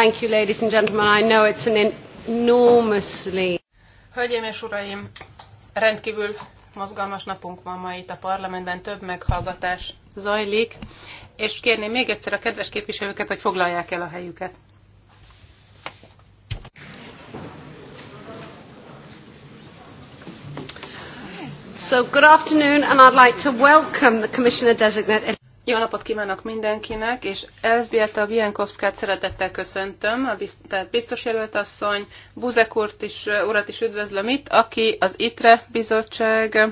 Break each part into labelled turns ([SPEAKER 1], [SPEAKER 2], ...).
[SPEAKER 1] Thank you, ladies and gentlemen. I know it's an enormously... Hölgyeim és uraim, rendkívül mozgalmas napunk van ma itt a parlamentben, több meghallgatás zajlik, és kérném még egyszer a kedves képviselőket, hogy foglalják el a helyüket. So good afternoon and I'd like to welcome the Commissioner Designate jó napot kívánok mindenkinek, és Elzbieta Vienkovszkát szeretettel köszöntöm, a tehát biztos jelölt asszony, Buzek úrt is, urat is üdvözlöm itt, aki az ITRE bizottság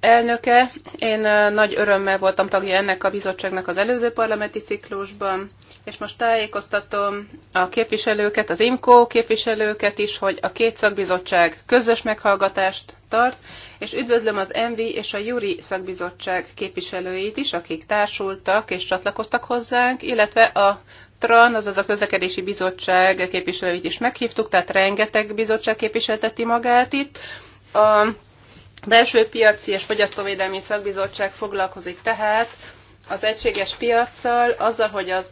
[SPEAKER 1] elnöke. Én nagy örömmel voltam tagja ennek a bizottságnak az előző parlamenti ciklusban, és most tájékoztatom a képviselőket, az IMCO képviselőket is, hogy a két szakbizottság közös meghallgatást tart, és üdvözlöm az MV és a Juri szakbizottság képviselőit is, akik társultak és csatlakoztak hozzánk, illetve a TRAN, azaz a Közlekedési Bizottság képviselőit is meghívtuk, tehát rengeteg bizottság képviselteti magát itt. A belső piaci és fogyasztóvédelmi szakbizottság foglalkozik tehát az egységes piaccal, azzal, hogy az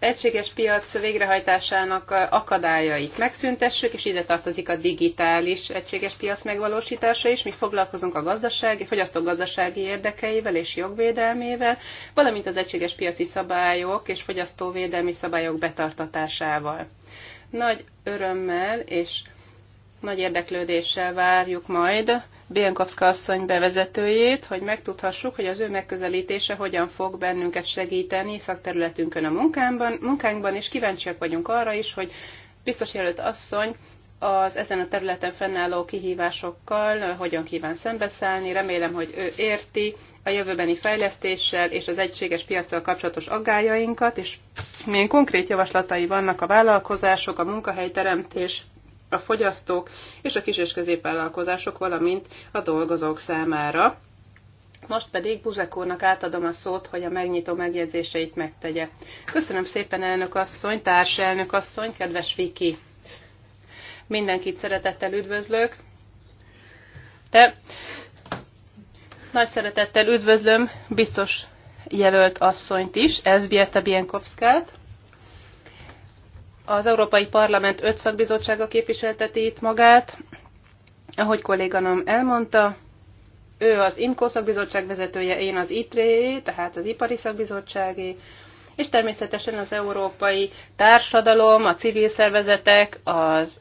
[SPEAKER 1] egységes piac végrehajtásának akadályait megszüntessük, és ide tartozik a digitális egységes piac megvalósítása is. Mi foglalkozunk a gazdasági, gazdasági érdekeivel és jogvédelmével, valamint az egységes piaci szabályok és fogyasztóvédelmi szabályok betartatásával. Nagy örömmel és nagy érdeklődéssel várjuk majd Biankovszka asszony bevezetőjét, hogy megtudhassuk, hogy az ő megközelítése hogyan fog bennünket segíteni szakterületünkön a munkánkban, munkánkban és kíváncsiak vagyunk arra is, hogy biztos jelölt asszony az ezen a területen fennálló kihívásokkal hogyan kíván szembeszállni. Remélem, hogy ő érti a jövőbeni fejlesztéssel és az egységes piaccal kapcsolatos aggájainkat, és milyen konkrét javaslatai vannak a vállalkozások, a munkahelyteremtés a fogyasztók és a kis- és középvállalkozások, valamint a dolgozók számára. Most pedig Buzek úrnak átadom a szót, hogy a megnyitó megjegyzéseit megtegye. Köszönöm szépen, elnök asszony, társelnök asszony, kedves Viki! Mindenkit szeretettel üdvözlök. Te nagy szeretettel üdvözlöm biztos jelölt asszonyt is, Ezbieta Bienkovszkát. Az Európai Parlament öt szakbizottsága képviselteti itt magát. Ahogy kolléganom elmondta, ő az IMCO szakbizottság vezetője, én az ITRE, tehát az Ipari Szakbizottságé, és természetesen az európai társadalom, a civil szervezetek, az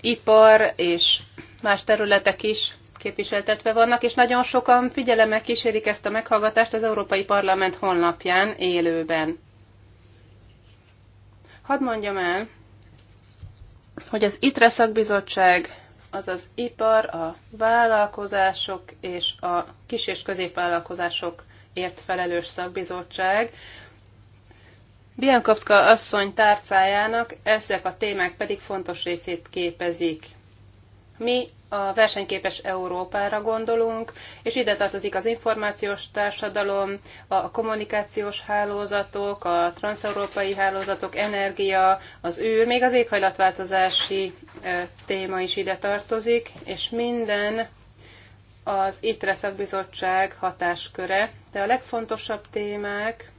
[SPEAKER 1] ipar és más területek is képviseltetve vannak, és nagyon sokan figyelemmel kísérik ezt a meghallgatást az Európai Parlament honlapján élőben. Hadd mondjam el, hogy az ITRE szakbizottság, azaz ipar, a vállalkozások és a kis- és középvállalkozásokért felelős szakbizottság, Biankovska asszony tárcájának ezek a témák pedig fontos részét képezik. Mi a versenyképes Európára gondolunk, és ide tartozik az információs társadalom, a kommunikációs hálózatok, a transeurópai hálózatok, energia, az űr, még az éghajlatváltozási téma is ide tartozik, és minden az ITRE szakbizottság hatásköre. De a legfontosabb témák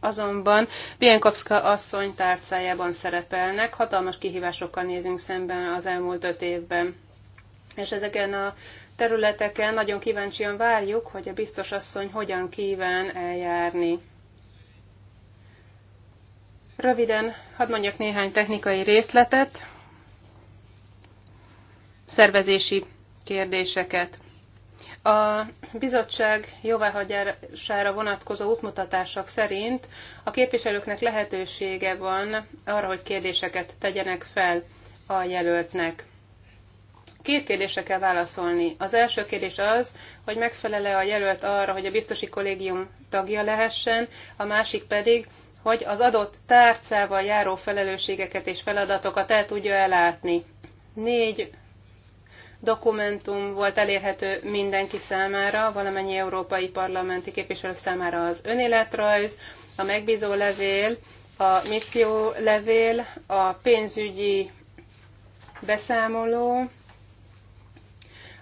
[SPEAKER 1] azonban Bienkowska asszony tárcájában szerepelnek. Hatalmas kihívásokkal nézünk szemben az elmúlt öt évben. És ezeken a területeken nagyon kíváncsian várjuk, hogy a biztos asszony hogyan kíván eljárni. Röviden hadd mondjak néhány technikai részletet, szervezési kérdéseket. A bizottság jóváhagyására vonatkozó útmutatások szerint a képviselőknek lehetősége van arra, hogy kérdéseket tegyenek fel a jelöltnek. Két kérdésre kell válaszolni. Az első kérdés az, hogy megfelele a jelölt arra, hogy a biztosi kollégium tagja lehessen, a másik pedig, hogy az adott tárcával járó felelősségeket és feladatokat el tudja ellátni. Négy dokumentum volt elérhető mindenki számára, valamennyi európai parlamenti képviselő számára az önéletrajz, a megbízó levél, a misszió levél, a pénzügyi beszámoló,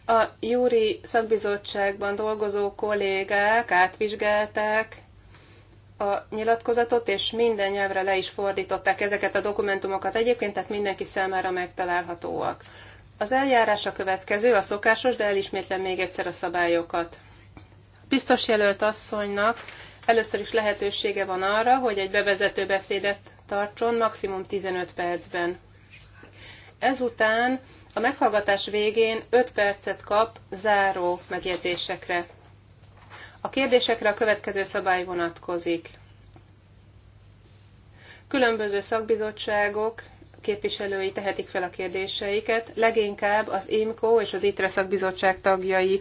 [SPEAKER 1] a júri szakbizottságban dolgozó kollégák átvizsgálták a nyilatkozatot, és minden nyelvre le is fordították ezeket a dokumentumokat egyébként, tehát mindenki számára megtalálhatóak. Az eljárás a következő, a szokásos, de elismétlem még egyszer a szabályokat. Biztos jelölt asszonynak először is lehetősége van arra, hogy egy bevezető beszédet tartson maximum 15 percben. Ezután a meghallgatás végén 5 percet kap záró megjegyzésekre. A kérdésekre a következő szabály vonatkozik. Különböző szakbizottságok képviselői tehetik fel a kérdéseiket. Leginkább az IMCO és az ITRE szakbizottság tagjai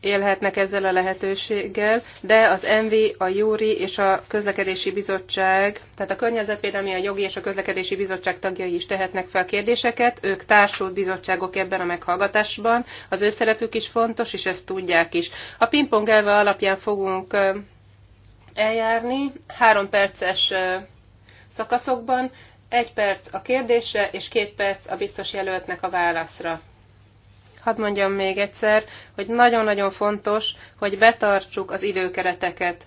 [SPEAKER 1] élhetnek ezzel a lehetőséggel, de az ENVI, a Júri és a Közlekedési Bizottság, tehát a Környezetvédelmi, a Jogi és a Közlekedési Bizottság tagjai is tehetnek fel kérdéseket, ők társult bizottságok ebben a meghallgatásban, az ő szerepük is fontos, és ezt tudják is. A pingpong elve alapján fogunk eljárni, három perces szakaszokban, egy perc a kérdésre, és két perc a biztos jelöltnek a válaszra. Hadd mondjam még egyszer, hogy nagyon-nagyon fontos, hogy betartsuk az időkereteket.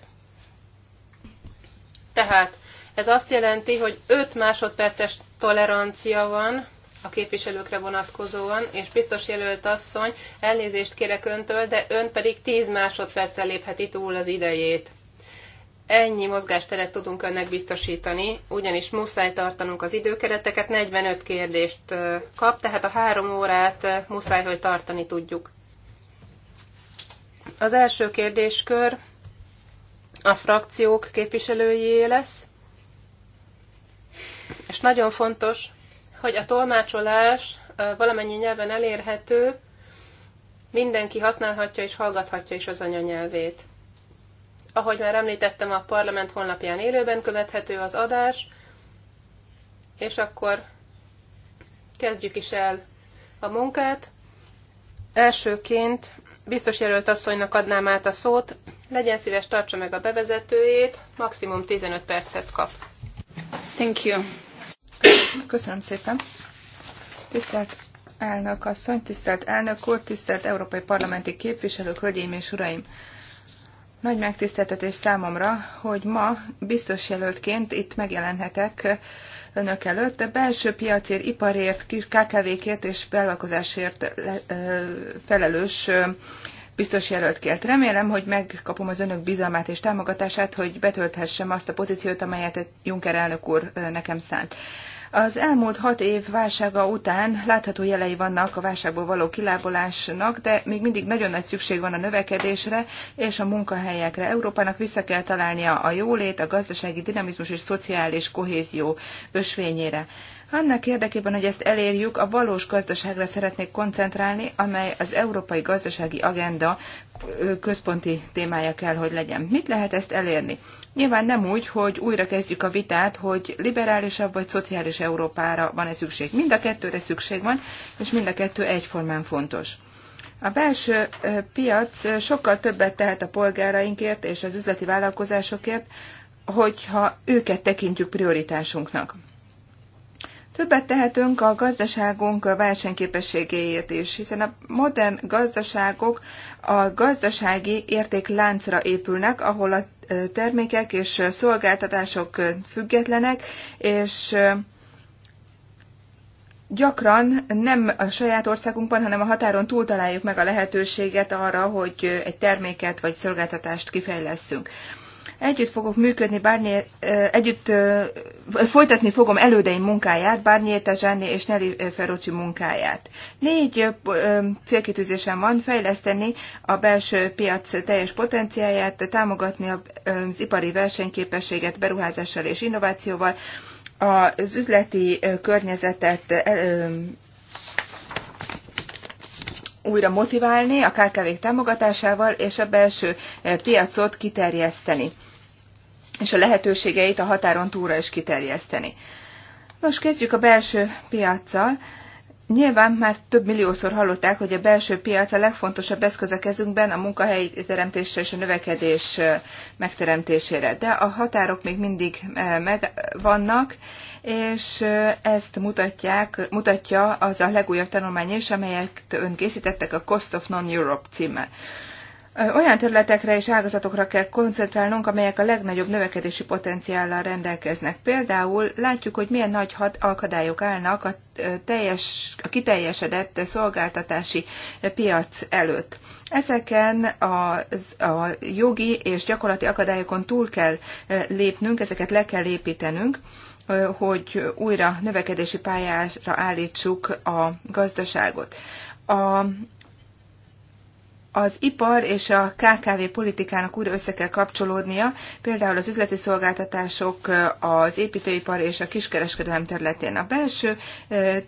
[SPEAKER 1] Tehát ez azt jelenti, hogy 5 másodperces tolerancia van a képviselőkre vonatkozóan, és biztos jelölt asszony, elnézést kérek öntől, de ön pedig 10 másodperccel lépheti túl az idejét ennyi mozgásteret tudunk önnek biztosítani, ugyanis muszáj tartanunk az időkereteket, 45 kérdést kap, tehát a három órát muszáj, hogy tartani tudjuk. Az első kérdéskör a frakciók képviselőjé lesz, és nagyon fontos, hogy a tolmácsolás valamennyi nyelven elérhető, mindenki használhatja és hallgathatja is az anyanyelvét. Ahogy már említettem, a parlament honlapján élőben követhető az adás, és akkor kezdjük is el a munkát. Elsőként biztos jelölt asszonynak adnám át a szót, legyen szíves, tartsa meg a bevezetőjét, maximum 15 percet kap.
[SPEAKER 2] Thank you. Köszönöm
[SPEAKER 3] szépen. Tisztelt elnök asszony, tisztelt elnök úr, tisztelt európai parlamenti képviselők, hölgyeim és uraim! Nagy megtiszteltetés számomra, hogy ma biztos jelöltként itt megjelenhetek önök előtt. A belső piacért, iparért, KKV-kért és vállalkozásért felelős biztos jelöltként. Remélem, hogy megkapom az önök bizalmát és támogatását, hogy betölthessem azt a pozíciót, amelyet Juncker elnök úr nekem szánt. Az elmúlt hat év válsága után látható jelei vannak a válságból való kilábolásnak, de még mindig nagyon nagy szükség van a növekedésre és a munkahelyekre. Európának vissza kell találnia a jólét, a gazdasági dinamizmus és szociális kohézió ösvényére. Annak érdekében, hogy ezt elérjük, a valós gazdaságra szeretnék koncentrálni, amely az európai gazdasági agenda központi témája kell, hogy legyen. Mit lehet ezt elérni? Nyilván nem úgy, hogy újra kezdjük a vitát, hogy liberálisabb vagy szociális Európára van-e szükség. Mind a kettőre szükség van, és mind a kettő egyformán fontos. A belső piac sokkal többet tehet a polgárainkért és az üzleti vállalkozásokért, hogyha őket tekintjük prioritásunknak. Többet tehetünk a gazdaságunk versenyképességéért is, hiszen a modern gazdaságok a gazdasági értékláncra épülnek, ahol a termékek és szolgáltatások függetlenek, és gyakran nem a saját országunkban, hanem a határon túl találjuk meg a lehetőséget arra, hogy egy terméket vagy szolgáltatást kifejlesszünk. Együtt fogok működni bárnyi, együtt folytatni fogom elődeim munkáját, Barnier Zsáni és Nelly Ferocsi munkáját. Négy célkitűzésem van, fejleszteni a belső piac teljes potenciáját, támogatni az ipari versenyképességet beruházással és innovációval, az üzleti környezetet újra motiválni a KKV-k támogatásával és a belső piacot kiterjeszteni és a lehetőségeit a határon túlra is kiterjeszteni. Nos, kezdjük a belső piaccal. Nyilván már több milliószor hallották, hogy a belső piac a legfontosabb eszköz a kezünkben a munkahelyi teremtésre és a növekedés megteremtésére. De a határok még mindig megvannak, és ezt mutatják, mutatja az a legújabb tanulmány is, amelyet ön készítettek a Cost of Non-Europe címmel. Olyan területekre és ágazatokra kell koncentrálnunk, amelyek a legnagyobb növekedési potenciállal rendelkeznek. Például látjuk, hogy milyen nagy hat akadályok állnak a, teljes, a kiteljesedett szolgáltatási piac előtt. Ezeken a, a jogi és gyakorlati akadályokon túl kell lépnünk, ezeket le kell építenünk hogy újra növekedési pályára állítsuk a gazdaságot. A az ipar és a KKV politikának újra össze kell kapcsolódnia, például az üzleti szolgáltatások, az építőipar és a kiskereskedelem területén. A belső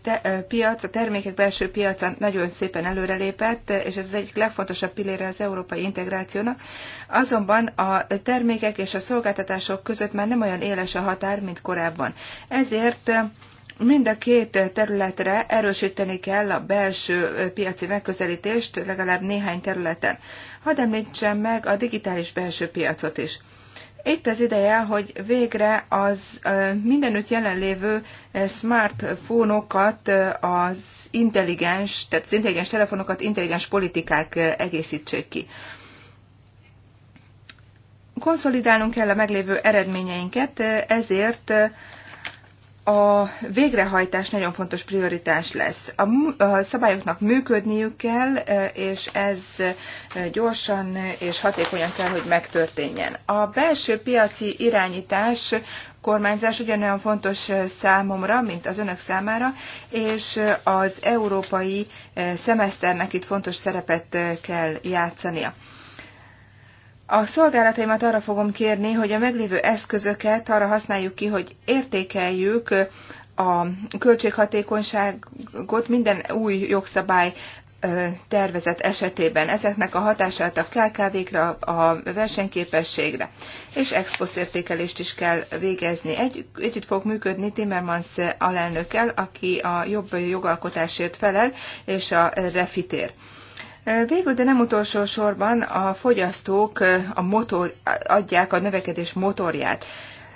[SPEAKER 3] te, piac, a termékek belső piaca nagyon szépen előrelépett, és ez az egyik legfontosabb pillére az európai integrációnak. Azonban a termékek és a szolgáltatások között már nem olyan éles a határ, mint korábban. Ezért Mind a két területre erősíteni kell a belső piaci megközelítést legalább néhány területen. Hadd említsem meg a digitális belső piacot is. Itt az ideje, hogy végre az mindenütt jelenlévő smartfónokat, az intelligens, tehát az intelligens telefonokat intelligens politikák egészítsék ki. Konszolidálnunk kell a meglévő eredményeinket, ezért a végrehajtás nagyon fontos prioritás lesz. A szabályoknak működniük kell, e, és ez e, gyorsan és hatékonyan kell, hogy megtörténjen. A belső piaci irányítás kormányzás ugyanolyan fontos e, számomra, mint az önök számára, és az európai szemeszternek itt fontos szerepet kell játszania. A szolgálataimat arra fogom kérni, hogy a meglévő eszközöket arra használjuk ki, hogy értékeljük a költséghatékonyságot minden új jogszabály tervezet esetében, ezeknek a hatását a KKV-kra, a versenyképességre, és expost értékelést is kell végezni. Egy, együtt fog működni Timmermans alelnökkel, aki a jobb jogalkotásért felel, és a refitér. Végül, de nem utolsó sorban a fogyasztók a motor, adják a növekedés motorját.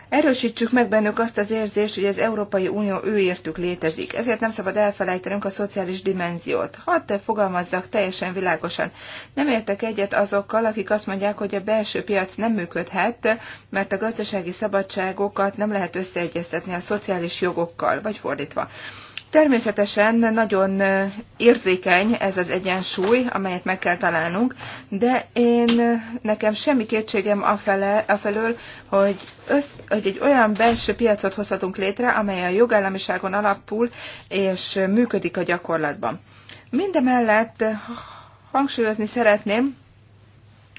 [SPEAKER 3] Erősítsük meg bennük azt az érzést, hogy az Európai Unió őértük létezik, ezért nem szabad elfelejtenünk a szociális dimenziót. Hadd fogalmazzak teljesen világosan. Nem értek egyet azokkal, akik azt mondják, hogy a belső piac nem működhet, mert a gazdasági szabadságokat nem lehet összeegyeztetni a szociális jogokkal, vagy fordítva. Természetesen nagyon érzékeny ez az egyensúly, amelyet meg kell találnunk, de én nekem semmi kétségem afele, afelől, hogy, össz, hogy egy olyan belső piacot hozhatunk létre, amely a jogállamiságon alapul és működik a gyakorlatban. Mindemellett hangsúlyozni szeretném,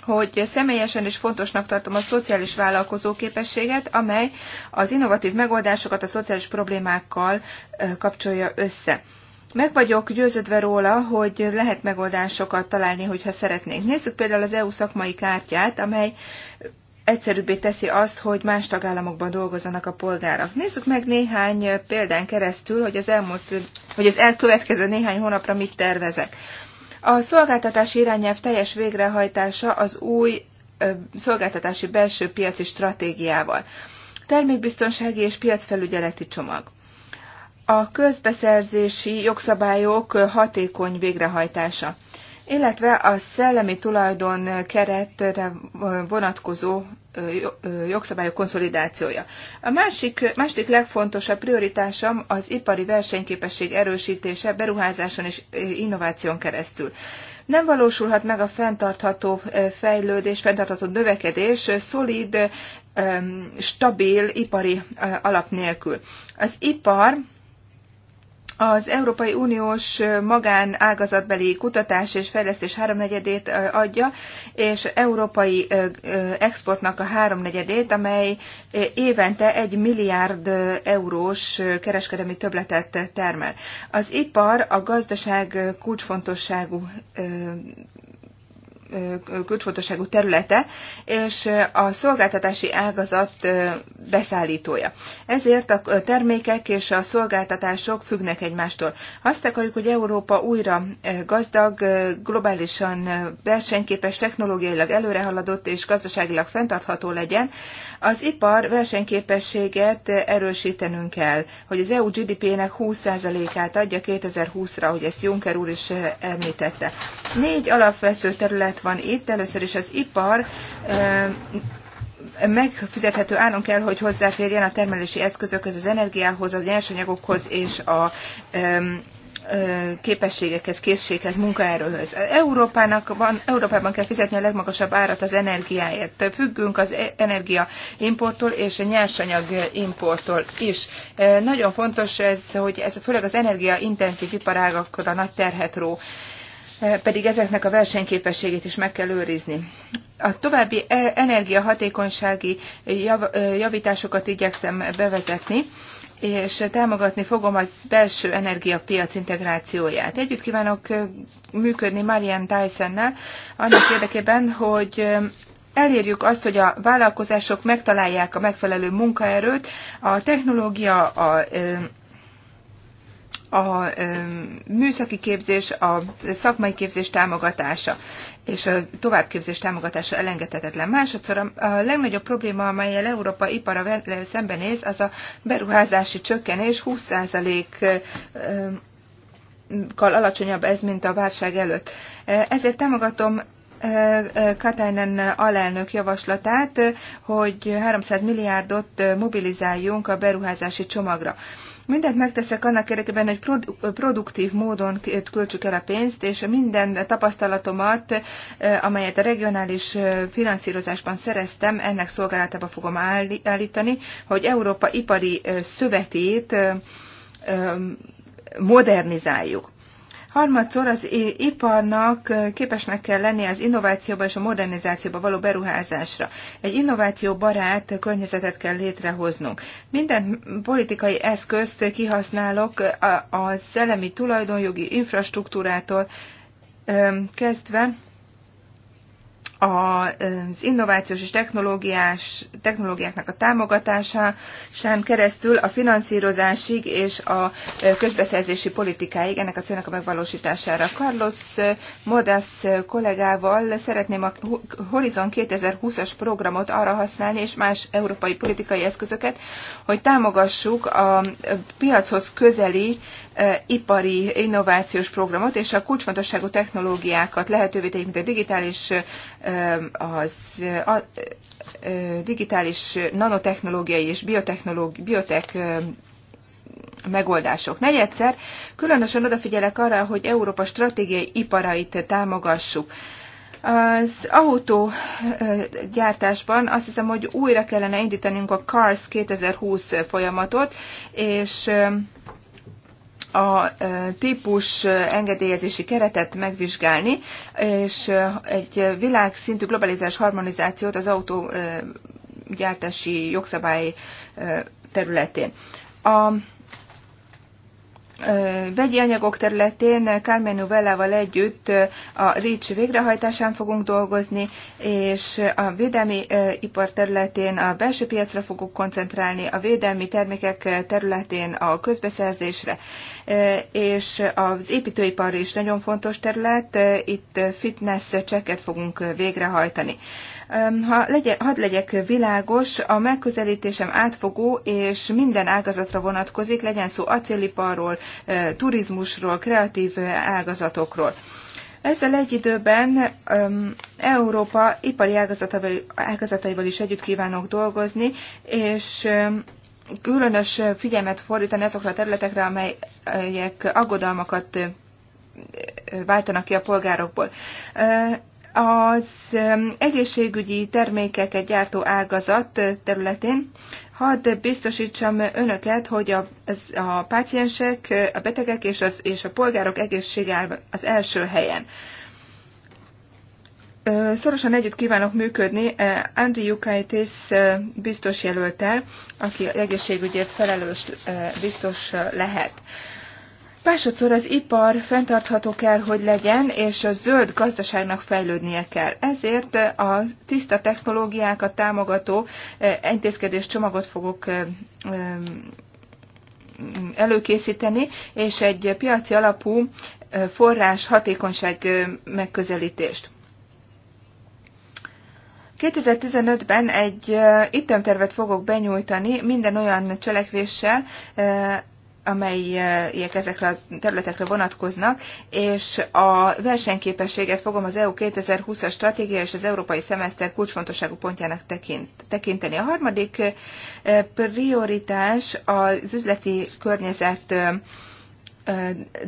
[SPEAKER 3] hogy személyesen is fontosnak tartom a szociális vállalkozóképességet, amely az innovatív megoldásokat a szociális problémákkal kapcsolja össze. Meg vagyok győződve róla, hogy lehet megoldásokat találni, hogyha szeretnénk. Nézzük például az EU szakmai kártyát, amely egyszerűbbé teszi azt, hogy más tagállamokban dolgozzanak a polgárok. Nézzük meg néhány példán keresztül, hogy az, elmúlt, hogy az elkövetkező néhány hónapra mit tervezek. A szolgáltatási irányelv teljes végrehajtása az új szolgáltatási belső piaci stratégiával. Termékbiztonsági és piacfelügyeleti csomag. A közbeszerzési jogszabályok hatékony végrehajtása, illetve a szellemi tulajdon keretre vonatkozó jogszabályok konszolidációja. A másik, másik legfontosabb prioritásom az ipari versenyképesség erősítése beruházáson és innováción keresztül. Nem valósulhat meg a fenntartható fejlődés, fenntartható növekedés szolid, stabil ipari alap nélkül. Az ipar az Európai Uniós magánágazatbeli kutatás és fejlesztés háromnegyedét adja, és európai exportnak a háromnegyedét, amely évente egy milliárd eurós kereskedelmi töbletet termel. Az ipar a gazdaság kulcsfontosságú kulcsfontosságú területe, és a szolgáltatási ágazat beszállítója. Ezért a termékek és a szolgáltatások függnek egymástól. Azt akarjuk, hogy Európa újra gazdag, globálisan versenyképes, technológiailag előrehaladott és gazdaságilag fenntartható legyen, az ipar versenyképességet erősítenünk kell, hogy az EU GDP-nek 20%-át adja 2020-ra, hogy ezt Juncker úr is eh, említette. Négy alapvető terület van itt, először is az ipar eh, megfizethető áron kell, hogy hozzáférjen a termelési eszközökhöz, az energiához, a nyersanyagokhoz és a, eh, képességekhez, készséghez, munkaerőhöz. Európának van, Európában kell fizetni a legmagasabb árat az energiáért. Függünk az e, energia importtól és a nyersanyag importtól is. Nagyon fontos ez, hogy ez főleg az energiaintenzív iparágakra nagy terhet ró pedig ezeknek a versenyképességét is meg kell őrizni. A további e, energiahatékonysági jav, javításokat igyekszem bevezetni és támogatni fogom az belső energiapiac integrációját. Együtt kívánok működni Marian Tyson-nel annak érdekében, hogy elérjük azt, hogy a vállalkozások megtalálják a megfelelő munkaerőt, a technológia, a a műszaki képzés, a szakmai képzés támogatása és a továbbképzés támogatása elengedhetetlen. Másodszor a legnagyobb probléma, amelyel Európa ipara szembenéz, az a beruházási csökkenés 20%-kal alacsonyabb ez, mint a válság előtt. Ezért támogatom Katainen alelnök javaslatát, hogy 300 milliárdot mobilizáljunk a beruházási csomagra. Mindent megteszek annak érdekében, hogy produktív módon költsük el a pénzt, és minden tapasztalatomat, eh, amelyet a regionális eh, finanszírozásban szereztem, ennek szolgálatába fogom állítani, hogy Európa ipari eh, szövetét modernizáljuk. Harmadszor az iparnak képesnek kell lennie az innovációba és a modernizációba való beruházásra. Egy barát környezetet kell létrehoznunk. Minden politikai eszközt kihasználok a szellemi tulajdonjogi infrastruktúrától kezdve az innovációs és technológiás, technológiáknak a támogatásán keresztül a finanszírozásig és a közbeszerzési politikáig ennek a célnak a megvalósítására. Carlos Modas kollégával szeretném a Horizon 2020-as programot arra használni, és más európai politikai eszközöket, hogy támogassuk a piachoz közeli e, ipari innovációs programot, és a kulcsfontosságú technológiákat lehetővé tegyük, mint a digitális e, az a, digitális nanotechnológiai és biotek megoldások. Negyedszer, különösen odafigyelek arra, hogy Európa stratégiai iparait támogassuk. Az autógyártásban azt hiszem, hogy újra kellene indítanunk a CARS 2020 folyamatot, és a típus engedélyezési keretet megvizsgálni, és egy világszintű globalizás harmonizációt az autógyártási jogszabály területén. A vegyi anyagok területén Carmen Novellával együtt a REACH végrehajtásán fogunk dolgozni, és a védelmi ipar területén a belső piacra fogunk koncentrálni, a védelmi termékek területén a közbeszerzésre, és az építőipar is nagyon fontos terület, itt fitness cseket fogunk végrehajtani. Ha legye, hadd legyek világos, a megközelítésem átfogó és minden ágazatra vonatkozik, legyen szó acéliparról, turizmusról, kreatív ágazatokról. Ezzel egy időben um, Európa ipari ágazataival is együtt kívánok dolgozni, és um, különös figyelmet fordítani azokra a területekre, amelyek aggodalmakat váltanak ki a polgárokból az egészségügyi termékeket gyártó ágazat területén hadd biztosítsam önöket, hogy a, a páciensek, a betegek és, az, és a polgárok egészsége az első helyen. Szorosan együtt kívánok működni e, Andri Jukaitis e, biztos jelöltel, aki egészségügyért felelős e, biztos lehet. Másodszor az ipar fenntartható kell, hogy legyen, és a zöld gazdaságnak fejlődnie kell. Ezért a tiszta technológiákat támogató eh, intézkedés csomagot fogok eh, eh, előkészíteni, és egy piaci alapú forrás hatékonyság megközelítést. 2015-ben egy ittemtervet fogok benyújtani minden olyan cselekvéssel, amelyek eh, ezekre a területekre vonatkoznak, és a versenyképességet fogom az EU 2020-as stratégia és az európai szemeszter kulcsfontosságú pontjának tekint, tekinteni. A harmadik eh, prioritás az üzleti környezet eh,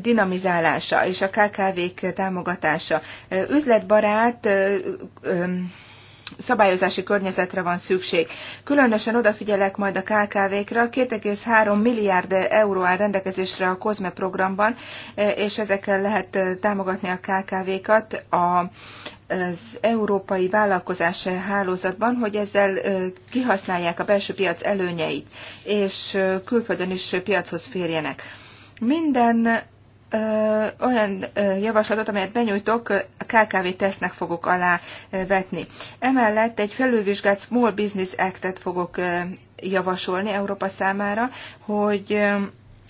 [SPEAKER 3] dinamizálása és a KKV-k támogatása. Üzletbarát szabályozási környezetre van szükség. Különösen odafigyelek majd a KKV-kra, 2,3 milliárd euró áll rendelkezésre a COSME programban, eh, és ezekkel lehet eh, támogatni a KKV-kat a az európai vállalkozás hálózatban, hogy ezzel eh, kihasználják a belső piac előnyeit, és külföldön is piachoz férjenek. Minden olyan javaslatot, amelyet benyújtok, a KKV tesznek fogok alá vetni. Emellett egy felülvizsgált Small Business Act-et fogok javasolni Európa számára, hogy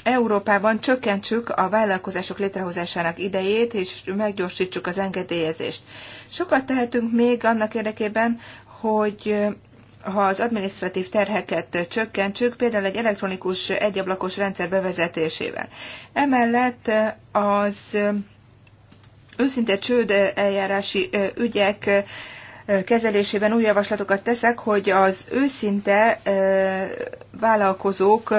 [SPEAKER 3] Európában csökkentsük a vállalkozások létrehozásának idejét, és meggyorsítsuk az engedélyezést. Sokat tehetünk még annak érdekében, hogy ha az adminisztratív terheket csökkentsük, például egy elektronikus egyablakos rendszer bevezetésével. Emellett az őszinte csőd eljárási ügyek kezelésében új javaslatokat teszek, hogy az őszinte vállalkozók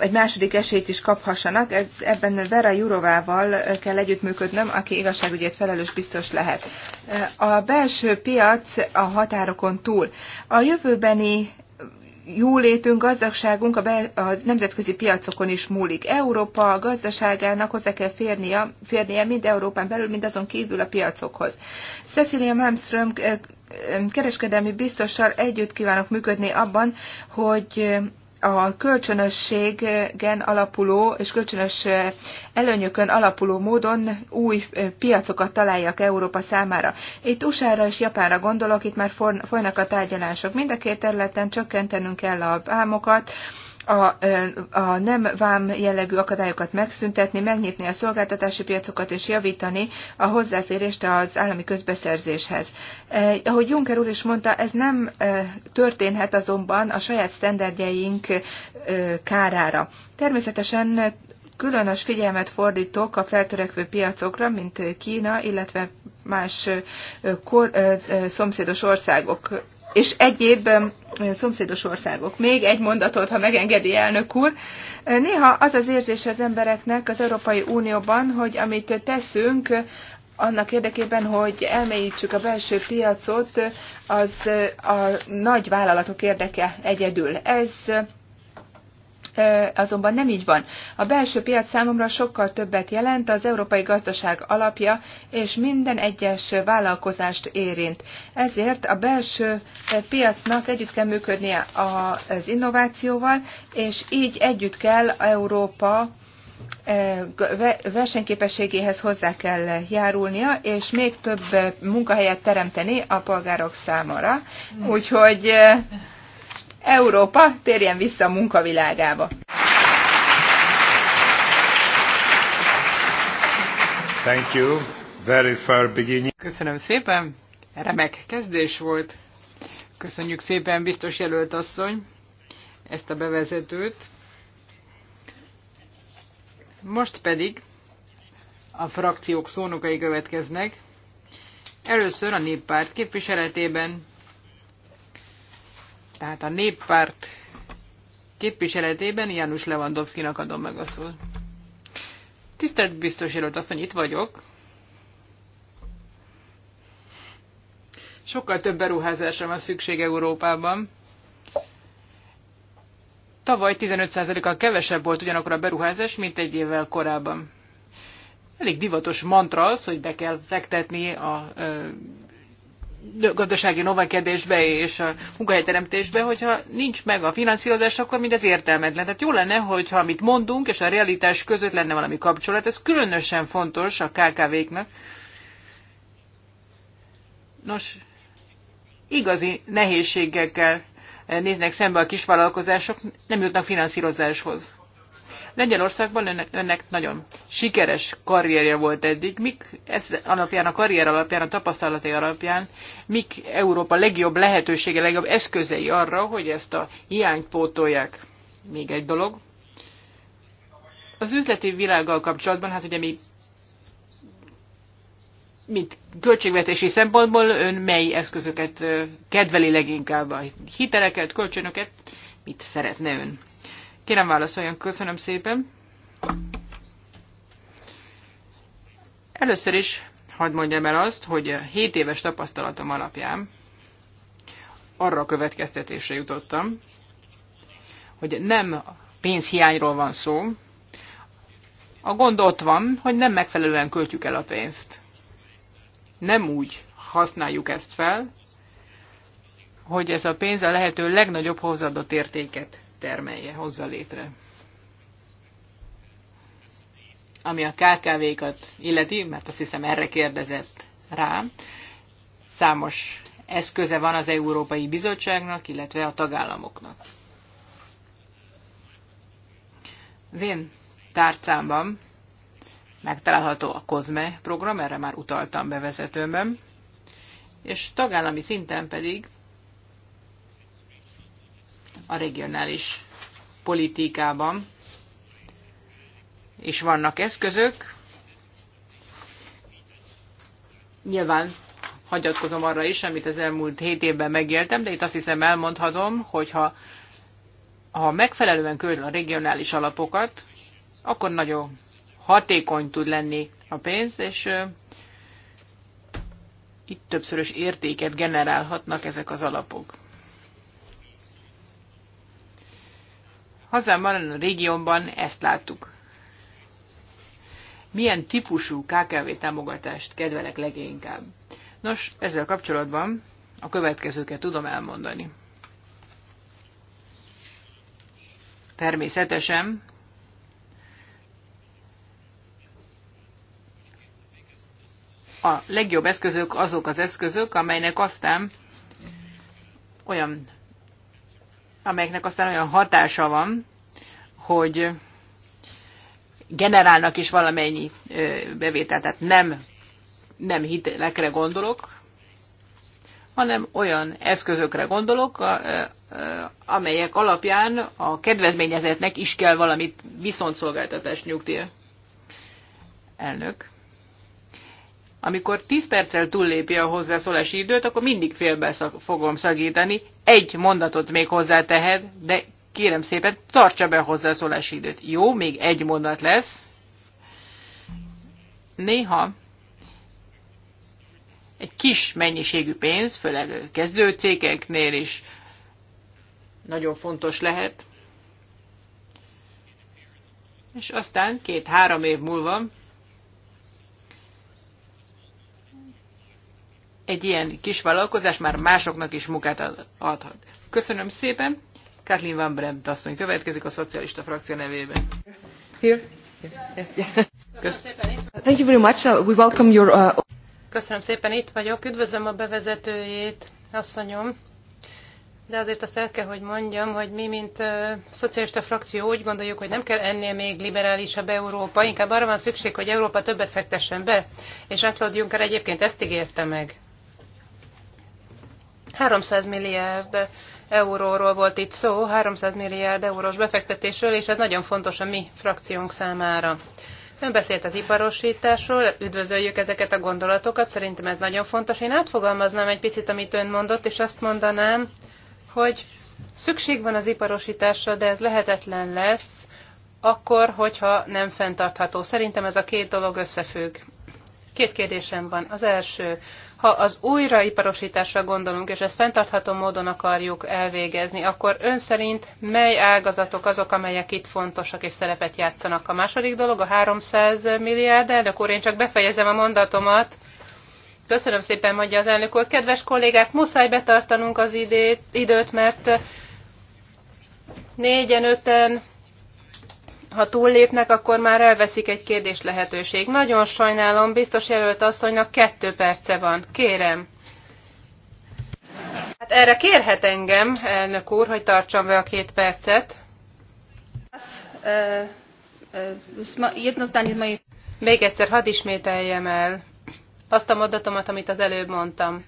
[SPEAKER 3] egy második esélyt is kaphassanak. Ez, ebben Vera Jurovával kell együttműködnöm, aki igazságügyért felelős biztos lehet. A belső piac a határokon túl. A jövőbeni jólétünk, gazdagságunk a, be, a nemzetközi piacokon is múlik. Európa gazdaságának hozzá kell férnie, férnie mind Európán belül, mind azon kívül a piacokhoz. Cecilia Malmström eh, eh, kereskedelmi biztossal együtt kívánok működni abban, hogy a kölcsönösségen alapuló és kölcsönös előnyökön alapuló módon új piacokat találjak Európa számára. Itt usa és Japánra gondolok, itt már folynak a tárgyalások. Mind a két területen csökkentenünk kell a álmokat, a, a nem vám jellegű akadályokat megszüntetni, megnyitni a szolgáltatási piacokat és javítani a hozzáférést az állami közbeszerzéshez. Eh, ahogy Juncker úr is mondta, ez nem eh, történhet azonban a saját sztenderdjeink eh, kárára. Természetesen különös figyelmet fordítok a feltörekvő piacokra, mint Kína, illetve más eh, kor, eh, eh, szomszédos országok és egyéb szomszédos országok. Még egy mondatot, ha megengedi elnök úr. Néha az az érzés az embereknek az Európai Unióban, hogy amit teszünk, annak érdekében, hogy elmélyítsük a belső piacot, az a nagy vállalatok érdeke egyedül. Ez azonban nem így van. A belső piac számomra sokkal többet jelent, az európai gazdaság alapja, és minden egyes vállalkozást érint. Ezért a belső piacnak együtt kell működnie az innovációval, és így együtt kell Európa versenyképességéhez hozzá kell járulnia, és még több munkahelyet teremteni a polgárok számára. Hmm. Úgyhogy Európa térjen vissza a munkavilágába.
[SPEAKER 1] Thank you. Very
[SPEAKER 4] fair beginning. Köszönöm szépen. Remek kezdés volt. Köszönjük szépen, biztos jelölt asszony, ezt a bevezetőt. Most pedig a frakciók szónokai következnek. Először a néppárt képviseletében tehát a néppárt képviseletében János lewandowski adom meg a szót. Tisztelt biztos jelölt asszony, itt vagyok. Sokkal több beruházásra van szükség Európában. Tavaly 15%-kal kevesebb volt ugyanakkor a beruházás, mint egy évvel korábban. Elég divatos mantra az, hogy be kell fektetni a gazdasági növekedésbe és a munkahelyteremtésbe, hogyha nincs meg a finanszírozás, akkor mindez értelmetlen. Tehát jó lenne, hogyha amit mondunk, és a realitás között lenne valami kapcsolat, ez különösen fontos a KKV-knak. Nos, igazi nehézségekkel néznek szembe a kisvállalkozások, nem jutnak finanszírozáshoz. Lengyelországban önnek, önnek nagyon sikeres karrierje volt eddig. Mik ez alapján, a karrier alapján, a tapasztalatai alapján, mik Európa legjobb lehetősége, legjobb eszközei arra, hogy ezt a hiányt pótolják? Még egy dolog. Az üzleti világgal kapcsolatban, hát ugye mi mint költségvetési szempontból ön mely eszközöket kedveli leginkább? A hiteleket, kölcsönöket? Mit szeretne ön? Kérem válaszoljon, köszönöm szépen. Először is hadd mondjam el azt, hogy 7 éves tapasztalatom alapján arra a következtetésre jutottam, hogy nem pénzhiányról van szó. A gond ott van, hogy nem megfelelően költjük el a pénzt. Nem úgy használjuk ezt fel, hogy ez a pénz a lehető legnagyobb hozzáadott értéket termelje, hozza létre. Ami a KKV-kat illeti, mert azt hiszem erre kérdezett rá, számos eszköze van az Európai Bizottságnak, illetve a tagállamoknak. Az én tárcámban megtalálható a COSME program, erre már utaltam bevezetőmben, és tagállami szinten pedig a regionális politikában. És vannak eszközök. Nyilván hagyatkozom arra is, amit az elmúlt hét évben megéltem, de itt azt hiszem elmondhatom, hogy ha ha megfelelően körül a regionális alapokat, akkor nagyon hatékony tud lenni a pénz, és itt többszörös értéket generálhatnak ezek az alapok. Hazámban, a régiónban ezt láttuk. Milyen típusú KKV támogatást kedvelek leginkább? Nos, ezzel kapcsolatban a következőket tudom elmondani. Természetesen a legjobb eszközök azok az eszközök, amelynek aztán olyan amelyeknek aztán olyan hatása van, hogy generálnak is valamennyi bevételt, tehát nem, nem hitelekre gondolok, hanem olyan eszközökre gondolok, amelyek alapján a kedvezményezetnek is kell valamit viszontszolgáltatás nyugtél. Elnök. Amikor 10 perccel túllépi a hozzászólási időt, akkor mindig félbe fogom szagítani egy mondatot még tehet, de kérem szépen, tartsa be a hozzászólási időt. Jó, még egy mondat lesz. Néha egy kis mennyiségű pénz, főleg kezdő cégeknél is nagyon fontos lehet. És aztán két-három év múlva egy ilyen kis vállalkozás már másoknak is munkát adhat. Köszönöm szépen. Kathleen Van Bremt asszony következik a szocialista frakció nevében.
[SPEAKER 2] Köszönöm. Thank you very much. We welcome your, uh,
[SPEAKER 1] Köszönöm szépen, itt vagyok. Üdvözlöm a bevezetőjét, asszonyom. De azért azt el kell, hogy mondjam, hogy mi, mint uh, szocialista frakció úgy gondoljuk, hogy nem kell ennél még liberálisabb Európa, inkább arra van szükség, hogy Európa többet fektessen be. És Jean-Claude Juncker egyébként ezt ígérte meg. 300 milliárd euróról volt itt szó, 300 milliárd eurós befektetésről, és ez nagyon fontos a mi frakciónk számára. Ön beszélt az iparosításról, üdvözöljük ezeket a gondolatokat, szerintem ez nagyon fontos. Én átfogalmaznám egy picit, amit ön mondott, és azt mondanám, hogy szükség van az iparosításra, de ez lehetetlen lesz, akkor, hogyha nem fenntartható. Szerintem ez a két dolog összefügg. Két kérdésem van. Az első, ha az újraiparosításra gondolunk, és ezt fenntartható módon akarjuk elvégezni, akkor ön szerint mely ágazatok azok, amelyek itt fontosak és szerepet játszanak? A második dolog a 300 milliárd, elnök úr, én csak befejezem a mondatomat. Köszönöm szépen, mondja az elnök úr. Kedves kollégák, muszáj betartanunk az időt, mert négyen, öten ha túllépnek, akkor már elveszik egy kérdés lehetőség. Nagyon sajnálom, biztos jelölt asszonynak kettő perce van. Kérem. Hát erre kérhet engem, elnök úr, hogy tartsam be a két percet. Még egyszer hadd ismételjem el azt a mondatomat, amit az előbb mondtam.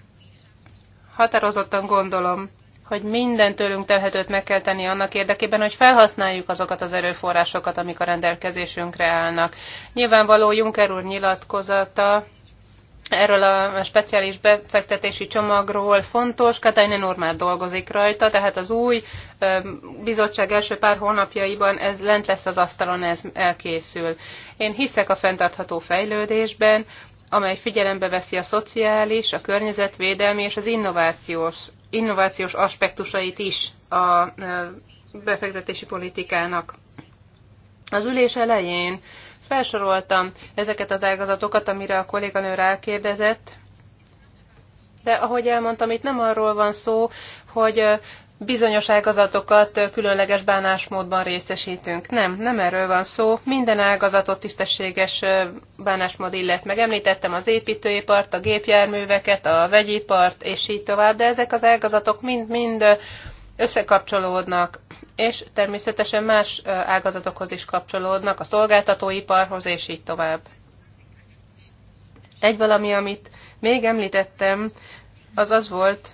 [SPEAKER 1] Határozottan gondolom, hogy minden tőlünk telhetőt meg kell tenni annak érdekében, hogy felhasználjuk azokat az erőforrásokat, amik a rendelkezésünkre állnak. Nyilvánvaló Juncker úr nyilatkozata erről a speciális befektetési csomagról fontos, Katainen úr már dolgozik rajta, tehát az új bizottság első pár hónapjaiban ez lent lesz az asztalon, ez elkészül. Én hiszek a fenntartható fejlődésben, amely figyelembe veszi a szociális, a környezetvédelmi és az innovációs innovációs aspektusait is a befektetési politikának. Az ülés elején felsoroltam ezeket az ágazatokat, amire a kolléganő rákérdezett, de ahogy elmondtam, itt nem arról van szó, hogy bizonyos ágazatokat különleges bánásmódban részesítünk. Nem, nem erről van szó. Minden ágazatot tisztességes bánásmód illet. Megemlítettem az építőipart, a gépjárműveket, a vegyipart, és így tovább, de ezek az ágazatok mind-mind összekapcsolódnak, és természetesen más ágazatokhoz is kapcsolódnak, a szolgáltatóiparhoz, és így tovább. Egy valami, amit még említettem, az az volt,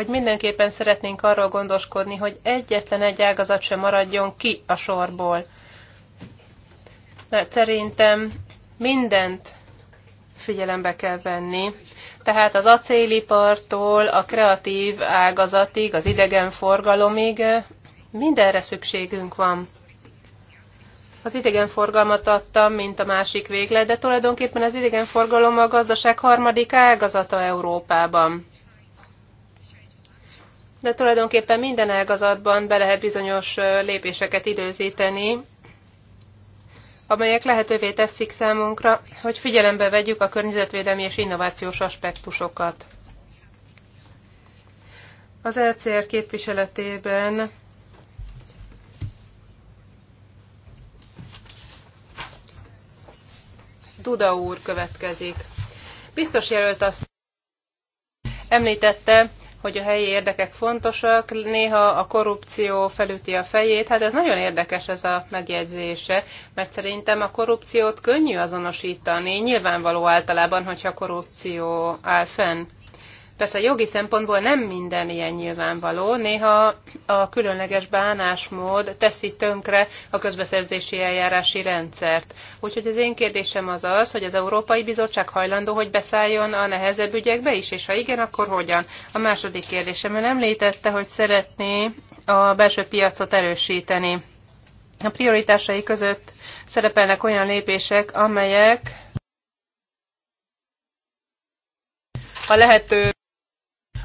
[SPEAKER 1] hogy mindenképpen szeretnénk arról gondoskodni, hogy egyetlen egy ágazat sem maradjon ki a sorból. Mert szerintem mindent figyelembe kell venni. Tehát az acélipartól a kreatív ágazatig, az idegenforgalomig mindenre szükségünk van. Az idegenforgalmat adtam, mint a másik véglet, de tulajdonképpen az idegenforgalom a gazdaság harmadik ágazata Európában de tulajdonképpen minden ágazatban be lehet bizonyos lépéseket időzíteni, amelyek lehetővé teszik számunkra, hogy figyelembe vegyük a környezetvédelmi és innovációs aspektusokat. Az LCR e képviseletében Duda úr következik. Biztos jelölt azt említette, hogy a helyi érdekek fontosak, néha a korrupció felüti a fejét. Hát ez nagyon érdekes ez a megjegyzése, mert szerintem a korrupciót könnyű azonosítani, nyilvánvaló általában, hogyha korrupció áll fenn. Persze jogi szempontból nem minden ilyen nyilvánvaló, néha a különleges bánásmód teszi tönkre a közbeszerzési eljárási rendszert. Úgyhogy az én kérdésem az az, hogy az Európai Bizottság hajlandó, hogy beszálljon a nehezebb ügyekbe is, és ha igen, akkor hogyan? A második kérdésem, ön említette, hogy szeretné a belső piacot erősíteni. A prioritásai között szerepelnek olyan lépések, amelyek a lehető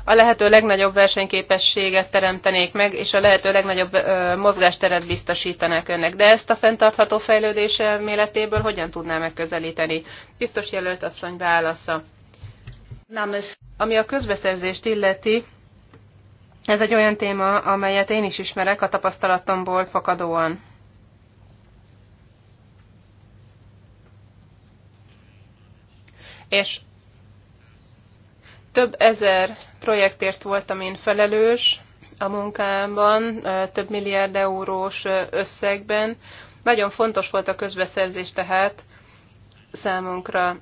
[SPEAKER 1] a lehető legnagyobb versenyképességet teremtenék meg, és a lehető legnagyobb mozgásteret biztosítanák önnek. De ezt a fenntartható fejlődés elméletéből hogyan tudná megközelíteni? Biztos jelölt asszony válasza. Nem Ami a közbeszerzést illeti, ez egy olyan téma, amelyet én is ismerek a tapasztalatomból fakadóan. És több ezer projektért voltam én felelős a munkámban, több milliárd eurós összegben. Nagyon fontos volt a közbeszerzés tehát számunkra.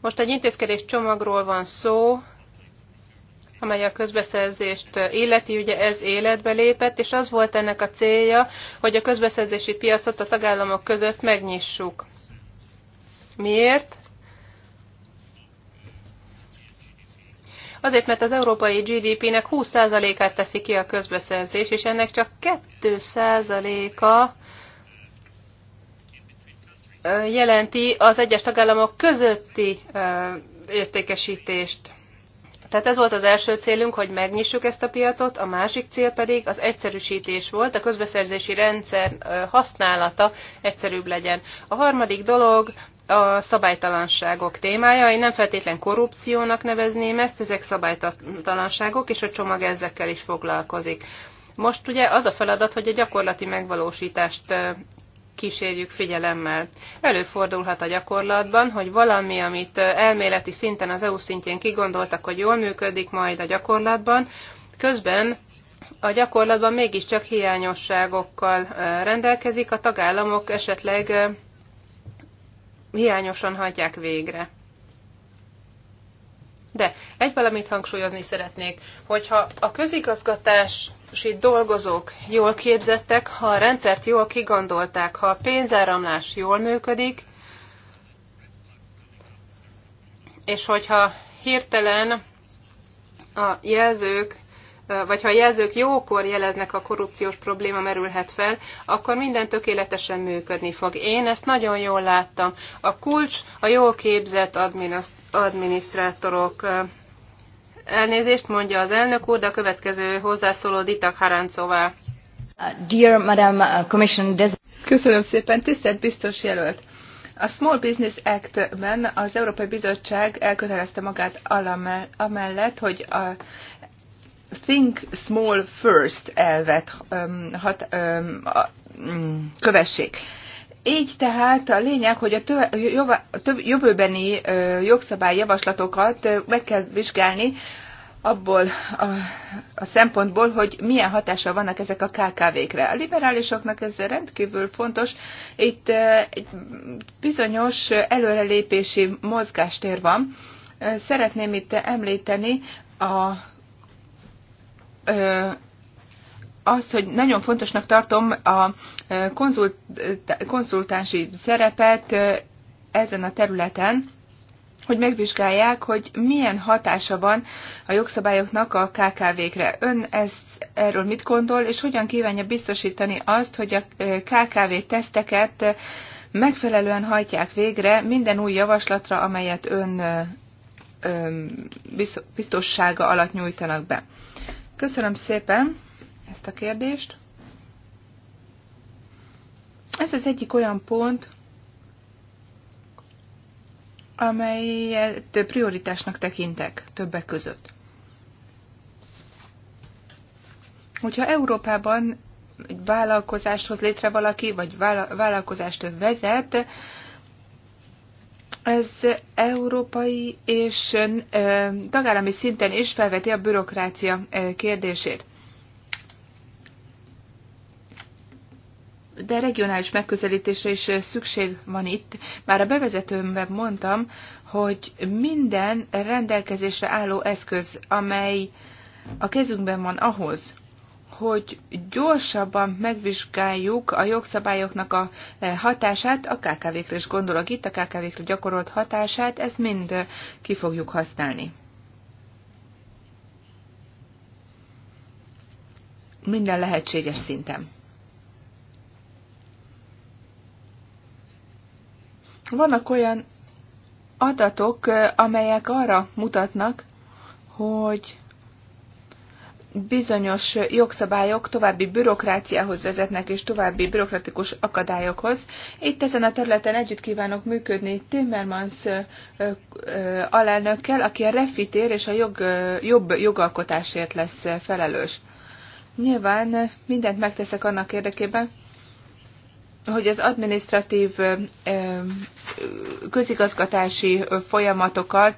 [SPEAKER 1] Most egy intézkedés csomagról van szó, amely a közbeszerzést életi, ugye ez életbe lépett, és az volt ennek a célja, hogy a közbeszerzési piacot a tagállamok között megnyissuk. Miért? Azért, mert az európai GDP-nek 20%-át teszi ki a közbeszerzés, és ennek csak 2%-a jelenti az egyes tagállamok közötti értékesítést. Tehát ez volt az első célunk, hogy megnyissuk ezt a piacot, a másik cél pedig az egyszerűsítés volt, a közbeszerzési rendszer használata egyszerűbb legyen. A harmadik dolog a szabálytalanságok témája. Én nem feltétlen korrupciónak nevezném ezt, ezek szabálytalanságok, és a csomag ezekkel is foglalkozik. Most ugye az a feladat, hogy a gyakorlati megvalósítást kísérjük figyelemmel. Előfordulhat a gyakorlatban, hogy valami, amit elméleti szinten az EU szintjén kigondoltak, hogy jól működik majd a gyakorlatban, közben a gyakorlatban mégiscsak hiányosságokkal rendelkezik, a tagállamok esetleg hiányosan hajtják végre. De egy valamit hangsúlyozni szeretnék, hogyha a közigazgatási dolgozók jól képzettek, ha a rendszert jól kigondolták, ha a pénzáramlás jól működik, és hogyha hirtelen a jelzők vagy ha a jelzők jókor jeleznek, a korrupciós probléma merülhet fel, akkor minden tökéletesen működni fog. Én ezt nagyon jól láttam. A kulcs a jól képzett adminisztrátorok. Elnézést mondja az elnök úr, de a következő hozzászóló Ditak Haráncová.
[SPEAKER 3] Dear Madam uh, Commission, Köszönöm szépen, tisztelt biztos jelölt! A Small Business Act-ben az Európai Bizottság elkötelezte magát amellett, hogy a think small first elvet hat, mm, kövessék. Így tehát a lényeg, hogy a jövőbeni jogszabályjavaslatokat meg kell vizsgálni abból a, a szempontból, hogy milyen hatással vannak ezek a KKV-kre. A liberálisoknak ez rendkívül fontos. Itt egy bizonyos előrelépési mozgástér van. Szeretném itt említeni a azt, hogy nagyon fontosnak tartom a konzult, konzultánsi szerepet ezen a területen, hogy megvizsgálják, hogy milyen hatása van a jogszabályoknak a KKV-kre. Ön ezt, erről mit gondol, és hogyan kívánja biztosítani azt, hogy a KKV teszteket megfelelően hajtják végre minden új javaslatra, amelyet ön biztossága alatt nyújtanak be. Köszönöm szépen ezt a kérdést. Ez az egyik olyan pont, amelyet prioritásnak tekintek többek között. Hogyha Európában egy vállalkozást hoz létre valaki, vagy vállalkozást vezet, ez európai és tagállami szinten is felveti a bürokrácia kérdését. de regionális megközelítésre is szükség van itt. Már a bevezetőmben mondtam, hogy minden rendelkezésre álló eszköz, amely a kezünkben van ahhoz, hogy gyorsabban megvizsgáljuk a jogszabályoknak a eh, hatását, a KKV-kre is gondolok itt, a KKV-kre gyakorolt hatását, ezt mind eh, ki fogjuk használni. Minden lehetséges szinten. Vannak olyan adatok, eh, amelyek arra mutatnak, hogy bizonyos jogszabályok további bürokráciához vezetnek és további bürokratikus akadályokhoz. Itt ezen a területen együtt kívánok működni Timmermans alelnökkel, aki a refitér és a jog, jobb jogalkotásért lesz felelős. Nyilván mindent megteszek annak érdekében, hogy az administratív közigazgatási folyamatokat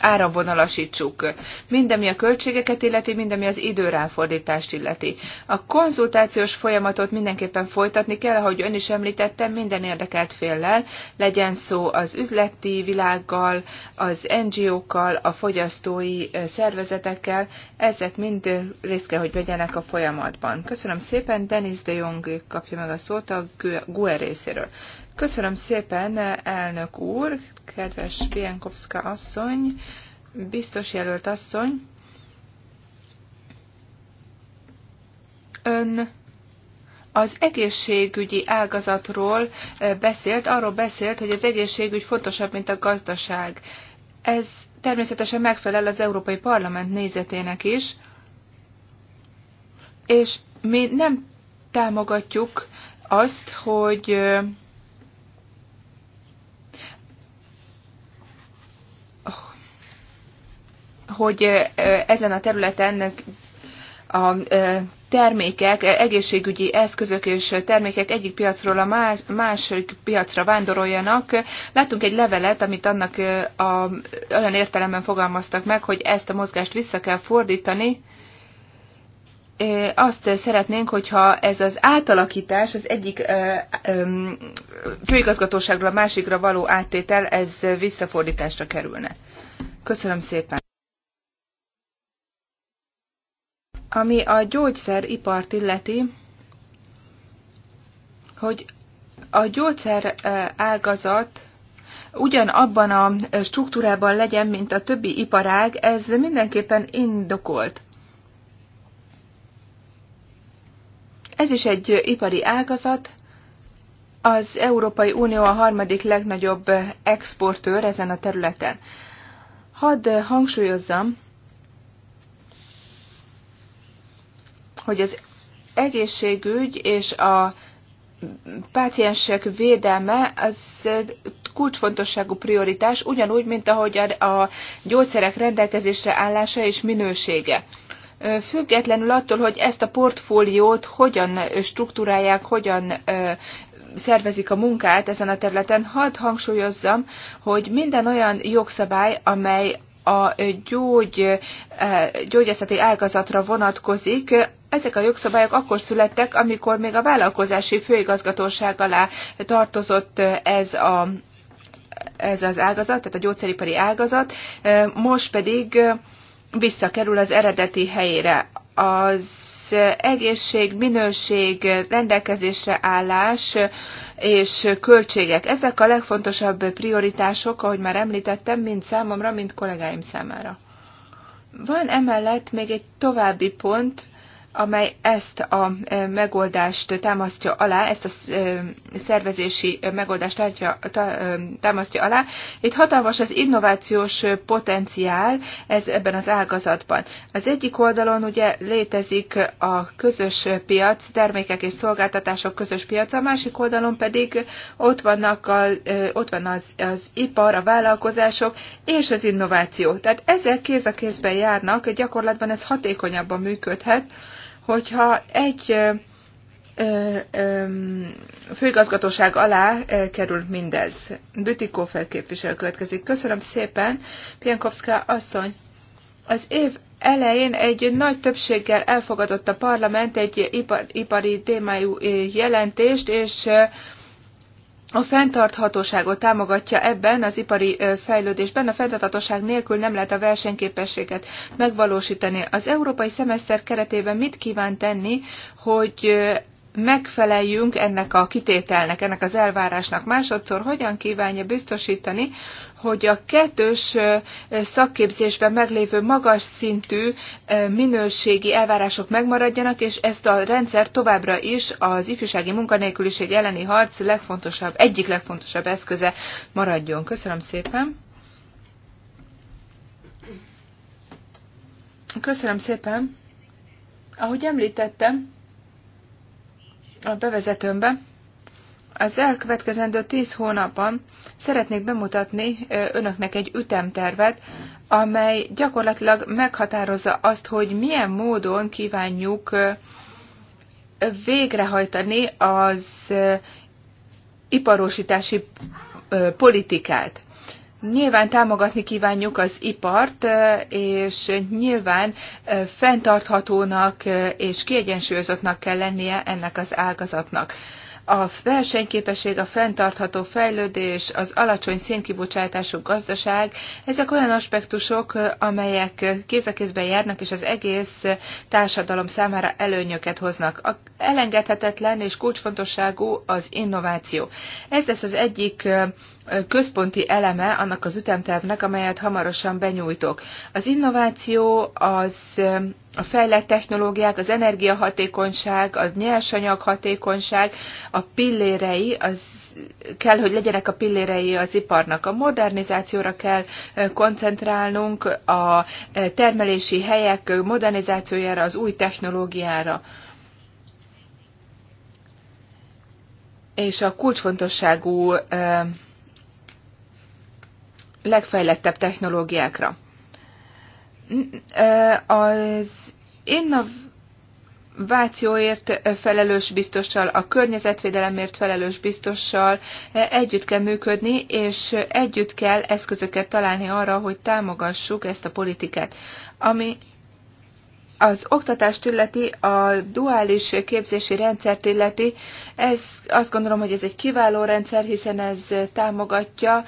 [SPEAKER 3] áramvonalasítsuk, mindemi a költségeket illeti, mindemi az időráfordítást illeti. A konzultációs folyamatot mindenképpen folytatni kell, ahogy ön is említette, minden érdekelt féllel, legyen szó az üzleti világgal, az NGO-kkal, a fogyasztói szervezetekkel, ezek mind részt kell, hogy vegyenek a folyamatban. Köszönöm szépen, Denis de Jong kapja meg a szót a GUE részéről. Köszönöm szépen, elnök úr, kedves Bienkowska asszony, biztos jelölt asszony. Ön az egészségügyi ágazatról eh, beszélt, arról beszélt, hogy az egészségügy fontosabb, mint a gazdaság. Ez természetesen megfelel az Európai Parlament nézetének is, és mi nem támogatjuk azt, hogy eh, hogy ezen a területen a termékek, egészségügyi eszközök és termékek egyik piacról a másik piacra vándoroljanak. Láttunk egy levelet, amit annak a, olyan értelemben fogalmaztak meg, hogy ezt a mozgást vissza kell fordítani. Azt szeretnénk, hogyha ez az átalakítás, az egyik főigazgatóságról a másikra való áttétel, ez visszafordításra kerülne. Köszönöm szépen! Ami a gyógyszeripart illeti, hogy a gyógyszer ágazat ugyanabban a struktúrában legyen, mint a többi iparág, ez mindenképpen indokolt. Ez is egy ipari ágazat. Az Európai Unió a harmadik legnagyobb exportőr ezen a területen. Hadd hangsúlyozzam, hogy az egészségügy és a páciensek védelme az kulcsfontosságú prioritás, ugyanúgy, mint ahogy a gyógyszerek rendelkezésre állása és minősége. Függetlenül attól, hogy ezt a portfóliót hogyan struktúrálják, hogyan szervezik a munkát ezen a területen, hadd hangsúlyozzam, hogy minden olyan jogszabály, amely a gyógy, gyógyászati ágazatra vonatkozik, ezek a jogszabályok akkor születtek, amikor még a vállalkozási főigazgatóság alá tartozott ez a ez az ágazat, tehát a gyógyszeripari ágazat, most pedig visszakerül az eredeti helyére. Az egészség, minőség, rendelkezésre állás és költségek. Ezek a legfontosabb prioritások, ahogy már említettem, mind számomra, mind kollégáim számára. Van emellett még egy további pont, amely ezt a e, megoldást támasztja alá, ezt a e, szervezési megoldást e, támasztja alá. Itt hatalmas az innovációs potenciál ez ebben az ágazatban. Az egyik oldalon ugye létezik a közös piac, termékek és szolgáltatások közös piac, a másik oldalon pedig ott, vannak a, ott van az, az ipar, a vállalkozások és az innováció. Tehát ezek kéz a kézben járnak, gyakorlatban ez hatékonyabban működhet, hogyha egy főigazgatóság alá kerül mindez. Bütikó felképviselő következik. Köszönöm szépen, Pienkovská asszony. Az év elején egy nagy többséggel elfogadott a parlament egy ipar, ipari témájú jelentést, és a fenntarthatóságot támogatja ebben az ipari fejlődésben. A fenntarthatóság nélkül nem lehet a versenyképességet megvalósítani. Az európai szemeszter keretében mit kíván tenni, hogy megfeleljünk ennek a kitételnek, ennek az elvárásnak. Másodszor hogyan kívánja biztosítani, hogy a kettős szakképzésben meglévő magas szintű minőségi elvárások megmaradjanak, és ezt a rendszer továbbra is az ifjúsági munkanélküliség elleni harc legfontosabb, egyik legfontosabb eszköze maradjon. Köszönöm szépen! Köszönöm szépen! Ahogy említettem, a bevezetőmbe. Az elkövetkezendő tíz hónapban szeretnék bemutatni önöknek egy ütemtervet, amely gyakorlatilag meghatározza azt, hogy milyen módon kívánjuk végrehajtani az iparosítási politikát. Nyilván támogatni kívánjuk az ipart, és nyilván fenntarthatónak és kiegyensúlyozottnak kell lennie ennek az ágazatnak a versenyképesség, a fenntartható fejlődés, az alacsony szénkibocsátású gazdaság, ezek olyan aspektusok, amelyek kéz a kézben járnak, és az egész társadalom számára előnyöket hoznak. A elengedhetetlen és kulcsfontosságú az innováció. Ez lesz az egyik központi eleme annak az ütemtervnek, amelyet hamarosan benyújtok. Az innováció az a fejlett technológiák, az energiahatékonyság, az nyersanyag hatékonyság, a pillérei, az kell, hogy legyenek a pillérei az iparnak. A modernizációra kell koncentrálnunk, a termelési helyek modernizációjára, az új technológiára. És a kulcsfontosságú legfejlettebb technológiákra az innovációért felelős biztossal, a környezetvédelemért felelős biztossal eh, együtt kell működni, és együtt kell eszközöket találni arra, hogy támogassuk ezt a politikát. Ami az oktatást illeti, a duális képzési rendszert illeti, ez, azt gondolom, hogy ez egy kiváló rendszer, hiszen ez támogatja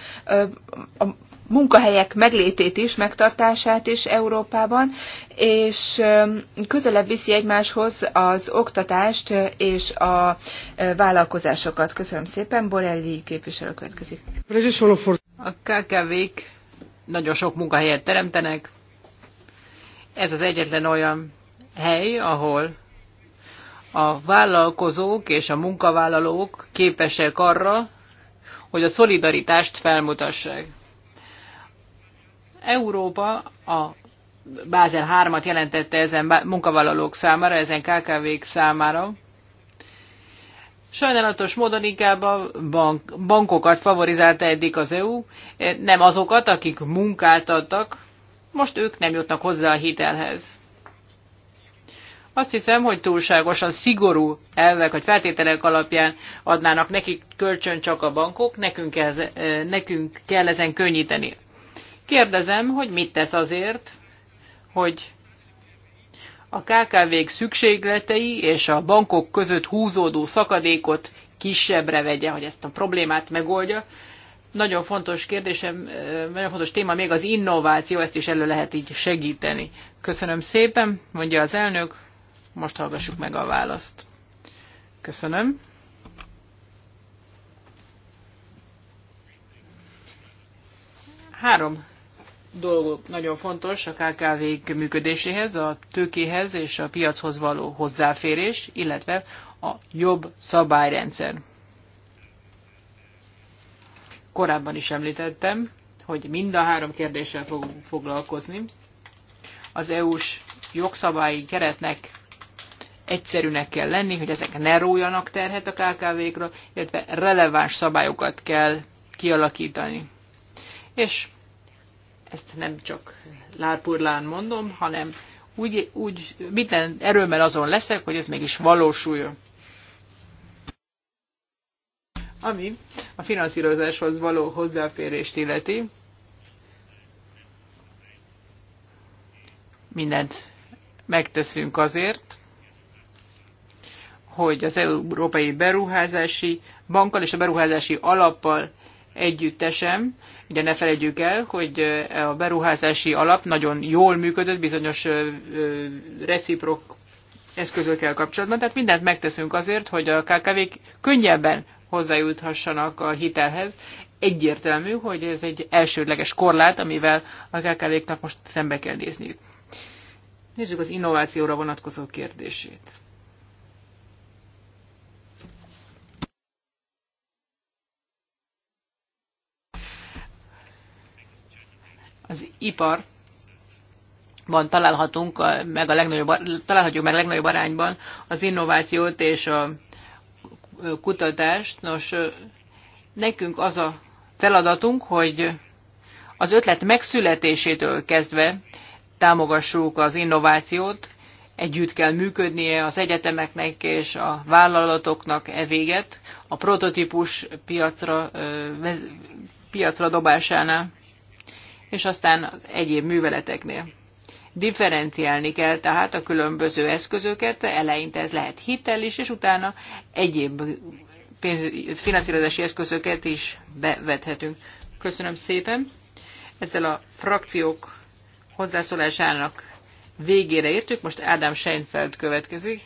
[SPEAKER 3] a munkahelyek meglétét is, megtartását is Európában, és közelebb viszi egymáshoz az oktatást és a vállalkozásokat. Köszönöm szépen, Borelli képviselő következik.
[SPEAKER 4] A KKV-k nagyon sok munkahelyet teremtenek. Ez az egyetlen olyan hely, ahol a vállalkozók és a munkavállalók képesek arra, hogy a szolidaritást felmutassák. Európa a Bázel 3-at jelentette ezen munkavállalók számára, ezen KKV-k számára. Sajnálatos módon inkább a bank, bankokat favorizálta eddig az EU, e, nem azokat, akik munkáltattak. most ők nem jutnak hozzá a hitelhez. Azt hiszem, hogy túlságosan szigorú elvek vagy feltételek alapján adnának nekik kölcsön csak a bankok, nekünk, ez, e, nekünk kell ezen könnyíteni. Kérdezem, hogy mit tesz azért, hogy a KKV-k szükségletei és a bankok között húzódó szakadékot kisebbre vegye, hogy ezt a problémát megoldja. Nagyon fontos kérdésem, nagyon fontos téma még az innováció, ezt is elő lehet így segíteni. Köszönöm szépen, mondja az elnök, most hallgassuk meg a választ. Köszönöm. Három dolgok nagyon fontos a KKV-k működéséhez, a tőkéhez és a piachoz való hozzáférés, illetve a jobb szabályrendszer. Korábban is említettem, hogy mind a három kérdéssel fogunk foglalkozni. Az EU-s jogszabályi keretnek egyszerűnek kell lenni, hogy ezek ne rójanak terhet a KKV-kra, illetve releváns szabályokat kell kialakítani. És ezt nem csak lárpurlán mondom, hanem úgy, úgy minden erőmmel azon leszek, hogy ez mégis valósuljon. Ami a finanszírozáshoz való hozzáférést illeti, mindent megteszünk azért, hogy az Európai Beruházási Bankkal és a Beruházási Alappal együttesem. Ugye ne felejtjük el, hogy eh, a beruházási alap nagyon jól működött bizonyos eh, eh, reciprok eszközökkel kapcsolatban, tehát mindent megteszünk azért, hogy a KKV-k könnyebben hozzájuthassanak a hitelhez. Egyértelmű, hogy ez egy elsődleges korlát, amivel a KKV-knak most szembe kell nézniük. Nézzük az innovációra vonatkozó kérdését. az ipar van találhatunk meg a legnagyobb, találhatjuk meg a legnagyobb arányban az innovációt és a kutatást. Nos, nekünk az a feladatunk, hogy az ötlet megszületésétől kezdve támogassuk az innovációt, együtt kell működnie az egyetemeknek és a vállalatoknak e véget a prototípus piacra, piacra dobásánál és aztán az egyéb műveleteknél. Differenciálni kell tehát a különböző eszközöket, eleinte ez lehet hitel is, és utána egyéb pénz, finanszírozási eszközöket is bevethetünk. Köszönöm szépen! Ezzel a frakciók hozzászólásának végére értük, most Ádám Seinfeld következik.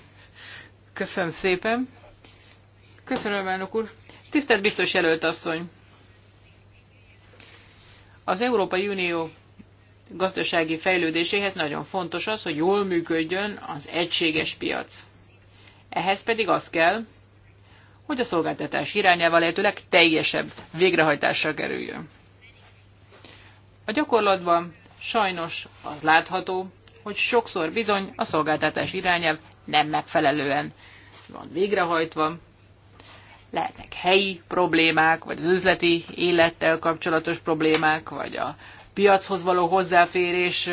[SPEAKER 4] Köszönöm szépen! Köszönöm, elnök úr! Tisztelt biztos jelölt asszony! Az Európai Unió gazdasági fejlődéséhez nagyon fontos az, hogy jól működjön az egységes piac. Ehhez pedig az kell, hogy a szolgáltatás irányával lehetőleg teljesebb végrehajtásra kerüljön. A gyakorlatban sajnos az látható, hogy sokszor bizony a szolgáltatás irányelv nem megfelelően van végrehajtva, lehetnek helyi problémák, vagy az üzleti élettel kapcsolatos problémák, vagy a piachoz való hozzáférés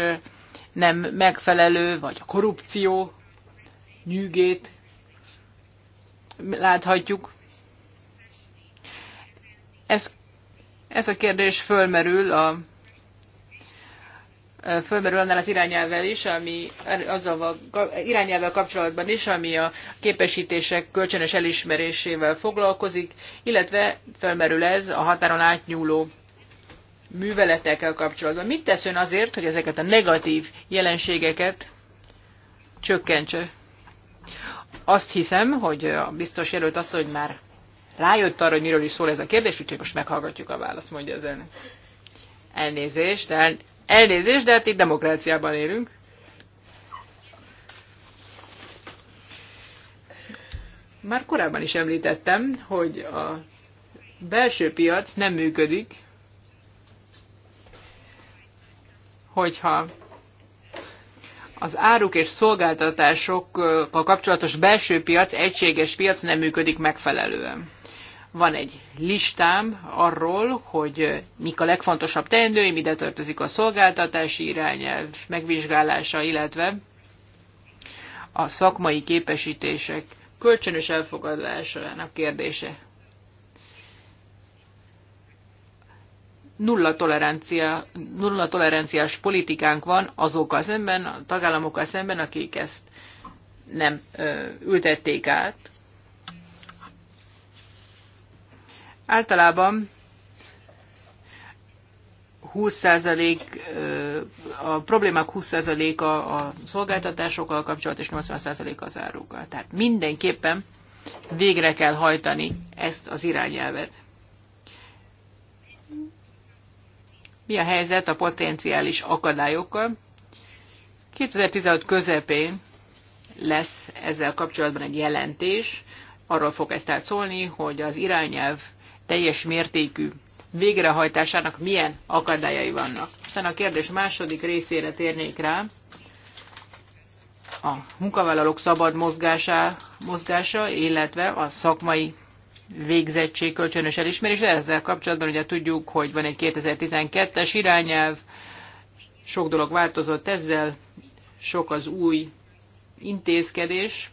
[SPEAKER 4] nem megfelelő, vagy a korrupció nyűgét láthatjuk. Ez, ez a kérdés fölmerül a fölmerül annál az irányelvvel is, ami azzal a irányelvvel kapcsolatban is, ami a képesítések kölcsönös elismerésével foglalkozik, illetve fölmerül ez a határon átnyúló műveletekkel kapcsolatban. Mit tesz ön azért, hogy ezeket a negatív jelenségeket csökkentse? Azt hiszem, hogy a biztos jelölt azt, hogy már rájött arra, hogy miről is szól ez a kérdés, úgyhogy most meghallgatjuk a választ, mondja az Elnézést, el, Elnézést, de hát itt demokráciában élünk. Már korábban is említettem, hogy a belső piac nem működik, hogyha az áruk és a kapcsolatos belső piac, egységes piac nem működik megfelelően. Van egy listám arról, hogy mik a legfontosabb teendőim, ide tartozik a szolgáltatási irányelv megvizsgálása, illetve a szakmai képesítések kölcsönös elfogadásának kérdése. Nulla, tolerancia, nulla toleranciás politikánk van azokkal szemben, a tagállamokkal szemben, akik ezt nem ö, ültették át. Általában 20% a problémák 20%-a a szolgáltatásokkal kapcsolatos, és 80% az árukkal. Tehát mindenképpen végre kell hajtani ezt az irányelvet. Mi a helyzet a potenciális akadályokkal? 2016 közepén lesz ezzel kapcsolatban egy jelentés, arról fog ezt tehát szólni, hogy az irányelv teljes mértékű végrehajtásának milyen akadályai vannak. Aztán a kérdés második részére térnék rá. A munkavállalók szabad mozgása, mozgása illetve a szakmai végzettség kölcsönös elismerés. Ezzel kapcsolatban ugye tudjuk, hogy van egy 2012-es irányelv, sok dolog változott ezzel, sok az új intézkedés,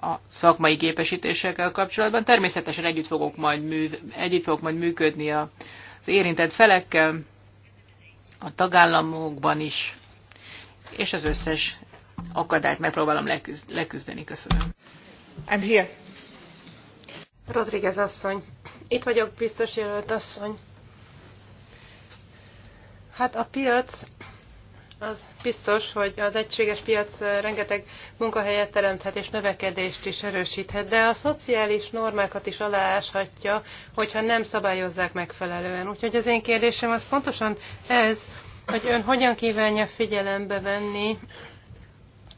[SPEAKER 4] a szakmai képesítésekkel kapcsolatban. Természetesen együtt fogok majd, műv, együtt fogok majd működni a az érintett felekkel, a tagállamokban is, és az összes akadályt megpróbálom leküzd, leküzdeni. Köszönöm.
[SPEAKER 3] I'm here.
[SPEAKER 1] Rodriguez asszony. Itt vagyok, biztos jelölt asszony. Hát a piac az biztos, hogy az egységes piac rengeteg munkahelyet teremthet és növekedést is erősíthet, de a szociális normákat is alááshatja, hogyha nem szabályozzák megfelelően. Úgyhogy az én kérdésem az pontosan ez, hogy ön hogyan kívánja figyelembe venni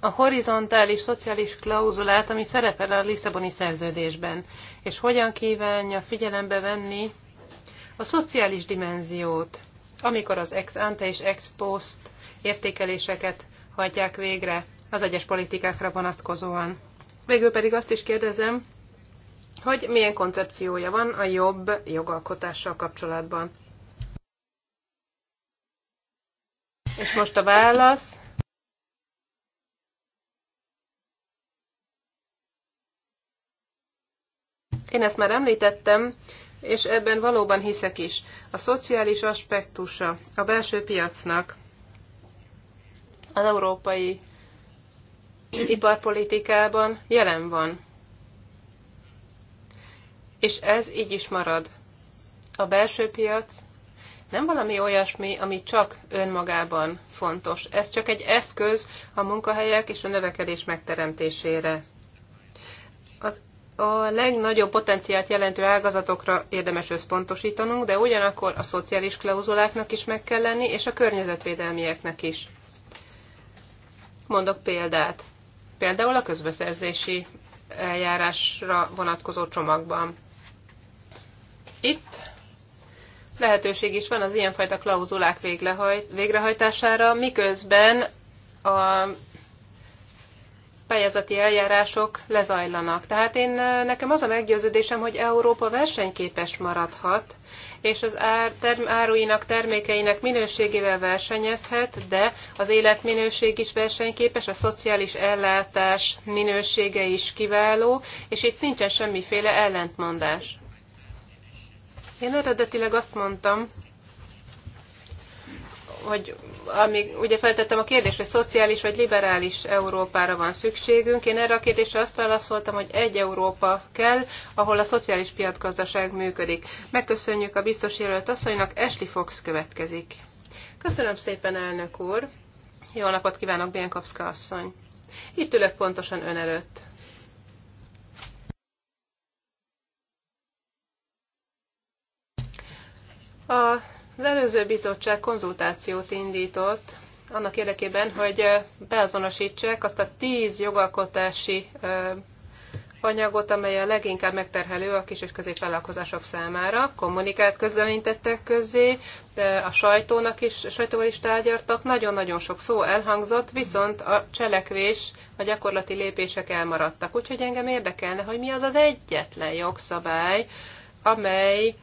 [SPEAKER 1] a horizontális szociális klauzulát, ami szerepel a Lisszaboni szerződésben, és hogyan kívánja figyelembe venni a szociális dimenziót, amikor az ex ante és ex post értékeléseket hajtják végre az egyes politikákra vonatkozóan. Végül pedig azt is kérdezem, hogy milyen koncepciója van a jobb jogalkotással kapcsolatban. És most a válasz. Én ezt már említettem, és ebben valóban hiszek is. A szociális aspektusa a belső piacnak az európai iparpolitikában jelen van. És ez így is marad. A belső piac nem valami olyasmi, ami csak önmagában fontos. Ez csak egy eszköz a munkahelyek és a növekedés megteremtésére. Az a legnagyobb potenciált jelentő ágazatokra érdemes összpontosítanunk, de ugyanakkor a szociális klauzuláknak is meg kell lenni, és a környezetvédelmieknek is. Mondok példát. Például a közbeszerzési eljárásra vonatkozó csomagban. Itt lehetőség is van az ilyenfajta klauzulák végrehajtására, miközben a pályázati eljárások lezajlanak. Tehát én nekem az a meggyőződésem, hogy Európa versenyképes maradhat, és az ár, term, áruinak, termékeinek minőségével versenyezhet, de az életminőség is versenyképes, a szociális ellátás minősége is kiváló, és itt nincsen semmiféle ellentmondás. Én eredetileg azt mondtam, hogy amíg ugye feltettem a kérdést, hogy szociális vagy liberális Európára van szükségünk, én erre a kérdésre azt válaszoltam, hogy egy Európa kell, ahol a szociális piacgazdaság működik. Megköszönjük a biztos jelölt asszonynak, Ashley Fox következik. Köszönöm szépen, elnök úr! Jó napot kívánok, Bienkowska asszony! Itt ülök pontosan ön előtt. A az előző bizottság konzultációt indított annak érdekében, hogy beazonosítsák azt a tíz jogalkotási anyagot, amely a leginkább megterhelő a kis és középvállalkozások számára. Kommunikát közleménytettek közé, a sajtónak is, a sajtóval is tárgyaltak, nagyon-nagyon sok szó elhangzott, viszont a cselekvés, a gyakorlati lépések elmaradtak. Úgyhogy engem érdekelne, hogy mi az az egyetlen jogszabály, amely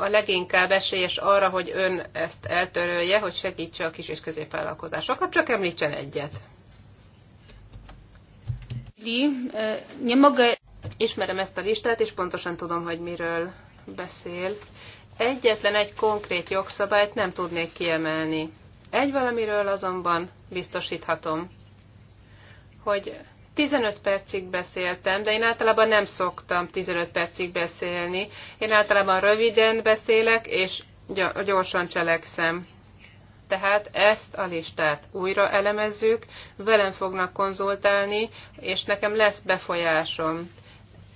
[SPEAKER 1] a leginkább esélyes arra, hogy ön ezt eltörölje, hogy segítse a kis és középvállalkozásokat, csak említsen egyet. Ismerem ezt a listát, és pontosan tudom, hogy miről beszél. Egyetlen egy konkrét jogszabályt nem tudnék kiemelni. Egy valamiről azonban biztosíthatom, hogy 15 percig beszéltem, de én általában nem szoktam 15 percig beszélni. Én általában röviden beszélek, és gyorsan cselekszem. Tehát ezt a listát újra elemezzük, velem fognak konzultálni, és nekem lesz befolyásom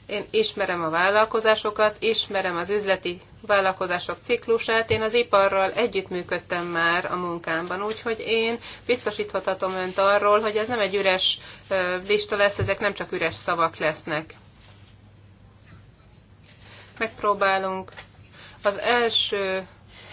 [SPEAKER 1] én ismerem a vállalkozásokat, ismerem az üzleti vállalkozások ciklusát, én az iparral együttműködtem már a munkámban, úgyhogy én biztosíthatom önt arról, hogy ez nem egy üres lista lesz, ezek nem csak üres szavak lesznek. Megpróbálunk az első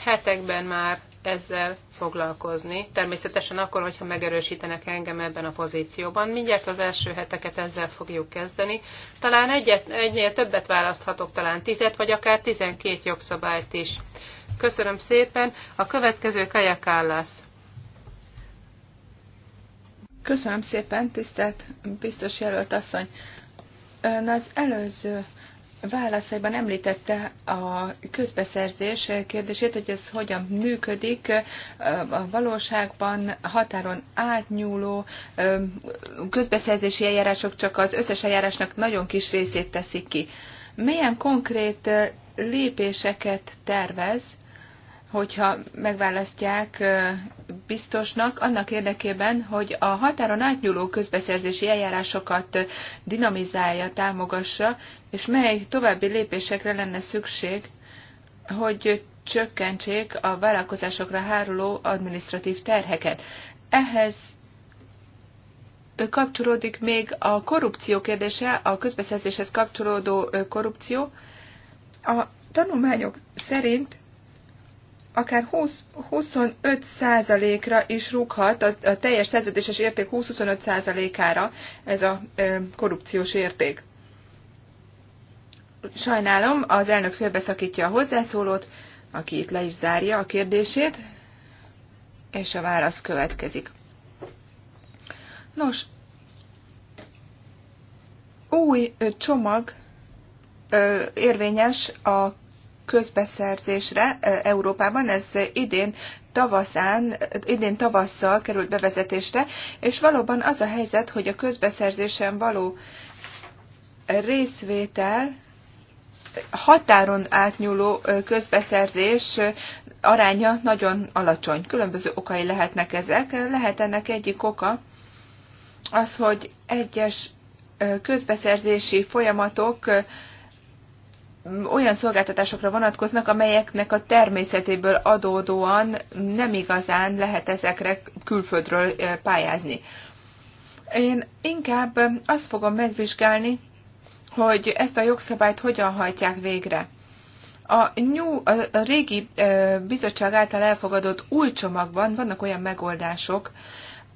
[SPEAKER 1] hetekben már ezzel foglalkozni. Természetesen akkor, hogyha megerősítenek engem ebben a pozícióban. Mindjárt az első heteket ezzel fogjuk kezdeni. Talán egyet, egynél többet választhatok, talán tizet, vagy akár tizenkét jogszabályt is. Köszönöm szépen. A következő kajakállás.
[SPEAKER 3] Köszönöm szépen, tisztelt biztos jelölt asszony. Ön az előző válaszaiban említette a közbeszerzés kérdését, hogy ez hogyan működik a valóságban határon átnyúló közbeszerzési eljárások csak az összes eljárásnak nagyon kis részét teszik ki. Milyen konkrét lépéseket tervez hogyha megválasztják biztosnak, annak érdekében, hogy a határon átnyúló közbeszerzési eljárásokat dinamizálja, támogassa, és mely további lépésekre lenne szükség, hogy csökkentsék a vállalkozásokra háruló administratív terheket. Ehhez kapcsolódik még a korrupció kérdése, a közbeszerzéshez kapcsolódó korrupció. A tanulmányok szerint akár 20, 25%-ra is rúghat, a, a teljes szerződéses érték 20-25%-ára ez a ö, korrupciós érték. Sajnálom, az elnök félbeszakítja a hozzászólót, aki itt le is zárja a kérdését, és a válasz következik. Nos, új csomag érvényes a közbeszerzésre Európában. Ez idén tavaszán, idén tavasszal került bevezetésre, és valóban az a helyzet, hogy a közbeszerzésen való részvétel határon átnyúló közbeszerzés aránya nagyon alacsony. Különböző okai lehetnek ezek. Lehet ennek egyik oka az, hogy egyes közbeszerzési folyamatok olyan szolgáltatásokra vonatkoznak, amelyeknek a természetéből adódóan nem igazán lehet ezekre külföldről pályázni. Én inkább azt fogom megvizsgálni, hogy ezt a jogszabályt hogyan hajtják végre. A, new, a régi bizottság által elfogadott új csomagban vannak olyan megoldások,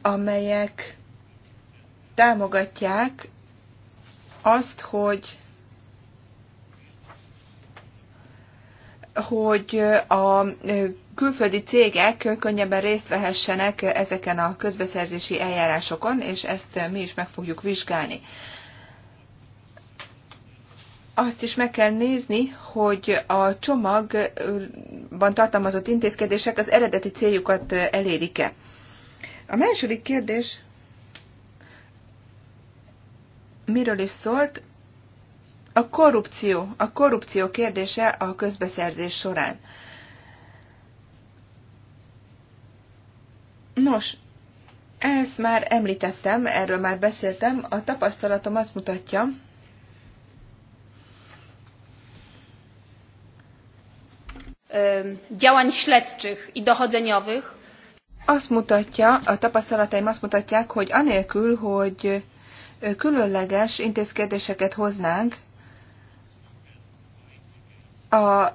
[SPEAKER 3] amelyek támogatják azt, hogy hogy a külföldi cégek könnyebben részt vehessenek ezeken a közbeszerzési eljárásokon, és ezt mi is meg fogjuk vizsgálni. Azt is meg kell nézni, hogy a csomagban tartalmazott intézkedések az eredeti céljukat elérik-e. A második kérdés miről is szólt? A korrupció, a korrupció kérdése a közbeszerzés során. Nos, ezt már említettem, erről már beszéltem, a
[SPEAKER 2] tapasztalatom azt mutatja, działań śledczych i dochodzeniowych.
[SPEAKER 3] Azt mutatja, a tapasztalataim azt mutatják, hogy anélkül, hogy különleges intézkedéseket hoznánk, a,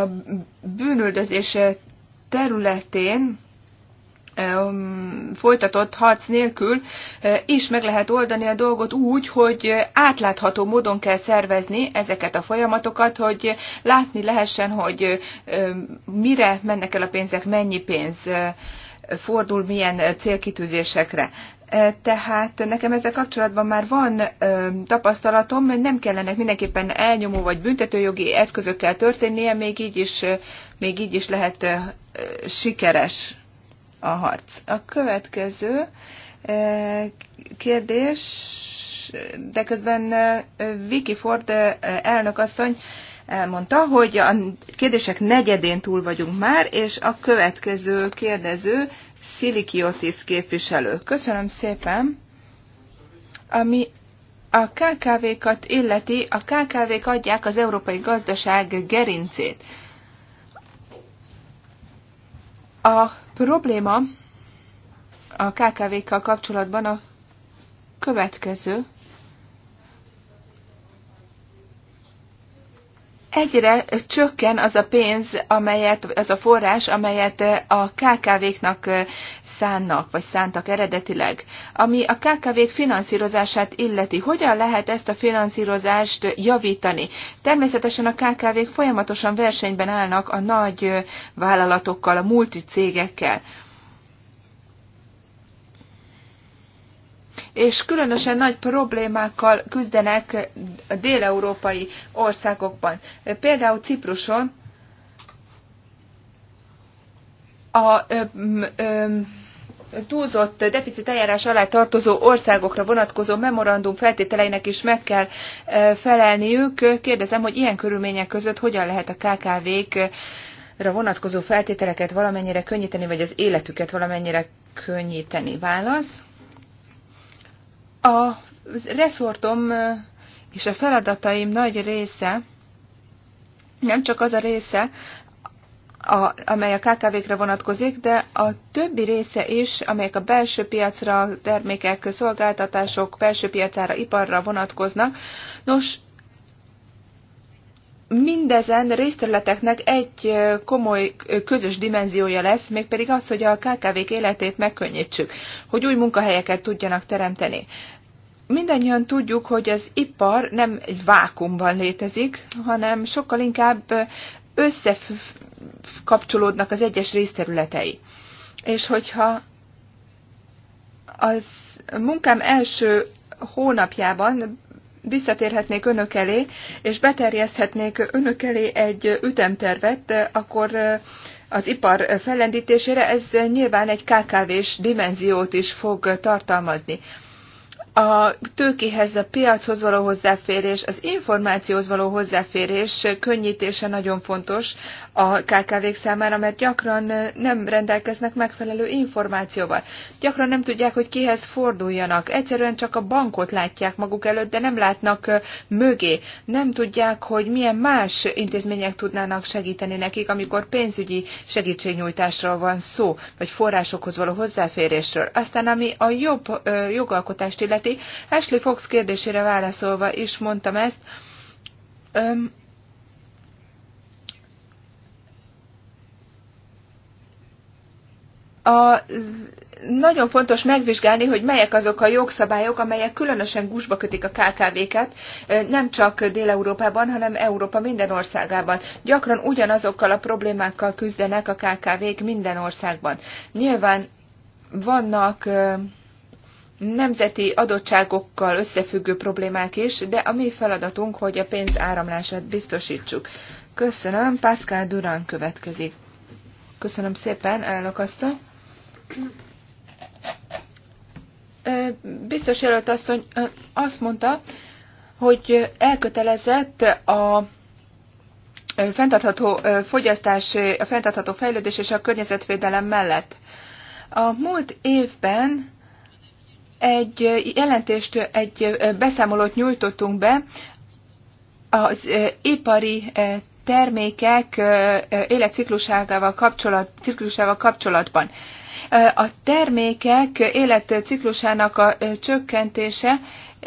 [SPEAKER 3] a bűnöldözés területén folytatott harc nélkül is meg lehet oldani a dolgot úgy, hogy átlátható módon kell szervezni ezeket a folyamatokat, hogy látni lehessen, hogy mire mennek el a pénzek, mennyi pénz fordul milyen célkitűzésekre tehát nekem ezzel kapcsolatban már van ö, tapasztalatom, nem kellene mindenképpen elnyomó vagy büntetőjogi eszközökkel történnie, még így is, még így is lehet ö, sikeres a harc. A következő ö, kérdés, de közben Vicky Ford ö, elnökasszony elmondta, hogy a kérdések negyedén túl vagyunk már, és a következő kérdező Szilikiotis képviselő. Köszönöm szépen. Ami a KKV-kat illeti, a KKV-k adják az európai gazdaság gerincét. A probléma a KKV-kkal kapcsolatban a következő. egyre csökken az a pénz, amelyet, az a forrás, amelyet a KKV-knak szánnak, vagy szántak eredetileg. Ami a KKV-k finanszírozását illeti, hogyan lehet ezt a finanszírozást javítani? Természetesen a KKV-k folyamatosan versenyben állnak a nagy vállalatokkal, a multicégekkel. cégekkel és különösen nagy problémákkal küzdenek a déleurópai országokban. Például Cipruson a túlzott deficit eljárás alá tartozó országokra vonatkozó memorandum feltételeinek is meg kell felelniük. Kérdezem, hogy ilyen körülmények között hogyan lehet a KKV-kra vonatkozó feltételeket valamennyire könnyíteni, vagy az életüket valamennyire könnyíteni. Válasz? A reszortom és a feladataim nagy része, nem csak az a része, a, amely a KKV-kre vonatkozik, de a többi része is, amelyek a belső piacra, termékek, szolgáltatások belső piacára, iparra vonatkoznak. Nos, mindezen részterületeknek egy komoly közös dimenziója lesz, mégpedig az, hogy a KKV-k életét megkönnyítsük, hogy új munkahelyeket tudjanak teremteni. Mindannyian tudjuk, hogy az ipar nem egy vákumban létezik, hanem sokkal inkább összekapcsolódnak az egyes részterületei. És hogyha az munkám első hónapjában visszatérhetnék önök elé, és beterjeszthetnék önök elé egy ütemtervet, akkor eh, az ipar fellendítésére ez nyilván egy KKV-s dimenziót is fog tartalmazni a tőkéhez, a piachoz való hozzáférés, az információhoz való hozzáférés könnyítése nagyon fontos a KKV-k számára, mert gyakran nem rendelkeznek megfelelő információval. Gyakran nem tudják, hogy kihez forduljanak. Egyszerűen csak a bankot látják maguk előtt, de nem látnak mögé. Nem tudják, hogy milyen más intézmények tudnának segíteni nekik, amikor pénzügyi segítségnyújtásról van szó, vagy forrásokhoz való hozzáférésről. Aztán ami a jobb jogalkotást illeti, illeti. Ashley Fox kérdésére válaszolva is mondtam ezt. Öm, a nagyon fontos megvizsgálni, hogy melyek azok a jogszabályok, amelyek különösen gusba kötik a KKV-ket, nem csak Dél-Európában, hanem Európa minden országában. Gyakran ugyanazokkal a problémákkal küzdenek a KKV-k minden országban. Nyilván vannak nemzeti adottságokkal összefüggő problémák is, de a mi feladatunk, hogy a pénz áramlását biztosítsuk. Köszönöm, Pászkál Durán következik. Köszönöm szépen, elnök asszony. Biztos jelölt asszony azt mondta, hogy elkötelezett a fenntartható fogyasztás, a fenntartható fejlődés és a környezetvédelem mellett. A múlt évben egy jelentést, egy beszámolót nyújtottunk be az ipari termékek életciklusával kapcsolat, kapcsolatban. A termékek életciklusának a csökkentése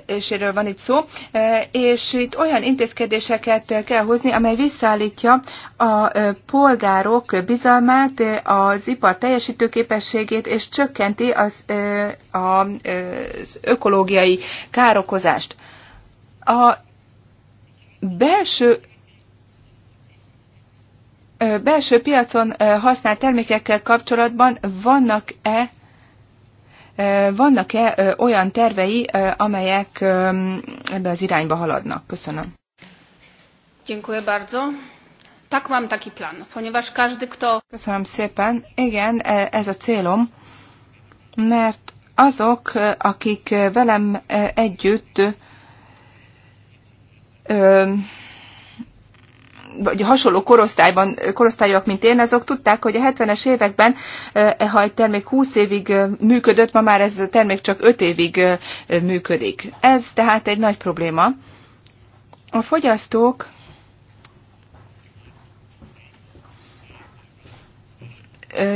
[SPEAKER 3] és erről van itt szó, és itt olyan intézkedéseket kell hozni, amely visszaállítja a polgárok bizalmát, az ipar teljesítőképességét, és csökkenti az, az ökológiai károkozást. A belső belső piacon használt termékekkel kapcsolatban vannak-e vannak-e olyan tervei, amelyek ebbe az irányba haladnak? Köszönöm.
[SPEAKER 2] Dziękuję bardzo. Tak mam taki plan, ponieważ każdy kto...
[SPEAKER 3] Köszönöm szépen. Igen, e, ez a célom, mert azok, akik velem együtt vagy hasonló korosztályban, korosztályok, mint én, azok tudták, hogy a 70-es években, e, ha egy termék 20 évig működött, ma már ez a termék csak 5 évig működik. Ez tehát egy nagy probléma. A fogyasztók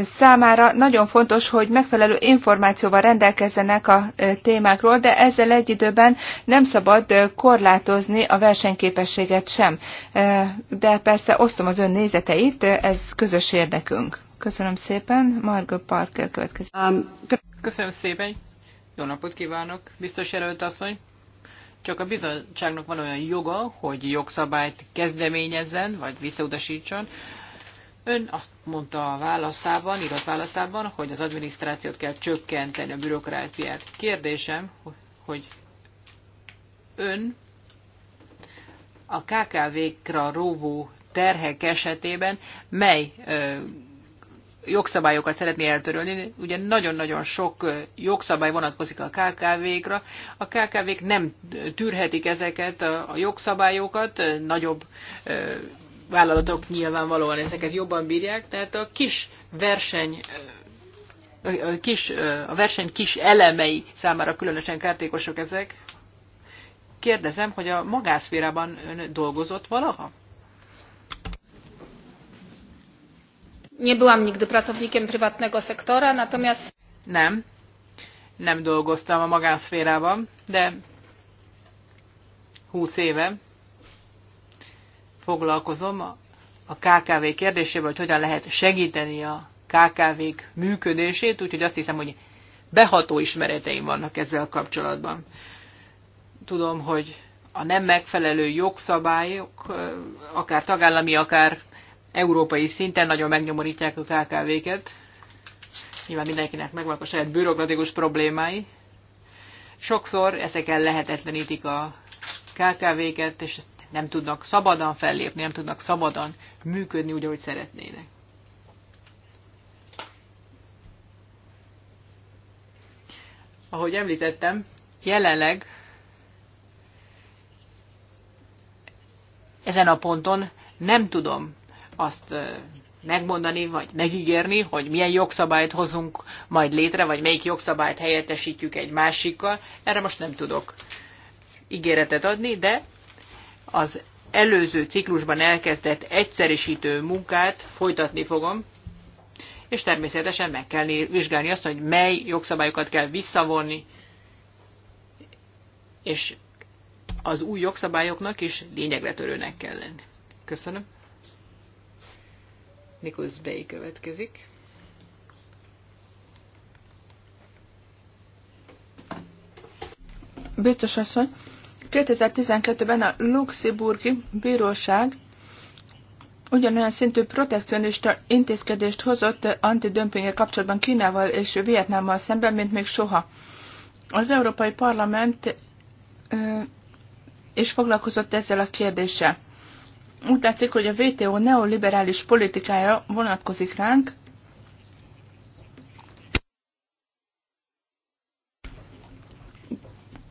[SPEAKER 3] számára nagyon fontos, hogy megfelelő információval rendelkezzenek a témákról, de ezzel egy időben nem szabad korlátozni a versenyképességet sem. De persze osztom az ön nézeteit, ez közös érdekünk. Köszönöm szépen. Margot Parker következik. Um,
[SPEAKER 4] Köszönöm szépen. Jó napot kívánok, biztos jelölt asszony. Csak a bizottságnak van olyan joga, hogy jogszabályt kezdeményezzen, vagy visszautasítson, Ön azt mondta a válaszában, írott válaszában, hogy az adminisztrációt kell csökkenteni, a bürokráciát. Kérdésem, hogy ön a KKV-kra róvó terhek esetében mely ö, jogszabályokat szeretné eltörölni. Ugye nagyon-nagyon sok jogszabály vonatkozik a KKV-kra. A KKV-k nem tűrhetik ezeket a jogszabályokat, nagyobb vállalatok nyilvánvalóan ezeket jobban bírják, tehát a kis verseny a, kis, a verseny kis elemei számára különösen kártékosok ezek. Kérdezem, hogy a magászférában ön dolgozott valaha?
[SPEAKER 2] Nie byłam nigdy pracownikiem prywatnego sektora, natomiast...
[SPEAKER 4] Nem, nem dolgoztam a magánszférában, de 20 éve foglalkozom a KKV kérdésével, hogy hogyan lehet segíteni a KKV-k működését, úgyhogy azt hiszem, hogy beható ismereteim vannak ezzel kapcsolatban. Tudom, hogy a nem megfelelő jogszabályok, akár tagállami, akár európai szinten nagyon megnyomorítják a KKV-ket. Nyilván mindenkinek megvannak a saját bürokratikus problémái. Sokszor ezekkel lehetetlenítik a KKV-ket, és ezt nem tudnak szabadon fellépni, nem tudnak szabadon működni úgy, ahogy szeretnének. Ahogy említettem, jelenleg ezen a ponton nem tudom azt megmondani, vagy megígérni, hogy milyen jogszabályt hozunk majd létre, vagy melyik jogszabályt helyettesítjük egy másikkal. Erre most nem tudok ígéretet adni, de az előző ciklusban elkezdett egyszerisítő munkát folytatni fogom, és természetesen meg kell vizsgálni azt, hogy mely jogszabályokat kell visszavonni, és az új jogszabályoknak is lényegre törőnek kell lenni. Köszönöm. Nicholas Bey következik.
[SPEAKER 2] Biztos asszony,
[SPEAKER 3] 2012-ben a Luxemburgi Bíróság ugyanolyan szintű protekcionista intézkedést hozott antidömpénye kapcsolatban Kínával és Vietnámmal szemben, mint még soha. Az Európai Parlament és foglalkozott ezzel a kérdéssel. Úgy látszik, hogy a WTO neoliberális politikája vonatkozik ránk,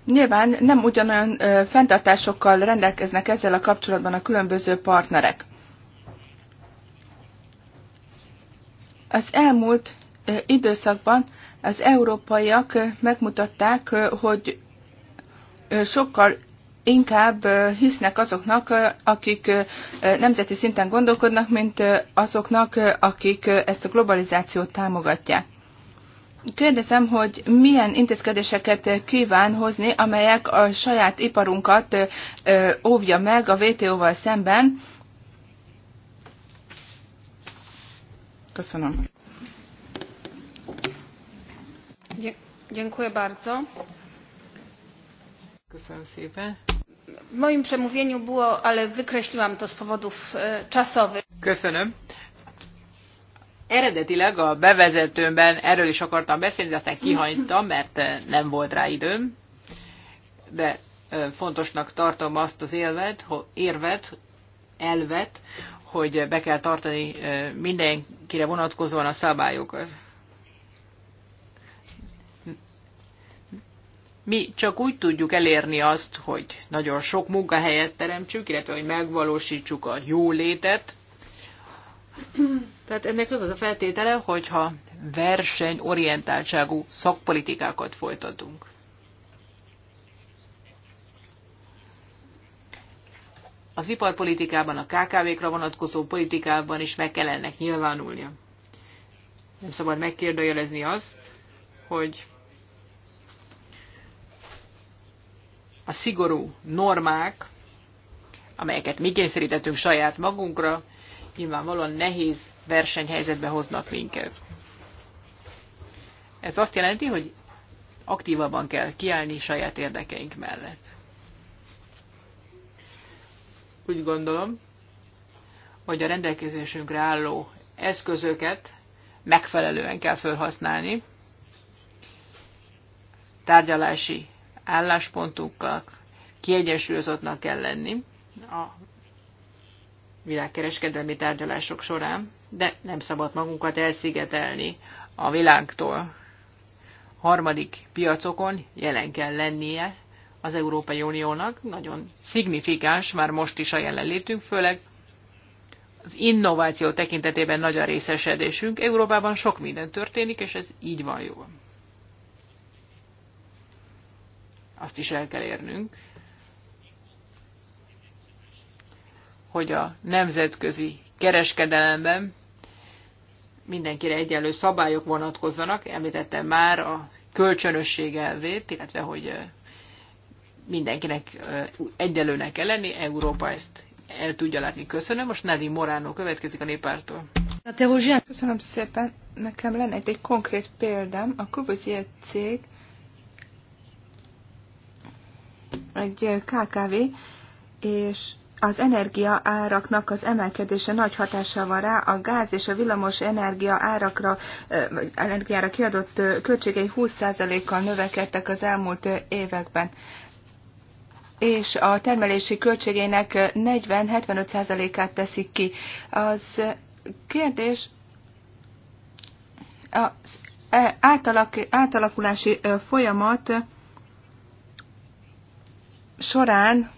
[SPEAKER 3] Nyilván nem ugyanolyan fenntartásokkal rendelkeznek ezzel a kapcsolatban a különböző partnerek. Az elmúlt időszakban az európaiak megmutatták, hogy sokkal inkább hisznek azoknak, akik nemzeti szinten gondolkodnak, mint azoknak, akik ezt a globalizációt támogatják. Kérdezem, hogy milyen intézkedéseket kíván hozni, amelyek a saját iparunkat óvja meg a WTO-val szemben. Köszönöm.
[SPEAKER 2] Dziękuję bardzo.
[SPEAKER 4] W
[SPEAKER 2] moim przemówieniu było, ale wykreśliłam to z powodów e, czasowych. Köszönöm.
[SPEAKER 4] Eredetileg a bevezetőmben erről is akartam beszélni, de aztán kihagytam, mert nem volt rá időm. De fontosnak tartom azt az élvet, érvet, elvet, hogy be kell tartani mindenkire vonatkozóan a szabályokat. Mi csak úgy tudjuk elérni azt, hogy nagyon sok munkahelyet teremtsük, illetve hogy megvalósítsuk a jólétet, tehát ennek az a feltétele, hogyha versenyorientáltságú szakpolitikákat folytatunk. Az iparpolitikában, a KKV-kra vonatkozó politikában is meg kell ennek nyilvánulnia. Nem szabad megkérdőjelezni azt, hogy a szigorú normák, amelyeket mi kényszerítettünk saját magunkra, nyilvánvalóan nehéz versenyhelyzetbe hoznak minket. Ez azt jelenti, hogy aktívabban kell kiállni saját érdekeink mellett. Úgy gondolom, hogy a rendelkezésünkre álló eszközöket megfelelően kell felhasználni, tárgyalási álláspontunkkal kiegyensúlyozottnak kell lenni a világkereskedelmi tárgyalások során, de nem szabad magunkat elszigetelni a világtól. Harmadik piacokon jelen kell lennie az Európai Uniónak, nagyon szignifikáns már most is a jelenlétünk, főleg az innováció tekintetében nagy a részesedésünk. Európában sok minden történik, és ez így van jól. Azt is el kell érnünk, hogy a nemzetközi kereskedelemben mindenkire egyenlő szabályok vonatkozzanak. Említettem már a kölcsönösség elvét, illetve hogy mindenkinek egyenlőnek kell lenni. Európa ezt el tudja látni. Köszönöm. Most Nevi Moránó következik a néppártól.
[SPEAKER 3] Köszönöm szépen. Nekem lenne egy, egy konkrét példám. A Kubuzier cég egy KKV, és az energia áraknak az emelkedése nagy hatással van rá, a gáz és a villamos energia árakra, energiára kiadott költségei 20%-kal növekedtek az elmúlt években és a termelési költségének 40-75%-át teszik ki. Az kérdés az átalak, átalakulási folyamat során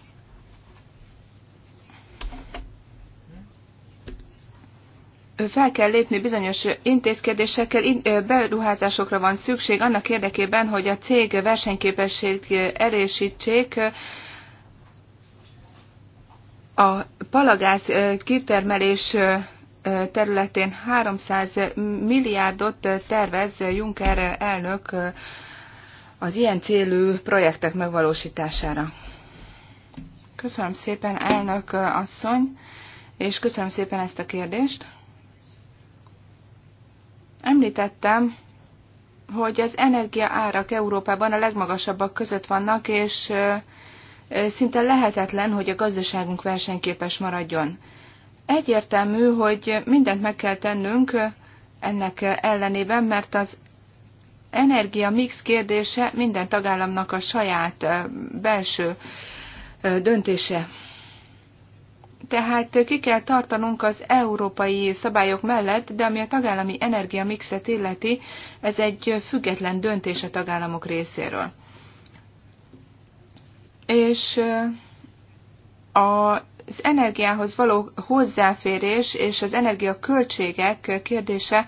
[SPEAKER 3] fel kell lépni bizonyos intézkedésekkel, beruházásokra van szükség annak érdekében, hogy a cég versenyképességét erősítsék, a palagáz kitermelés területén 300 milliárdot tervez Juncker elnök az ilyen célú projektek megvalósítására. Köszönöm szépen, elnök asszony, és köszönöm szépen ezt a kérdést. Említettem, hogy az energia árak Európában a legmagasabbak között vannak, és szinte lehetetlen, hogy a gazdaságunk versenyképes maradjon. Egyértelmű, hogy mindent meg kell tennünk ennek ellenében, mert az energia mix kérdése minden tagállamnak a saját belső döntése. Tehát ki kell tartanunk az európai szabályok mellett, de ami a tagállami energiamixet illeti, ez egy független döntés a tagállamok részéről. És a az energiához való hozzáférés és az energiaköltségek kérdése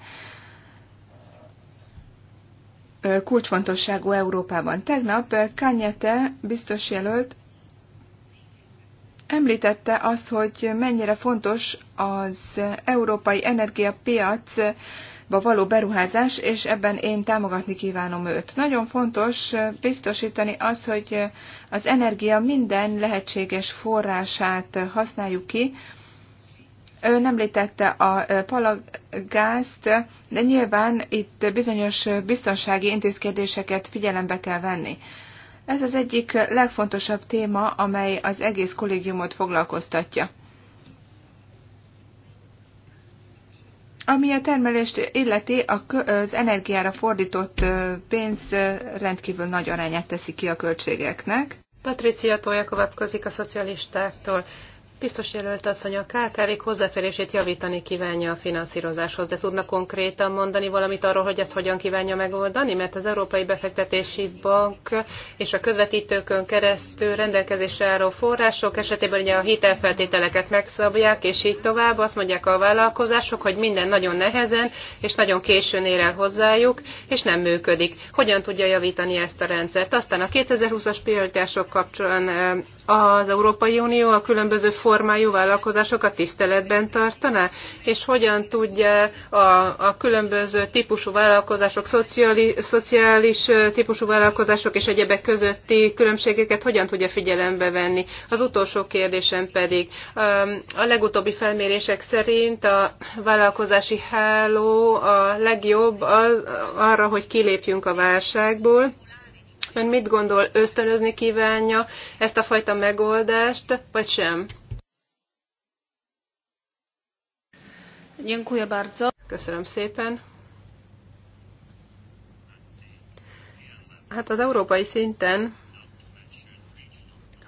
[SPEAKER 3] kulcsfontosságú Európában. Tegnap Kanyete biztos jelölt Említette azt, hogy mennyire fontos az európai energiapiac való beruházás, és ebben én támogatni kívánom őt. Nagyon fontos biztosítani azt, hogy az energia minden lehetséges forrását használjuk ki. Ő nem létette a palagázt, de nyilván itt bizonyos biztonsági intézkedéseket figyelembe kell venni. Ez az egyik legfontosabb téma, amely az egész kollégiumot foglalkoztatja. Ami a termelést illeti, az energiára fordított pénz rendkívül nagy arányát teszi ki a költségeknek.
[SPEAKER 1] Patricia Tója következik a szocialistáktól. Biztos jelölt hogy a KKV-k hozzáférését javítani kívánja a finanszírozáshoz, de tudna konkrétan mondani valamit arról, hogy ezt hogyan kívánja megoldani? Mert az Európai Befektetési Bank és a közvetítőkön keresztül rendelkezésre álló források esetében ugye a hitelfeltételeket megszabják, és így tovább. Azt mondják a vállalkozások, hogy minden nagyon nehezen és nagyon későn ér el hozzájuk, és nem működik. Hogyan tudja javítani ezt a rendszert? Aztán a 2020-as prioritások kapcsolatban az Európai Unió a különböző formájú vállalkozásokat tiszteletben tartaná, és hogyan tudja a, a különböző típusú vállalkozások, szociális, szociális típusú vállalkozások és egyebek közötti különbségeket hogyan tudja figyelembe venni. Az utolsó kérdésem pedig, a legutóbbi felmérések szerint a vállalkozási háló a legjobb az, arra, hogy kilépjünk a válságból, Ön mit gondol, ösztönözni kívánja ezt a fajta megoldást, vagy sem? Dziękuję bardzo. Köszönöm szépen. Hát az európai szinten,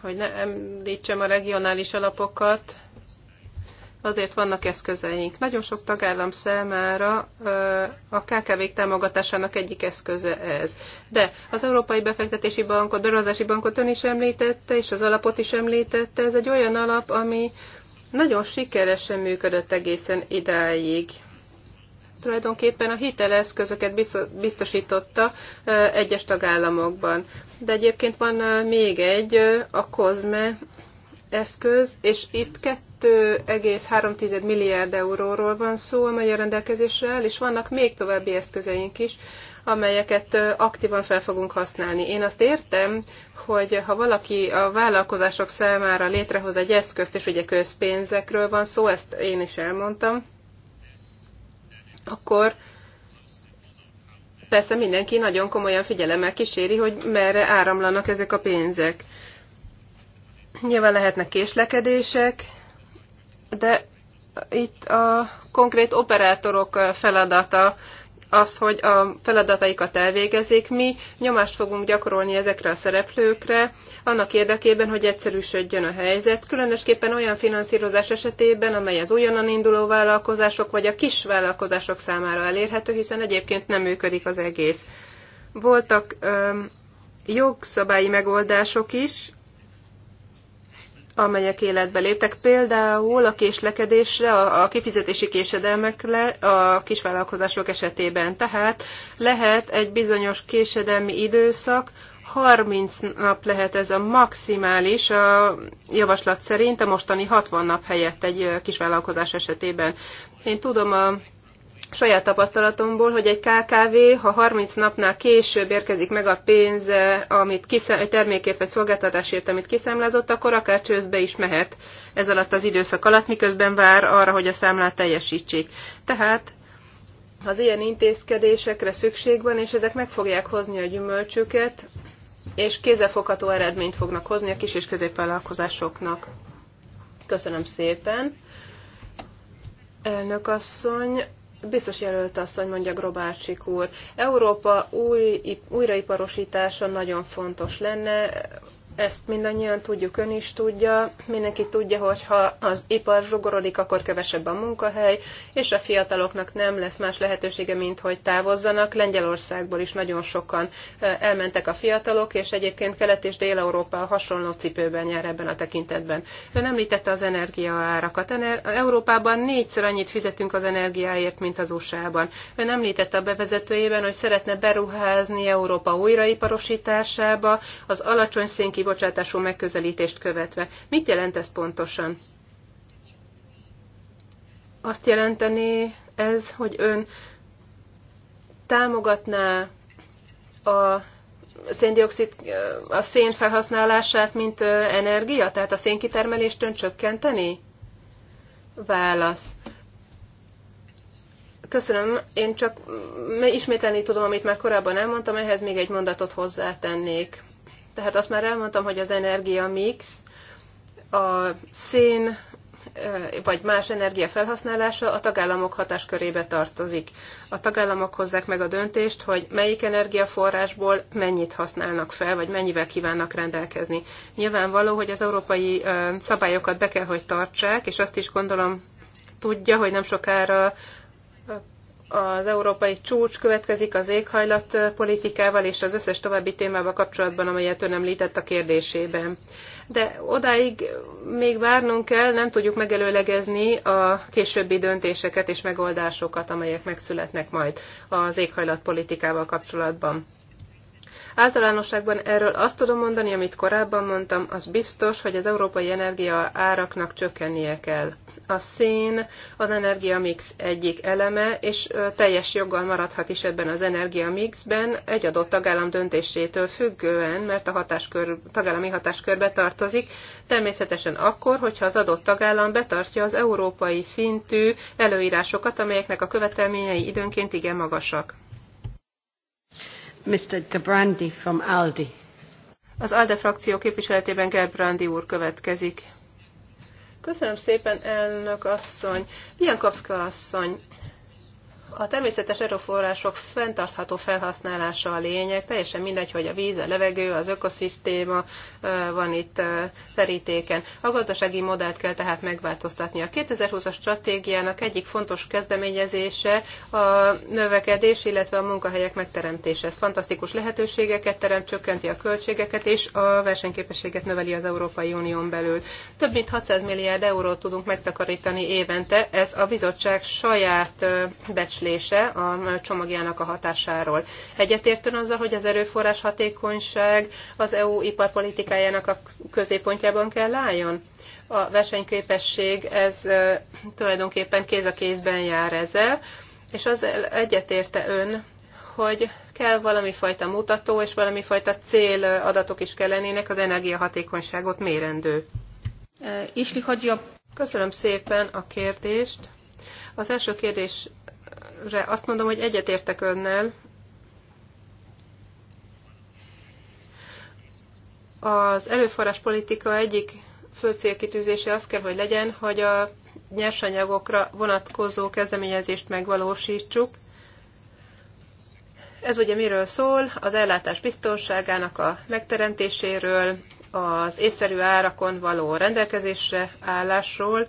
[SPEAKER 1] hogy ne említsem a regionális alapokat, azért vannak eszközeink. Nagyon sok tagállam számára a kkv támogatásának egyik eszköze ez. De az Európai Befektetési Bankot, Beruházási Bankot ön is említette, és az alapot is említette. Ez egy olyan alap, ami nagyon sikeresen működött egészen idáig tulajdonképpen a hiteleszközöket biztosította egyes tagállamokban. De egyébként van még egy, a COSME eszköz, és itt 2,3 milliárd euróról van szó, a a rendelkezésre áll, és vannak még további eszközeink is, amelyeket aktívan fel fogunk használni. Én azt értem, hogy ha valaki a vállalkozások számára létrehoz egy eszközt, és ugye közpénzekről van szó, ezt én is elmondtam, akkor persze mindenki nagyon komolyan figyelemmel kíséri, hogy merre áramlanak ezek a pénzek. Nyilván lehetnek késlekedések, de itt a konkrét operátorok feladata az, hogy a feladataikat elvégezik. Mi nyomást fogunk gyakorolni ezekre a szereplőkre, annak érdekében, hogy egyszerűsödjön a helyzet, különösképpen olyan finanszírozás esetében, amely az újonnan induló vállalkozások vagy a kis vállalkozások számára elérhető, hiszen egyébként nem működik az egész. Voltak öm, jogszabályi megoldások is, amelyek életbe léptek, például a késlekedésre, a kifizetési késedelmekre a kisvállalkozások esetében. Tehát lehet egy bizonyos késedelmi időszak, 30 nap lehet ez a maximális a javaslat szerint, a mostani 60 nap helyett egy kisvállalkozás esetében. Én tudom a saját tapasztalatomból, hogy egy KKV, ha 30 napnál később érkezik meg a pénz, eh, amit kiszem, egy termékért vagy szolgáltatásért, amit kiszámlázott, akkor akár csőzbe is mehet ez alatt az időszak alatt, miközben vár arra, hogy a számlát teljesítsék. Tehát az ilyen intézkedésekre szükség van, és ezek meg fogják hozni a gyümölcsüket, és kézefogható eredményt fognak hozni a kis és középvállalkozásoknak. Köszönöm szépen. Elnök asszony, Biztos jelölt hogy mondja Grobárcsik úr. Európa új, újraiparosítása nagyon fontos lenne, ezt mindannyian tudjuk, ön is tudja, mindenki tudja, hogy ha az ipar zsugorodik, akkor kevesebb a munkahely, és a fiataloknak nem lesz más lehetősége, mint hogy távozzanak. Lengyelországból is nagyon sokan elmentek a fiatalok, és egyébként Kelet és Dél-Európa hasonló cipőben jár ebben a tekintetben. Ön említette az energiaárakat. Európában négyszer annyit fizetünk az energiáért, mint az USA-ban. Ön említette a bevezetőjében, hogy szeretne beruházni Európa újraiparosításába, az alacsony szénki kibocsátású megközelítést követve. Mit jelent ez pontosan? Azt jelenteni ez, hogy ön támogatná a széndiokszid, a szén felhasználását, mint energia, tehát a szénkitermelést ön csökkenteni? Válasz. Köszönöm, én csak ismételni tudom, amit már korábban elmondtam, ehhez még egy mondatot hozzátennék. Tehát azt már elmondtam, hogy az energia mix, a szén vagy más energia felhasználása a tagállamok hatáskörébe tartozik. A tagállamok hozzák meg a döntést, hogy melyik energiaforrásból mennyit használnak fel, vagy mennyivel kívánnak rendelkezni. Nyilvánvaló, hogy az európai szabályokat be kell, hogy tartsák, és azt is gondolom tudja, hogy nem sokára az európai csúcs következik az éghajlatpolitikával eh, és az összes további témával kapcsolatban, amelyet ön említett a kérdésében. De odáig még várnunk kell, nem tudjuk megelőlegezni a későbbi döntéseket és megoldásokat, amelyek megszületnek majd az éghajlatpolitikával kapcsolatban. Általánosságban erről azt tudom mondani, amit korábban mondtam, az biztos, hogy az európai energia áraknak csökkennie kell. A szén az energiamix egyik eleme, és teljes joggal maradhat is ebben az energiamixben egy adott tagállam döntésétől függően, mert a hatáskör, tagállami hatáskörbe tartozik, természetesen akkor, hogyha az adott tagállam betartja az európai szintű előírásokat, amelyeknek a követelményei időnként igen magasak.
[SPEAKER 2] Mr. Gabrandi from ALDI. Az
[SPEAKER 1] ALDE frakció képviseletében Gerbrandi úr következik. Köszönöm szépen, elnök asszony. Biankovska asszony, a természetes erőforrások fenntartható felhasználása a lényeg, teljesen mindegy, hogy a víz, a levegő, az ökoszisztéma van itt terítéken. A gazdasági modellt kell tehát megváltoztatni. A 2020-as stratégiának egyik fontos kezdeményezése a növekedés, illetve a munkahelyek megteremtése. Ez fantasztikus lehetőségeket teremt, csökkenti a költségeket és a versenyképességet növeli az Európai Unión belül. Több mint 600 milliárd eurót tudunk megtakarítani évente, ez a bizottság saját becslése becslése a csomagjának a hatásáról. Egyetértően azzal, hogy az erőforrás hatékonyság az EU iparpolitikájának a középpontjában kell álljon? A versenyképesség ez tulajdonképpen kéz a kézben jár ezzel, és az egyetérte ön, hogy kell valami fajta mutató és valami fajta céladatok is kellenének az energiahatékonyságot mérendő. Köszönöm szépen a kérdést. Az első kérdés azt mondom, hogy egyetértek önnel. Az előforrás politika egyik fő célkitűzése az kell, hogy legyen, hogy a nyersanyagokra vonatkozó kezdeményezést megvalósítsuk. Ez ugye miről szól? Az ellátás biztonságának a megteremtéséről, az észszerű árakon való rendelkezésre állásról,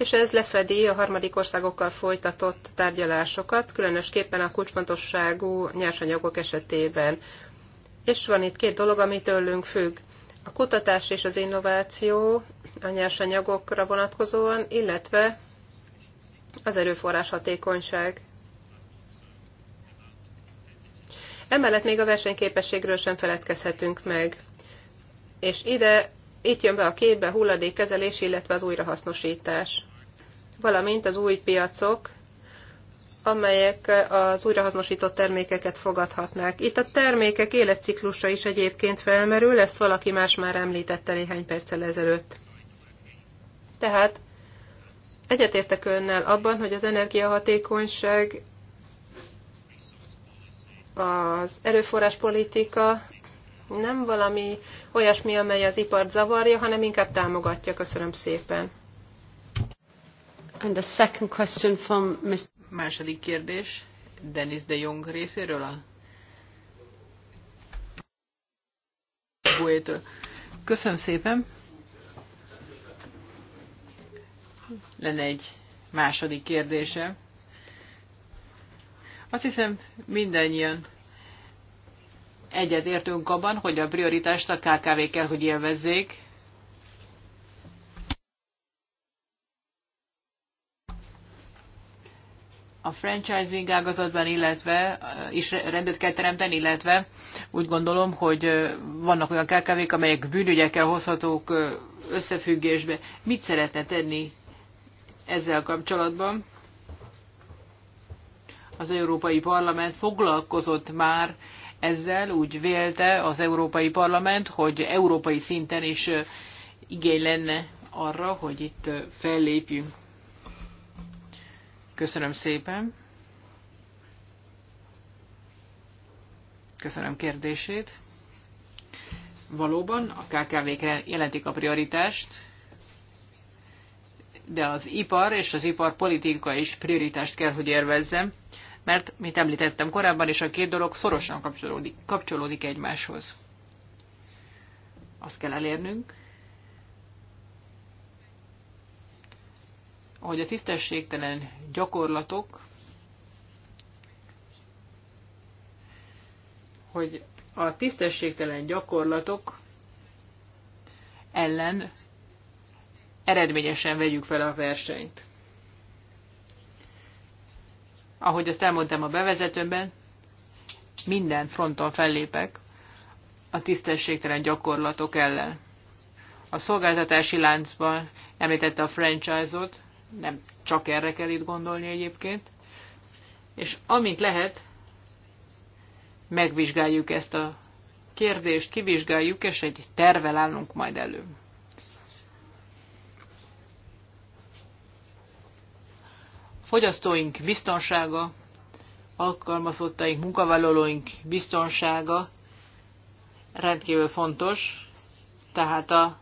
[SPEAKER 1] és ez lefedi a harmadik országokkal folytatott tárgyalásokat, különösképpen a kulcsfontosságú nyersanyagok esetében. És van itt két dolog, ami tőlünk függ. A kutatás és az innováció a nyersanyagokra vonatkozóan, illetve az erőforrás hatékonyság. Emellett még a versenyképességről sem feledkezhetünk meg. És ide, itt jön be a képbe hulladékkezelés, illetve az újrahasznosítás valamint az új piacok, amelyek az újrahasznosított termékeket fogadhatnák. Itt a termékek életciklusa is egyébként felmerül, ezt valaki más már említette néhány perccel ezelőtt. Tehát egyetértek önnel abban, hogy az energiahatékonyság, az erőforráspolitika nem valami olyasmi, amely az ipart zavarja, hanem inkább támogatja. Köszönöm szépen.
[SPEAKER 4] And second question from Mr.
[SPEAKER 1] Második kérdés
[SPEAKER 4] Denis de Jong részéről a Köszönöm szépen. Lenne egy második kérdése. Azt hiszem mindannyian egyetértünk abban, hogy a prioritást a KKV kell, hogy élvezzék, a franchising ágazatban, illetve eh, is rendet kell teremteni, illetve úgy gondolom, hogy eh, vannak olyan kkv amelyek bűnügyekkel hozhatók eh, összefüggésbe. Mit szeretne tenni ezzel kapcsolatban? Az Európai Parlament foglalkozott már ezzel, úgy vélte az Európai Parlament, hogy európai szinten is igény lenne arra, hogy itt fellépjünk. Köszönöm szépen. Köszönöm kérdését. Valóban a KKV-k jelentik a prioritást, de az ipar és az iparpolitika is prioritást kell, hogy élvezzem, mert, mint említettem korábban is, a két dolog szorosan kapcsolódik, kapcsolódik egymáshoz. Azt kell elérnünk, hogy a tisztességtelen gyakorlatok, hogy a tisztességtelen gyakorlatok ellen eredményesen vegyük fel a versenyt. Ahogy azt elmondtam a bevezetőben, minden fronton fellépek a tisztességtelen gyakorlatok ellen. A szolgáltatási láncban említette a franchise-ot, nem csak erre kell itt gondolni egyébként. És amint lehet, megvizsgáljuk ezt a kérdést, kivizsgáljuk, és egy tervel állunk majd elő. Fogyasztóink biztonsága, alkalmazottaink, munkavállalóink biztonsága rendkívül fontos, tehát a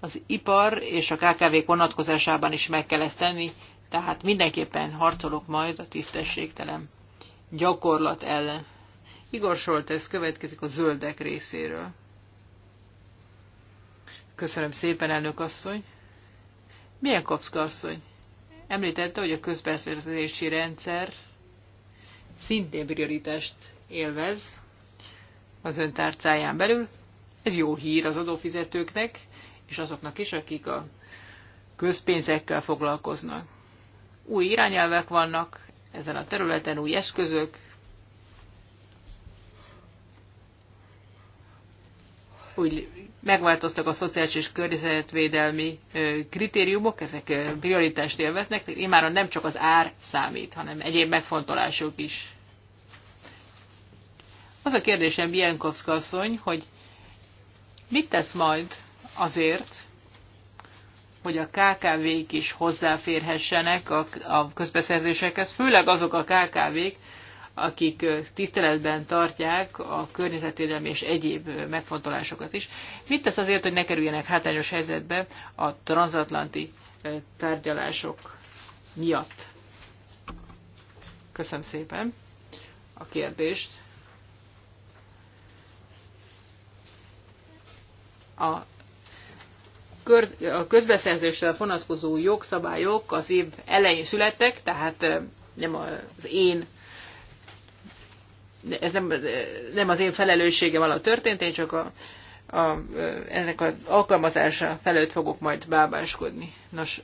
[SPEAKER 4] az ipar és a KKV-k vonatkozásában is meg kell ezt tenni, tehát mindenképpen harcolok majd a tisztességtelen gyakorlat ellen. Igor ez következik a zöldek részéről. Köszönöm szépen, elnök asszony. Milyen kapszka asszony? Említette, hogy a közbeszerzési rendszer szintén prioritást élvez az öntárcáján belül. Ez jó hír az adófizetőknek, és azoknak is, akik a közpénzekkel foglalkoznak. Új irányelvek vannak ezen a területen, új eszközök, úgy megváltoztak a szociális és környezetvédelmi kritériumok, ezek prioritást élveznek, már nem csak az ár számít, hanem egyéb megfontolások is. Az a kérdésem, Bienkowska asszony, hogy mit tesz majd azért, hogy a KKV-k is hozzáférhessenek a, a közbeszerzésekhez, főleg azok a KKV-k, akik tiszteletben tartják a környezetvédelmi és egyéb megfontolásokat is. Mit tesz azért, hogy ne kerüljenek hátrányos helyzetbe a transatlanti tárgyalások miatt? Köszönöm szépen a kérdést. A a közbeszerzésre vonatkozó jogszabályok az év elején születtek, tehát nem az én ez nem, nem az én felelősségem alatt történt, én csak a, a, ennek az alkalmazása felőtt fogok majd bábáskodni. Nos,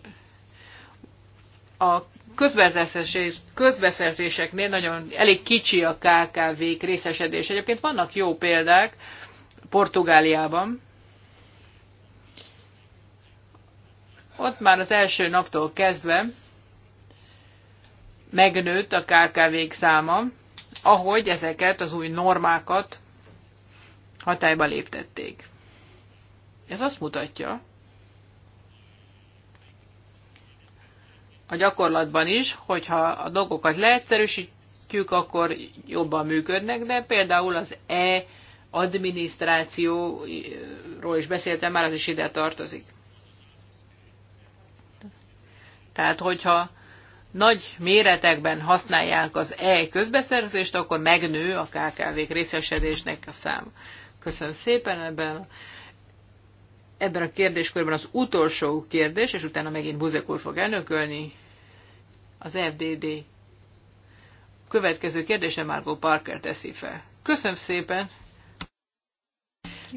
[SPEAKER 4] a közbeszerzés, közbeszerzéseknél nagyon elég kicsi a KKV-k részesedés. Egyébként vannak jó példák Portugáliában, Ott már az első naptól kezdve megnőtt a kkv száma, ahogy ezeket az új normákat hatályba léptették. Ez azt mutatja, a gyakorlatban is, hogyha a dolgokat leegyszerűsítjük, akkor jobban működnek, de például az e-adminisztrációról is beszéltem már, az is ide tartozik. Tehát, hogyha nagy méretekben használják az e-közbeszerzést, akkor megnő a KKV-k részesedésnek a szám. Köszönöm szépen ebben. Ebben a kérdéskörben az utolsó kérdés, és utána megint Buzek úr fog elnökölni, az FDD. A következő kérdése Margot Parker teszi fel. Köszönöm szépen!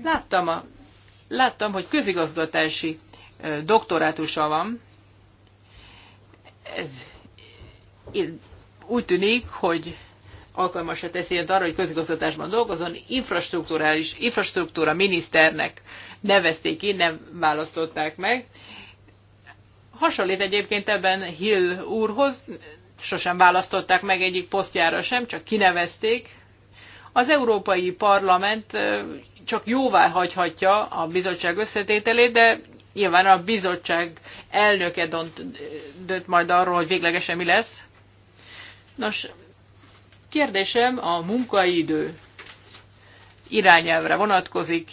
[SPEAKER 4] Láttam, a, láttam hogy közigazgatási doktorátusa van, ez úgy tűnik, hogy alkalmasra teszi ilyet arra, hogy közigazgatásban dolgozon, infrastruktúrális, infrastruktúra miniszternek nevezték ki, nem választották meg. Hasonlít egyébként ebben Hill úrhoz, sosem választották meg egyik posztjára sem, csak kinevezték. Az Európai Parlament csak jóvá hagyhatja a bizottság összetételét, de nyilván a bizottság elnöke dönt, dönt majd arról, hogy véglegesen mi lesz. Nos, kérdésem a munkaidő irányelvre vonatkozik.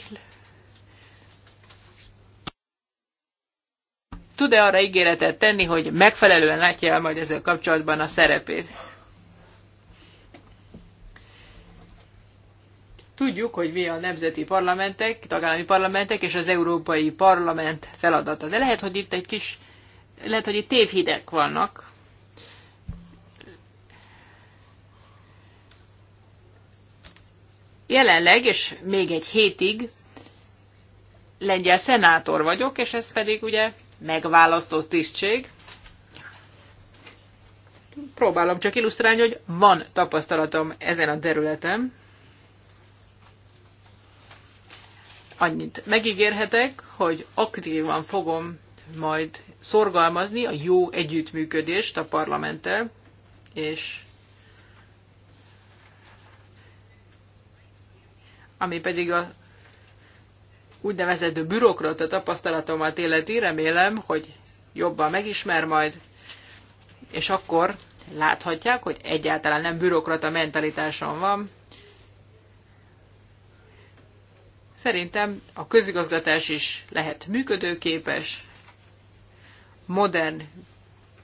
[SPEAKER 4] Tud-e arra ígéretet tenni, hogy megfelelően látja el majd ezzel kapcsolatban a szerepét? Tudjuk, hogy mi a nemzeti parlamentek, tagállami parlamentek és az Európai Parlament feladata. De lehet, hogy itt egy kis, lehet, hogy itt tévhidek vannak. Jelenleg, és még egy hétig lengyel szenátor vagyok, és ez pedig ugye megválasztott tisztség. Próbálom csak illusztrálni, hogy van tapasztalatom ezen a területen. annyit megígérhetek, hogy aktívan fogom majd szorgalmazni a jó együttműködést a parlamenttel, és ami pedig a úgynevezett bürokrata tapasztalatomat életi, remélem, hogy jobban megismer majd, és akkor láthatják, hogy egyáltalán nem bürokrata mentalitásom van, Szerintem a közigazgatás is lehet működőképes, modern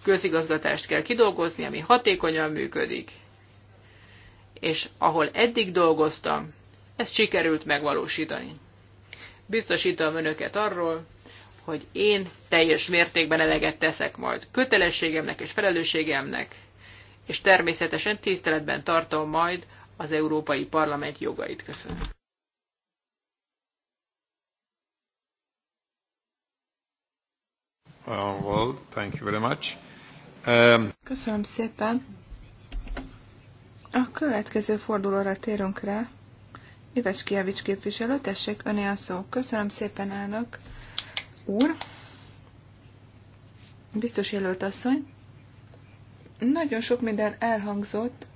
[SPEAKER 4] közigazgatást kell kidolgozni, ami hatékonyan működik. És ahol eddig dolgoztam, ezt sikerült megvalósítani. Biztosítom önöket arról, hogy én teljes mértékben eleget teszek majd kötelességemnek és felelősségemnek, és természetesen tiszteletben tartom majd az Európai Parlament jogait. Köszönöm.
[SPEAKER 2] Uh, well, thank you very much. Um,
[SPEAKER 3] Köszönöm szépen. A következő fordulóra térünk rá. Ives Kijavics képviselő, tessék, öné a szó. Köszönöm szépen, elnök úr. Biztos jelölt asszony. Nagyon sok minden elhangzott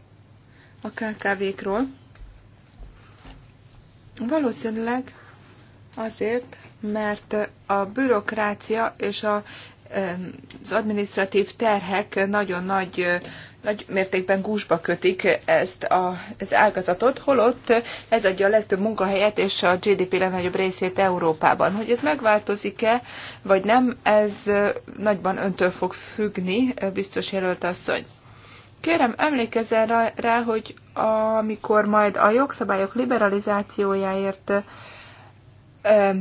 [SPEAKER 3] a KKV-król. Valószínűleg azért, mert a bürokrácia és a, az administratív terhek nagyon nagy, nagy mértékben gúzsba kötik ezt a, az ágazatot, holott ez adja a legtöbb munkahelyet és a GDP legnagyobb részét Európában. Hogy ez megváltozik-e, vagy nem, ez nagyban öntől fog függni, biztos jelölt asszony. Kérem, emlékezzen rá, rá, hogy amikor majd a jogszabályok liberalizációjáért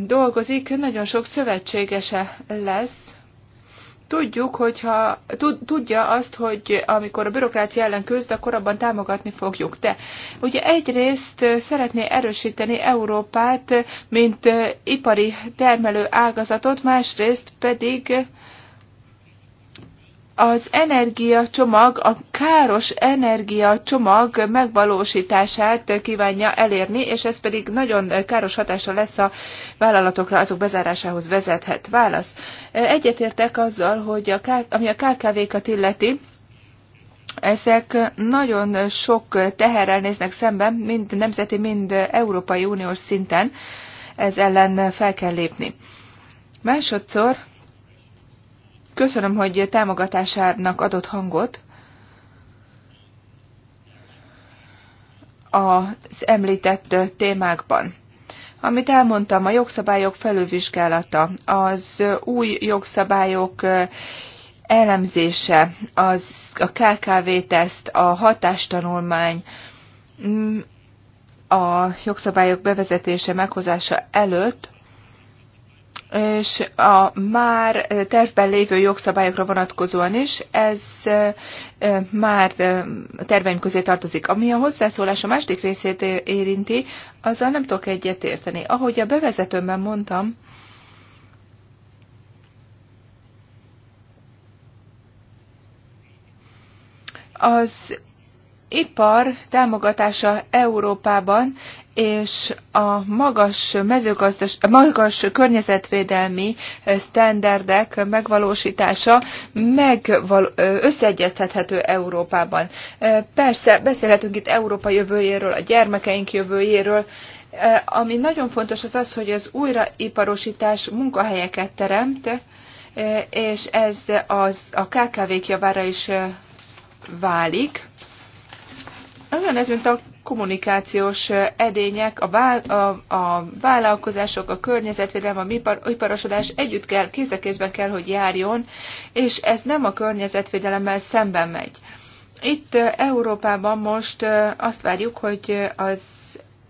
[SPEAKER 3] dolgozik, nagyon sok szövetségese lesz. Tudjuk, hogyha tudja azt, hogy amikor a bürokrácia ellen küzd, akkor abban támogatni fogjuk. De ugye egyrészt szeretné erősíteni Európát, mint ipari termelő ágazatot, másrészt pedig az energiacsomag, a káros energiacsomag megvalósítását kívánja elérni, és ez pedig nagyon káros hatása lesz a vállalatokra, azok bezárásához vezethet. Válasz. Egyetértek azzal, hogy a, ami a KKV-kat illeti, ezek nagyon sok teherrel néznek szemben, mind nemzeti, mind Európai Uniós szinten. Ez ellen fel kell lépni. Másodszor Köszönöm, hogy támogatásának adott hangot az említett témákban. Amit elmondtam, a jogszabályok felülvizsgálata, az új jogszabályok elemzése, az a KKV-teszt, a hatástanulmány, a jogszabályok bevezetése, meghozása előtt és a már tervben lévő jogszabályokra vonatkozóan is, ez már terveim közé tartozik. Ami a hozzászólás a második részét érinti, azzal nem tudok egyet érteni. Ahogy a bevezetőmben mondtam, az ipar támogatása Európában és a magas, mezőgazdas, magas környezetvédelmi sztenderdek megvalósítása megval, összeegyeztethető Európában. Persze beszélhetünk itt Európa jövőjéről, a gyermekeink jövőjéről, ami nagyon fontos az az, hogy az újraiparosítás munkahelyeket teremt, és ez az a KKV-k javára is válik. Olyan ez, mint a kommunikációs edények, a, vál, a, a vállalkozások, a környezetvédelem, a mipar, iparosodás együtt kell, kéz a kézben kell, hogy járjon, és ez nem a környezetvédelemmel szemben megy. Itt Európában most azt várjuk, hogy az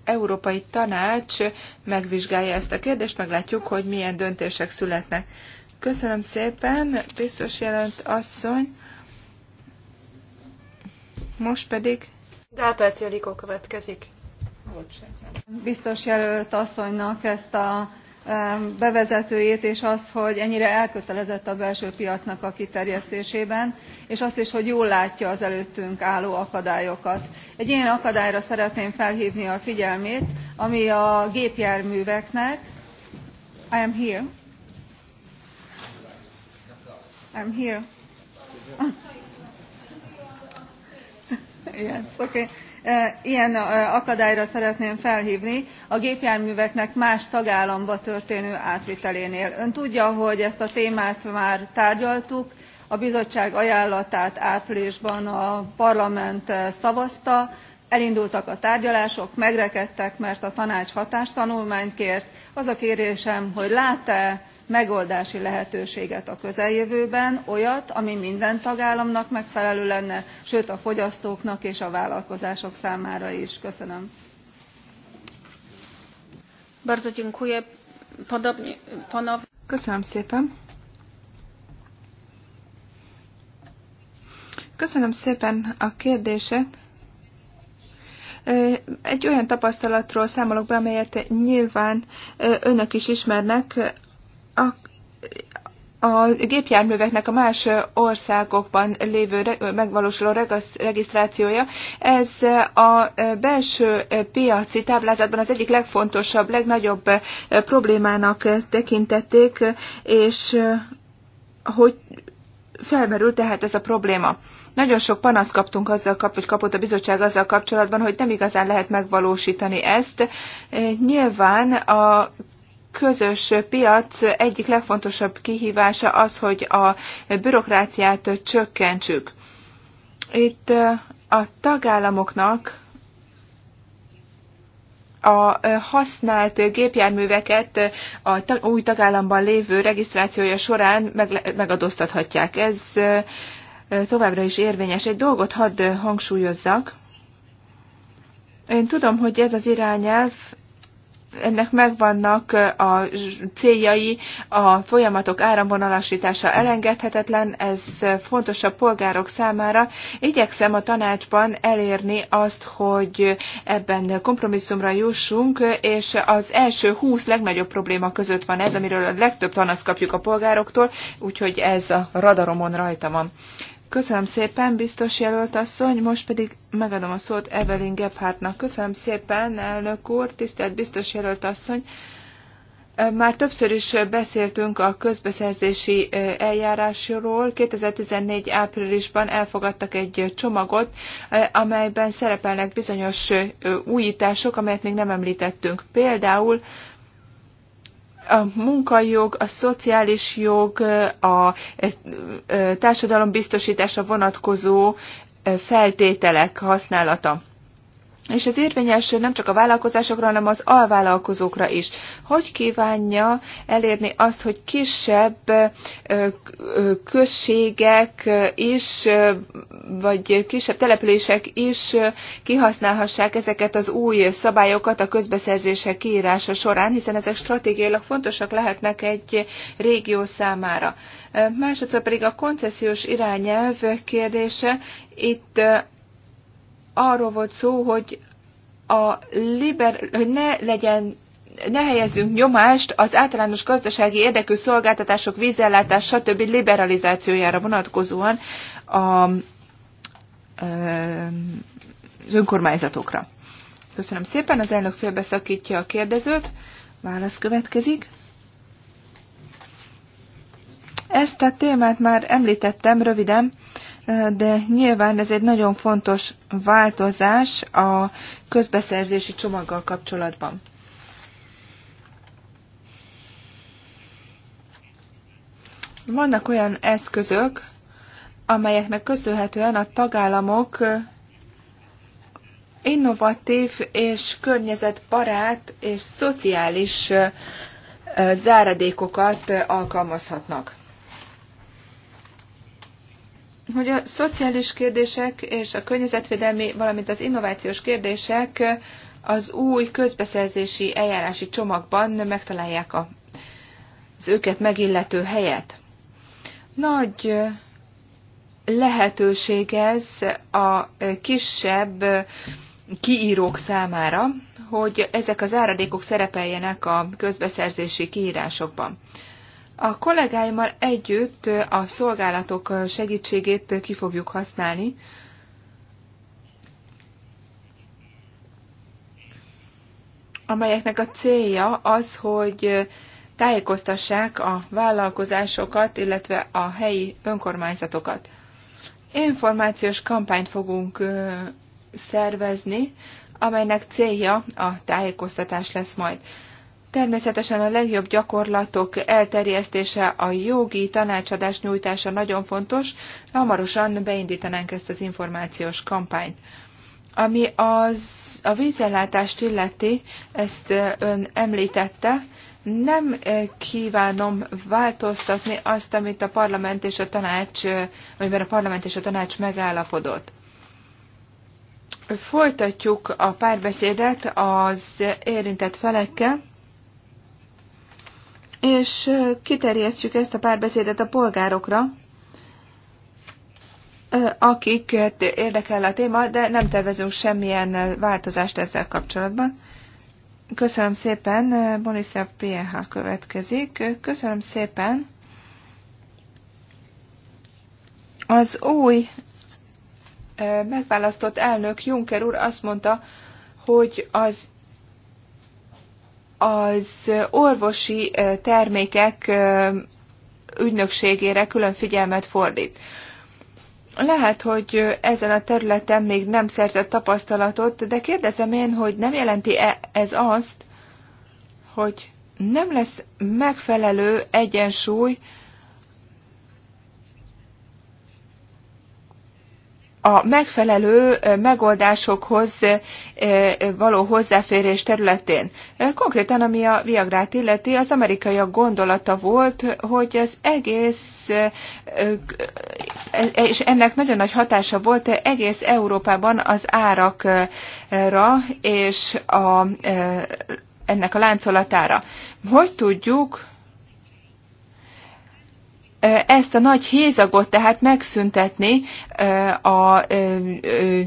[SPEAKER 3] Európai Tanács megvizsgálja ezt a kérdést, meglátjuk, hogy milyen döntések születnek. Köszönöm szépen, biztos jelent asszony. Most pedig
[SPEAKER 1] Gálperc Jelikó következik.
[SPEAKER 5] Biztos jelölt asszonynak ezt a bevezetőjét és azt hogy ennyire elkötelezett a belső piacnak a kiterjesztésében és azt is hogy jól látja az előttünk álló akadályokat. egy ilyen akadályra szeretném felhívni a figyelmét ami a gépjárműveknek I am here. I am here. Yes, okay. Eh, ilyen eh, akadályra szeretném felhvni a gépjárműveknek más tagállamba történő átvitelénél. ön tudja hogy ezt a témát már tárgyaltuk a bizottság ajánlatát áprilisban a parlament eh, szavazta elindultak a tárgyalások megrekedtek mert a tanács hatástanulmányt kért. az a kérésem hogy lát e megoldási lehetőséget a közeljövőben olyat ami minden tagállamnak megfelelő lenne sőt a fogyasztóknak és a vállalkozások
[SPEAKER 2] számára is. köszönöm.
[SPEAKER 3] Köszönöm szépen. Köszönöm szépen a kérdésen. Egy olyan tapasztalatról számolok be, amelyet nyilván önök is ismernek, a, a gépjárműveknek a más országokban lévő megvalósuló regisztrációja, ez a belső piaci táblázatban az egyik legfontosabb, legnagyobb problémának tekintették, és hogy felmerült tehát ez a probléma. Nagyon sok panaszt kaptunk azzal kap, vagy kapott a bizottság azzal kapcsolatban, hogy nem igazán lehet megvalósítani ezt. Nyilván a közös piac egyik legfontosabb kihívása az, hogy a bürokráciát csökkentsük. Itt a tagállamoknak a használt gépjárműveket a új tagállamban lévő regisztrációja során megadóztathatják. Ez továbbra is érvényes. Egy dolgot hadd hangsúlyozzak. Én tudom, hogy ez az irányelv ennek megvannak a céljai, a folyamatok áramvonalasítása elengedhetetlen, ez fontos a polgárok számára. Igyekszem a tanácsban elérni azt, hogy ebben kompromisszumra jussunk, és az első 20 legnagyobb probléma között van ez, amiről a legtöbb tanaszt kapjuk a polgároktól, úgyhogy ez a radaromon rajta van. Köszönöm szépen, biztos jelölt asszony, most pedig megadom a szót Evelyn Gebhardtnak. Köszönöm szépen, elnök úr, tisztelt biztos jelölt asszony. Már többször is beszéltünk a közbeszerzési eljárásról. 2014 áprilisban elfogadtak egy csomagot, amelyben szerepelnek bizonyos újítások, amelyet még nem említettünk. Például a munkajog, a szociális jog, a e, e, társadalombiztosításra vonatkozó e, feltételek használata és ez érvényes nem csak a vállalkozásokra, hanem az alvállalkozókra is. Hogy kívánja elérni azt, hogy kisebb községek is, vagy kisebb települések is kihasználhassák ezeket az új szabályokat a közbeszerzések kiírása során, hiszen ezek stratégiailag fontosak lehetnek egy régió számára. Másodszor pedig a koncesziós irányelv kérdése. Itt arról volt szó, hogy a liber, hogy ne legyen ne helyezzünk nyomást az általános gazdasági érdekű szolgáltatások, vízellátás, stb. liberalizációjára vonatkozóan a, az önkormányzatokra. Köszönöm szépen, az elnök félbeszakítja a kérdezőt. Válasz következik. Ezt a témát már említettem röviden de nyilván ez egy nagyon fontos változás a közbeszerzési csomaggal kapcsolatban. Vannak olyan eszközök, amelyeknek köszönhetően a tagállamok innovatív és környezetbarát és szociális záradékokat alkalmazhatnak hogy a szociális kérdések és a környezetvédelmi, valamint az innovációs kérdések az új közbeszerzési eljárási csomagban megtalálják a, az őket megillető helyet. Nagy lehetőség ez a kisebb kiírók számára, hogy ezek az áradékok szerepeljenek a közbeszerzési kiírásokban. A kollégáimmal együtt a szolgálatok segítségét ki fogjuk használni. amelyeknek a célja az, hogy tájékoztassák a vállalkozásokat, illetve a helyi önkormányzatokat. Információs kampányt fogunk szervezni, amelynek célja a tájékoztatás lesz majd. Természetesen a legjobb gyakorlatok elterjesztése, a jogi tanácsadás nyújtása nagyon fontos. Hamarosan beindítanánk ezt az információs kampányt. Ami az, a vízellátást illeti, ezt ön említette, nem kívánom változtatni azt, amit a parlament és a tanács, amiben a parlament és a tanács megállapodott. Folytatjuk a párbeszédet az érintett felekkel, és kiterjesztjük ezt a párbeszédet a polgárokra, akiket érdekel a téma, de nem tervezünk semmilyen változást ezzel kapcsolatban. Köszönöm szépen, Bonisza PH következik. Köszönöm szépen. Az új megválasztott elnök Juncker úr azt mondta, hogy az az orvosi termékek ügynökségére külön figyelmet fordít. Lehet, hogy ezen a területen még nem szerzett tapasztalatot, de kérdezem én, hogy nem jelenti -e ez azt, hogy nem lesz megfelelő egyensúly a megfelelő megoldásokhoz való hozzáférés területén. Konkrétan, ami a Viagrát illeti, az amerikaiak gondolata volt, hogy az egész, és ennek nagyon nagy hatása volt egész Európában az árakra és a, ennek a láncolatára. Hogy tudjuk, ezt a nagy hézagot tehát megszüntetni a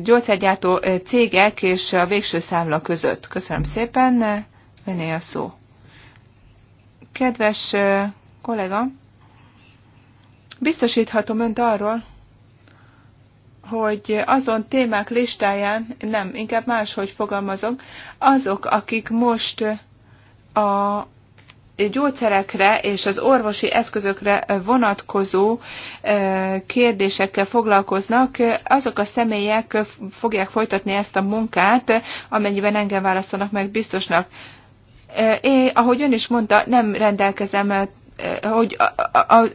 [SPEAKER 3] gyógyszergyártó cégek és a végső számla között. Köszönöm szépen, venné a szó. Kedves kollega, biztosíthatom önt arról, hogy azon témák listáján, nem, inkább máshogy fogalmazok, azok, akik most a gyógyszerekre és az orvosi eszközökre vonatkozó kérdésekkel foglalkoznak, azok a személyek fogják folytatni ezt a munkát, amennyiben engem választanak meg biztosnak. Én, ahogy ön is mondta, nem rendelkezem hogy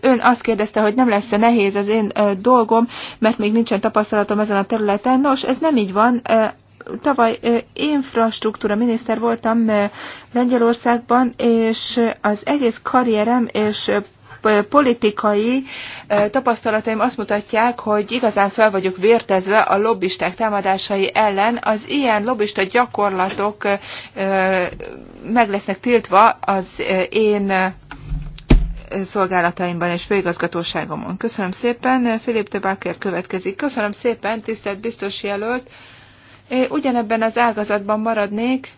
[SPEAKER 3] ön azt kérdezte, hogy nem lesz-e nehéz az én dolgom, mert még nincsen tapasztalatom ezen a területen. Nos, ez nem így van tavaly infrastruktúra miniszter voltam Lengyelországban, és az egész karrierem és politikai tapasztalataim azt mutatják, hogy igazán fel vagyok vértezve a lobbisták támadásai ellen. Az ilyen lobbista gyakorlatok meg lesznek tiltva az én szolgálataimban és főigazgatóságomon. Köszönöm szépen, Filip de következik. Köszönöm szépen, tisztelt biztos jelölt! ugyanebben az ágazatban maradnék,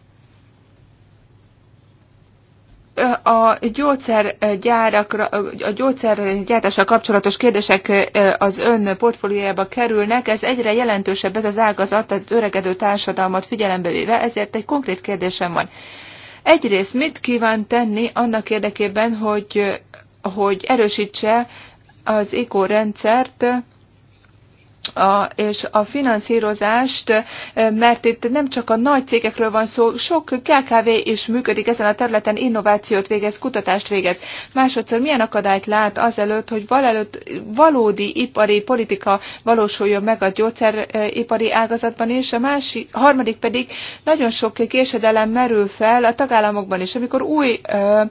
[SPEAKER 3] a gyógyszergyárakra, a gyógyszergyártással kapcsolatos kérdések az ön portfóliójába kerülnek, ez egyre jelentősebb ez az ágazat, az öregedő társadalmat figyelembe véve, ezért egy konkrét kérdésem van. Egyrészt mit kíván tenni annak érdekében, hogy, hogy erősítse az ICO rendszert, a, és a finanszírozást, mert itt nem csak a nagy cégekről van szó, sok KKV is működik ezen a területen, innovációt végez, kutatást végez. Másodszor milyen akadályt lát azelőtt, hogy valelőtt valódi ipari politika valósuljon meg a gyógyszeripari ágazatban, és a másik, harmadik pedig nagyon sok késedelem merül fel a tagállamokban is, amikor új ö,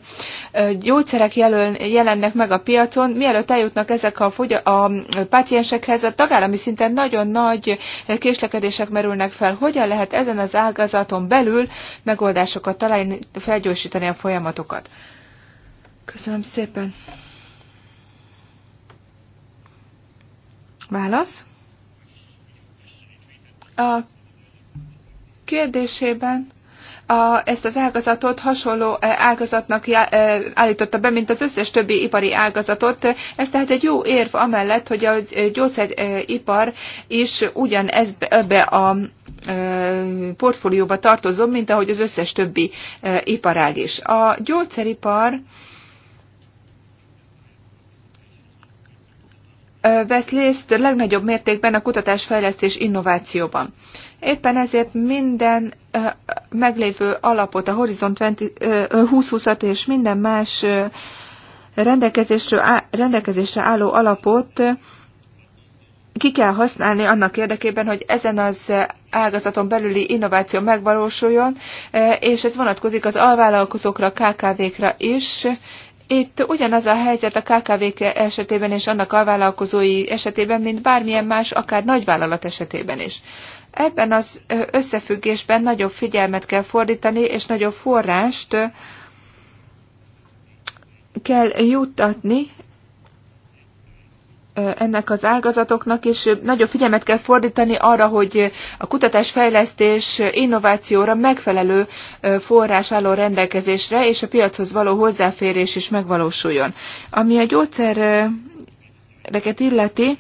[SPEAKER 3] ö, gyógyszerek jelöl, jelennek meg a piacon, mielőtt eljutnak ezek a, fogy- a páciensekhez, a tagállami szinten nagyon nagy késlekedések merülnek fel. Hogyan lehet ezen az ágazaton belül megoldásokat találni, felgyorsítani a folyamatokat? Köszönöm szépen. Válasz? A kérdésében a, ezt az ágazatot hasonló e, ágazatnak e, állította be, mint az összes többi ipari ágazatot. Ez tehát egy jó érv amellett, hogy a gyógyszeripar is ugyan ez, ebbe a e, portfólióba tartozom, mint ahogy az összes többi iparág is. A gyógyszeripar vesz részt legnagyobb mértékben a kutatásfejlesztés innovációban. Éppen ezért minden meglévő alapot, a Horizont 2020-at és minden más rendelkezésre álló alapot ki kell használni annak érdekében, hogy ezen az ágazaton belüli innováció megvalósuljon, és ez vonatkozik az alvállalkozókra, KKV-kra is, itt ugyanaz a helyzet a KKV esetében és annak alvállalkozói esetében, mint bármilyen más, akár nagyvállalat esetében is. Ebben az összefüggésben nagyobb figyelmet kell fordítani, és nagyobb forrást kell juttatni ennek az ágazatoknak, és nagyobb figyelmet kell fordítani arra, hogy a kutatásfejlesztés innovációra megfelelő forrás álló rendelkezésre, és a piachoz való hozzáférés is megvalósuljon. Ami a gyógyszereket illeti,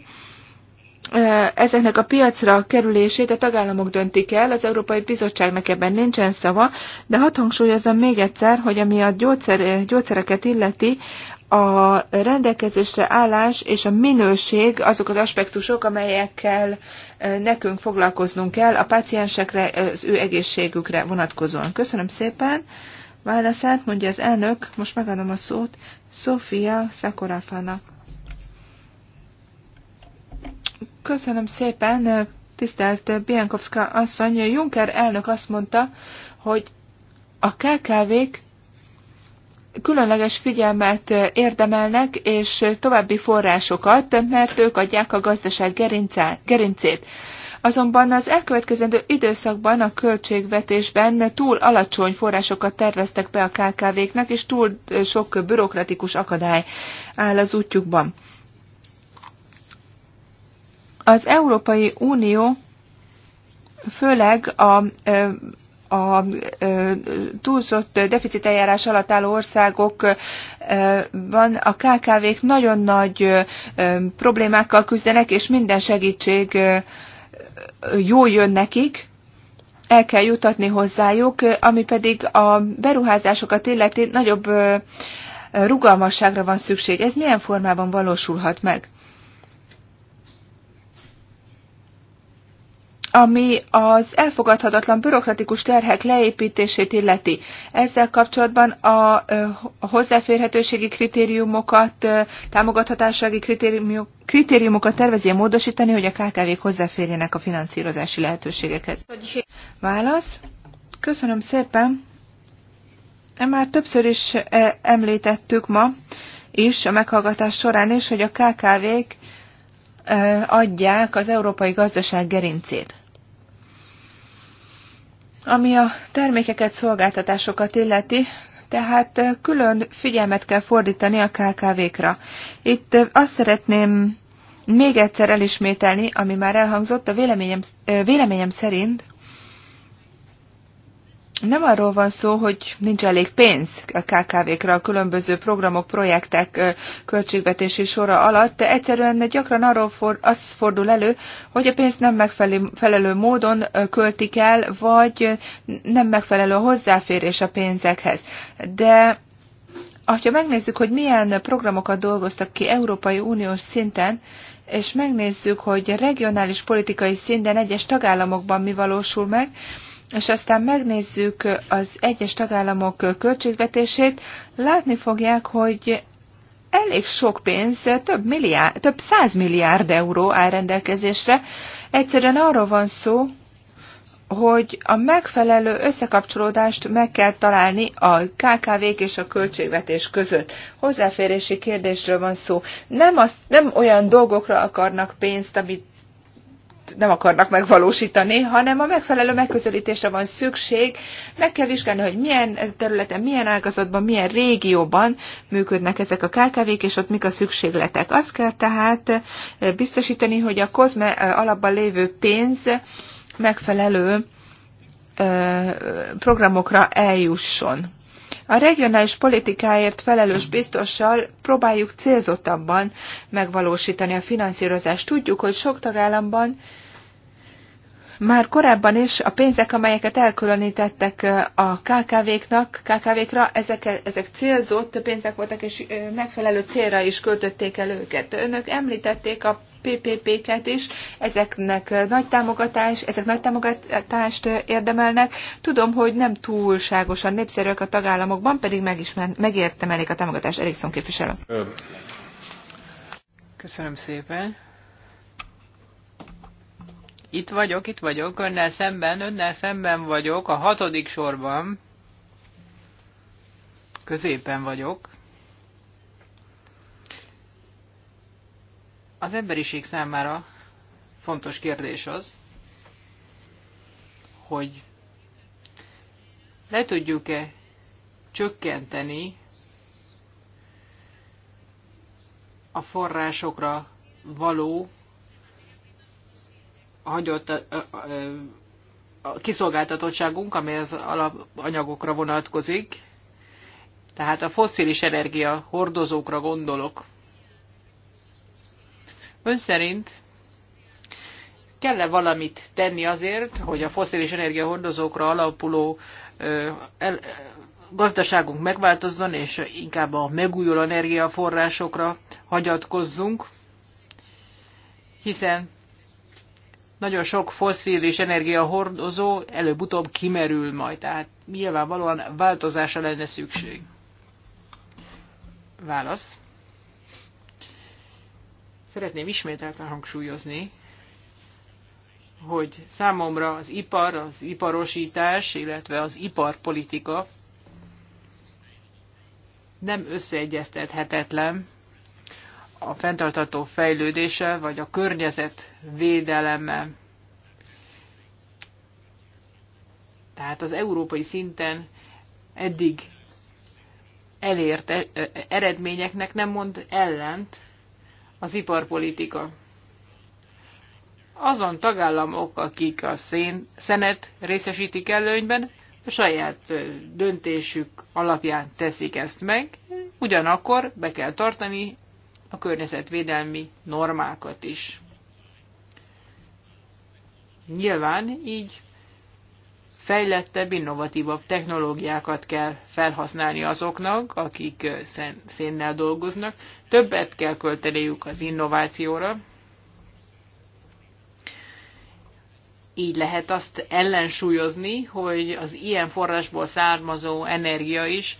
[SPEAKER 3] ezeknek a piacra kerülését a tagállamok döntik el, az Európai Bizottságnak ebben nincsen szava, de hat hangsúlyozom még egyszer, hogy ami a gyógyszer, gyógyszereket illeti, a rendelkezésre állás és a minőség azok az aspektusok, amelyekkel nekünk foglalkoznunk kell a páciensekre, az ő egészségükre vonatkozóan. Köszönöm szépen. Válaszát mondja az elnök, most megadom a szót, Sofia Szakorafana. Köszönöm szépen, tisztelt Biankovska asszony. Juncker elnök azt mondta, hogy a KKV-k különleges figyelmet érdemelnek, és további forrásokat, mert ők adják a gazdaság gerincét. Azonban az elkövetkezendő időszakban a költségvetésben túl alacsony forrásokat terveztek be a kkv knek és túl sok bürokratikus akadály áll az útjukban. Az Európai Unió főleg a a túlzott deficit eljárás alatt álló országokban a KKV-k nagyon nagy problémákkal küzdenek, és minden segítség jó jön nekik, el kell jutatni hozzájuk, ami pedig a beruházásokat illeti nagyobb rugalmasságra van szükség. Ez milyen formában valósulhat meg? ami az elfogadhatatlan bürokratikus terhek leépítését illeti. Ezzel kapcsolatban a hozzáférhetőségi kritériumokat, támogathatásági kritériumokat tervezi módosítani, hogy a KKV-k hozzáférjenek a finanszírozási lehetőségekhez. Válasz. Köszönöm szépen. E már többször is e, említettük ma is a meghallgatás során is, hogy a KKV-k adják az európai gazdaság gerincét. Ami a termékeket, szolgáltatásokat illeti, tehát külön figyelmet kell fordítani a KKV-kra. Itt azt szeretném még egyszer elismételni, ami már elhangzott, a véleményem, véleményem szerint nem arról van szó, hogy nincs elég pénz a KKV-kra a különböző programok, projektek költségvetési sora alatt, de egyszerűen gyakran arról for, az fordul elő, hogy a pénzt nem megfelelő módon költik el, vagy nem megfelelő a hozzáférés a pénzekhez. De ha megnézzük, hogy milyen programokat dolgoztak ki Európai Uniós szinten, és megnézzük, hogy regionális politikai szinten egyes tagállamokban mi valósul meg, és aztán megnézzük az egyes tagállamok költségvetését, látni fogják, hogy elég sok pénz, több, milliárd, több százmilliárd euró áll rendelkezésre. Egyszerűen arról van szó, hogy a megfelelő összekapcsolódást meg kell találni a KKV-k és a költségvetés között. Hozzáférési kérdésről van szó. Nem, az, nem olyan dolgokra akarnak pénzt, amit nem akarnak megvalósítani, hanem a megfelelő megközelítésre van szükség. Meg kell vizsgálni, hogy milyen területen, milyen ágazatban, milyen régióban működnek ezek a KKV-k, és ott mik a szükségletek. Azt kell tehát eh, biztosítani, hogy a kozme eh, alapban lévő pénz megfelelő eh, programokra eljusson. A regionális politikáért felelős biztossal próbáljuk célzottabban megvalósítani a finanszírozást. Tudjuk, hogy sok tagállamban már korábban is a pénzek, amelyeket elkülönítettek a KKV-knak, KKV-kra, ezek, ezek célzott pénzek voltak, és megfelelő célra is költötték el őket. Önök említették a PPP-ket is, ezeknek nagy támogatás, ezek nagy támogatást érdemelnek. Tudom, hogy nem túlságosan népszerűek a tagállamokban, pedig megértem elég a támogatás. Erikson képviselő.
[SPEAKER 4] Köszönöm szépen. Itt vagyok, itt vagyok, önnel szemben, önnel szemben vagyok, a hatodik sorban. Középen vagyok. Az emberiség számára fontos kérdés az, hogy le tudjuk-e csökkenteni a forrásokra való hagyott a, a, a kiszolgáltatottságunk, amely az alapanyagokra vonatkozik. Tehát a foszilis energia hordozókra gondolok. Ön szerint kell-e valamit tenni azért, hogy a foszilis energia hordozókra alapuló ö, el, gazdaságunk megváltozzon, és inkább a megújuló energiaforrásokra hagyatkozzunk, hiszen nagyon sok fosszilis energiahordozó előbb-utóbb kimerül majd. Tehát nyilvánvalóan változásra lenne szükség. Válasz. Szeretném ismételten hangsúlyozni, hogy számomra az ipar, az iparosítás, illetve az iparpolitika nem összeegyeztethetetlen a fenntartató fejlődése, vagy a környezet védelemmel. Tehát az európai szinten eddig elért e, e, eredményeknek nem mond ellent az iparpolitika. Azon tagállamok, akik a szén, szenet részesítik előnyben, a saját döntésük alapján teszik ezt meg, ugyanakkor be kell tartani a környezetvédelmi normákat is. Nyilván így fejlettebb, innovatívabb technológiákat kell felhasználni azoknak, akik szénnel dolgoznak, többet kell költeniük az innovációra, így lehet azt ellensúlyozni, hogy az ilyen forrásból származó energia is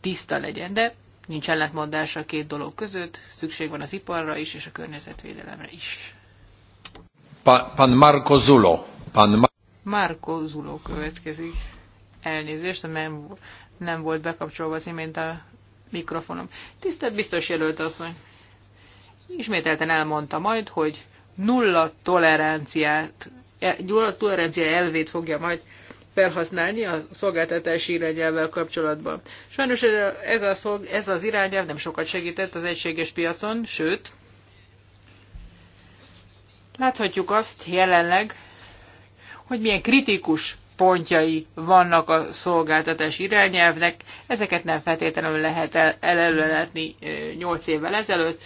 [SPEAKER 4] tiszta legyen. De Nincs ellentmondás a két dolog között, szükség van az iparra is, és a környezetvédelemre is. Pa, pan Marco Zulo. Pan Ma Marco Zulo következik. Elnézést, nem, nem volt bekapcsolva az imént a mikrofonom. Tisztelt biztos jelölt asszony! Ismételten elmondta majd, hogy nulla toleranciát, e, nulla tolerancia elvét fogja majd felhasználni a szolgáltatási irányelvvel kapcsolatban. Sajnos ez, a szolg, ez az irányelv nem sokat segített az egységes piacon, sőt, láthatjuk azt jelenleg, hogy milyen kritikus pontjai vannak a szolgáltatás irányelvnek, ezeket nem feltétlenül lehet el, előletni 8 évvel ezelőtt.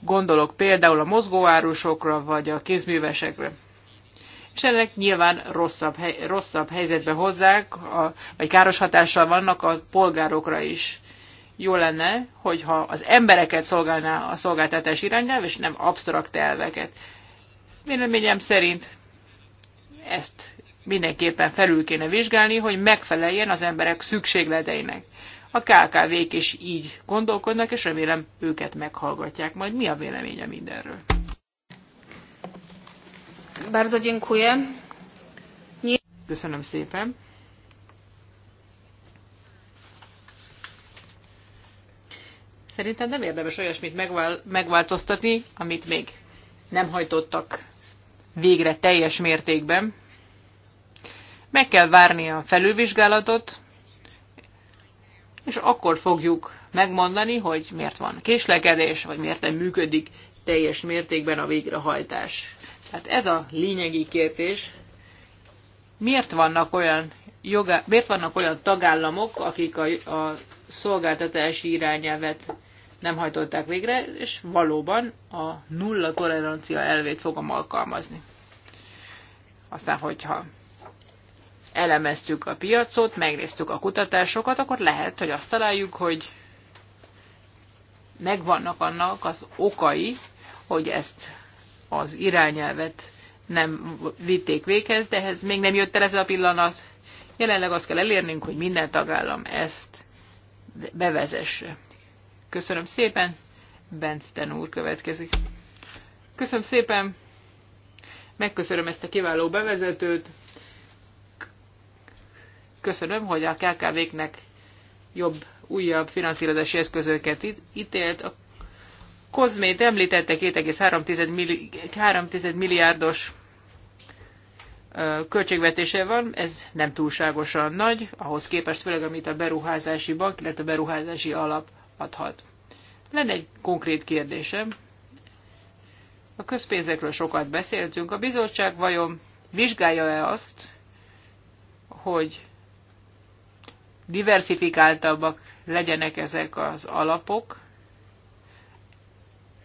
[SPEAKER 4] Gondolok például a mozgóárusokra, vagy a kézművesekre és ennek nyilván rosszabb, hely, rosszabb helyzetbe hozzák, a, vagy káros hatással vannak a polgárokra is. Jó lenne, hogyha az embereket szolgálná a szolgáltatás irányelv, és nem absztrakt elveket. Véleményem szerint ezt mindenképpen felül kéne vizsgálni, hogy megfeleljen az emberek szükségleteinek. A KKV-k is így gondolkodnak, és remélem őket meghallgatják. Majd mi a véleménye mindenről?
[SPEAKER 2] Bardzo dziękuję. Köszönöm szépen.
[SPEAKER 4] Szerintem nem érdemes olyasmit megvál, megváltoztatni, amit még nem hajtottak végre teljes mértékben. Meg kell várni a felülvizsgálatot, és akkor fogjuk megmondani, hogy miért van késlekedés, vagy miért nem működik teljes mértékben a végrehajtás. Hát ez a lényegi kérdés. Miért vannak olyan, jogá, miért vannak olyan tagállamok, akik a, a szolgáltatási irányelvet nem hajtották végre, és valóban a nulla tolerancia elvét fogom alkalmazni. Aztán, hogyha elemeztük a piacot, megnéztük a kutatásokat, akkor lehet, hogy azt találjuk, hogy megvannak annak az okai, hogy ezt az irányelvet nem vitték véghez, de ez még nem jött el ez a pillanat. Jelenleg azt kell elérnünk, hogy minden tagállam ezt bevezesse. Köszönöm szépen, Benzten úr következik. Köszönöm szépen, megköszönöm ezt a kiváló bevezetőt, köszönöm, hogy a KKV-knek jobb, újabb finanszírozási eszközöket ítélt. A Kozmét említette 2,3 milliárdos költségvetése van, ez nem túlságosan nagy, ahhoz képest főleg, amit a beruházási bank, illetve a beruházási alap adhat. Lenne egy konkrét kérdésem. A közpénzekről sokat beszéltünk. A bizottság vajon vizsgálja-e azt, hogy diversifikáltabbak legyenek ezek az alapok,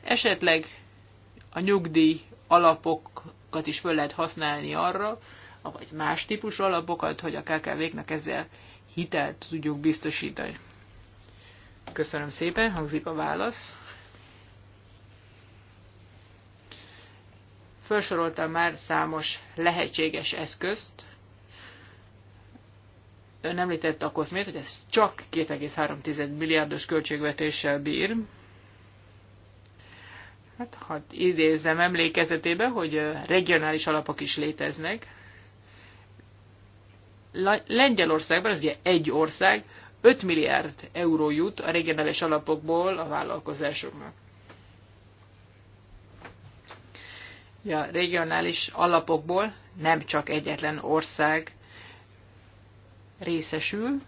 [SPEAKER 4] Esetleg a nyugdíj alapokat is föl lehet használni arra, vagy más típusú alapokat, hogy a KKV-knak ezzel hitelt tudjuk biztosítani. Köszönöm szépen, hangzik a válasz. Felsoroltam már számos lehetséges eszközt. Ön említette a koszmét, hogy ez csak 2,3 milliárdos költségvetéssel bír. Hát, ha idézem emlékezetébe, hogy regionális alapok is léteznek. Lengyelországban, ez ugye egy ország, 5 milliárd euró jut a regionális alapokból a vállalkozásoknak. Ja, regionális alapokból nem csak egyetlen ország részesül,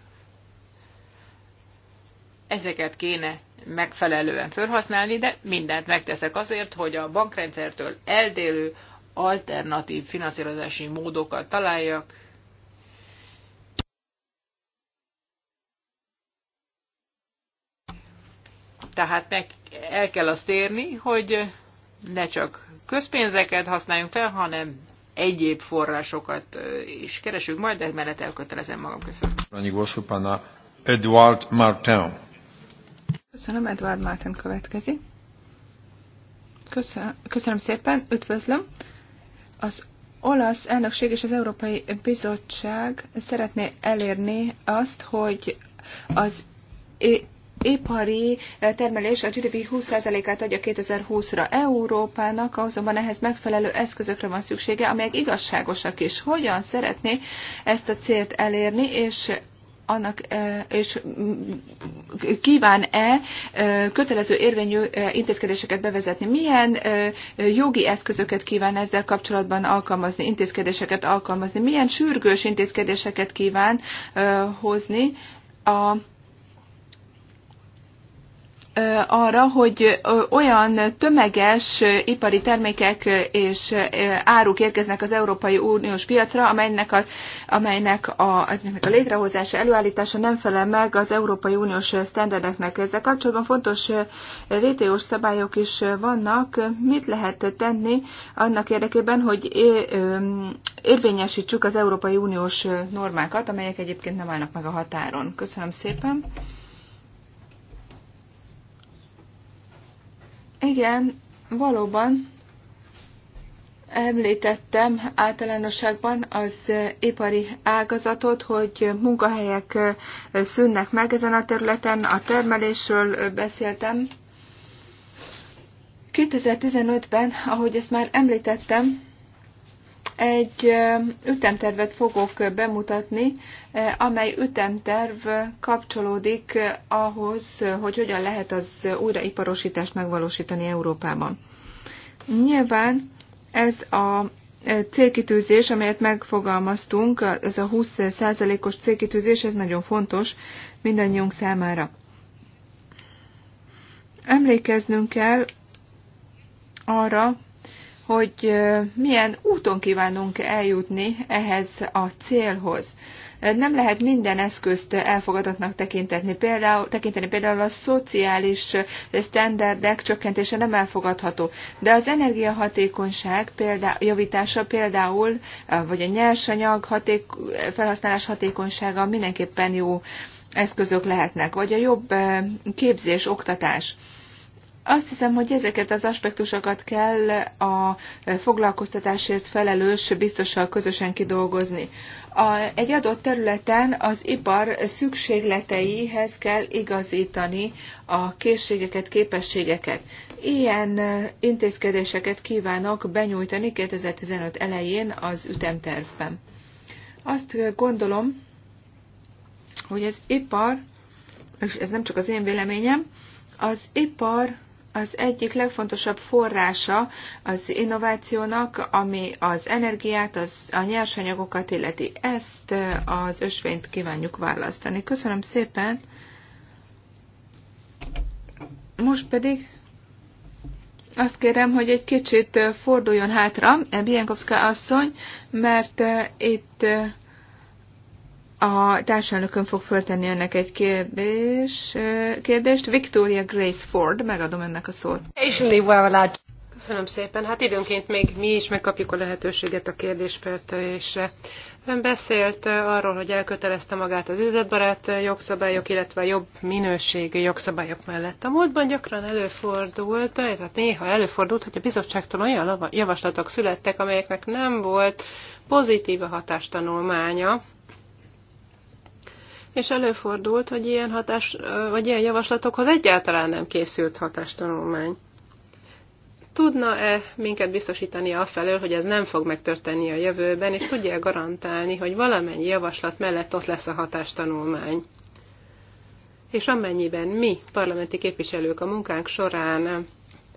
[SPEAKER 4] ezeket kéne megfelelően felhasználni, de mindent megteszek azért, hogy a bankrendszertől eldélő alternatív finanszírozási módokat találjak, tehát meg el kell azt érni, hogy ne csak közpénzeket használjunk fel, hanem egyéb forrásokat is keresünk majd,
[SPEAKER 3] de mellett elkötelezem magam.
[SPEAKER 4] Köszönöm. Eduard Martin.
[SPEAKER 3] Köszönöm, Edward Martin következik. Köszönöm, köszönöm szépen, üdvözlöm. Az olasz elnökség és az Európai Bizottság szeretné elérni azt, hogy az ipari termelés a GDP 20%-át adja 2020-ra Európának, azonban ehhez megfelelő eszközökre van szüksége, amelyek igazságosak is. Hogyan szeretné ezt a célt elérni, és annak, és kíván-e kötelező érvényű intézkedéseket bevezetni? Milyen jogi eszközöket kíván ezzel kapcsolatban alkalmazni, intézkedéseket alkalmazni? Milyen sürgős intézkedéseket kíván hozni a arra, hogy olyan tömeges ipari termékek és áruk érkeznek az Európai Uniós piacra, amelynek a, amelynek a, az a létrehozása, előállítása nem felel meg az Európai Uniós sztenderdeknek. Ezzel kapcsolatban fontos VTO-s szabályok is vannak. Mit lehet tenni annak érdekében, hogy érvényesítsük az Európai Uniós normákat, amelyek egyébként nem állnak meg a határon? Köszönöm szépen! Igen, valóban említettem általánosságban az ipari ágazatot, hogy munkahelyek szűnnek meg ezen a területen, a termelésről beszéltem. 2015-ben, ahogy ezt már említettem, egy ütemtervet fogok bemutatni, amely ütemterv kapcsolódik ahhoz, hogy hogyan lehet az újraiparosítást megvalósítani Európában. Nyilván ez a célkitűzés, amelyet megfogalmaztunk, ez a 20%-os célkitűzés, ez nagyon fontos mindannyiunk számára. Emlékeznünk kell arra, hogy milyen úton kívánunk eljutni ehhez a célhoz. Nem lehet minden eszközt elfogadatnak tekinteni. Például, tekinteni például a szociális sztenderdek csökkentése nem elfogadható. De az energiahatékonyság például, javítása például, vagy a nyersanyag haték, felhasználás hatékonysága mindenképpen jó eszközök lehetnek, vagy a jobb képzés, oktatás. Azt hiszem, hogy ezeket az aspektusokat kell a foglalkoztatásért felelős biztossal közösen kidolgozni. A, egy adott területen az ipar szükségleteihez kell igazítani a készségeket, képességeket. Ilyen intézkedéseket kívánok benyújtani 2015 elején az ütemtervben. Azt gondolom, hogy az ipar, és ez nem csak az én véleményem, az ipar az egyik legfontosabb forrása az innovációnak, ami az energiát, az, a nyersanyagokat illeti. Ezt az ösvényt kívánjuk választani. Köszönöm szépen. Most pedig azt kérem, hogy egy kicsit forduljon hátra Bienkowska asszony, mert itt a társadalmokon fog föltenni önnek egy kérdés, kérdést.
[SPEAKER 1] Victoria Grace Ford, megadom önnek a szót. Köszönöm szépen. Hát időnként még mi is megkapjuk a lehetőséget a kérdés kérdésfeltelésre. Ön beszélt arról, hogy elkötelezte magát az üzletbarát jogszabályok, illetve jobb minőségű jogszabályok mellett. A múltban gyakran előfordult, tehát néha előfordult, hogy a bizottságtól olyan javaslatok születtek, amelyeknek nem volt pozitív a hatástanulmánya, és előfordult, hogy ilyen, hatás, vagy ilyen javaslatokhoz egyáltalán nem készült hatástanulmány. Tudna-e minket biztosítani afelől, hogy ez nem fog megtörténni a jövőben, és tudja -e garantálni, hogy valamennyi javaslat mellett ott lesz a hatástanulmány? És amennyiben mi, parlamenti képviselők a munkánk során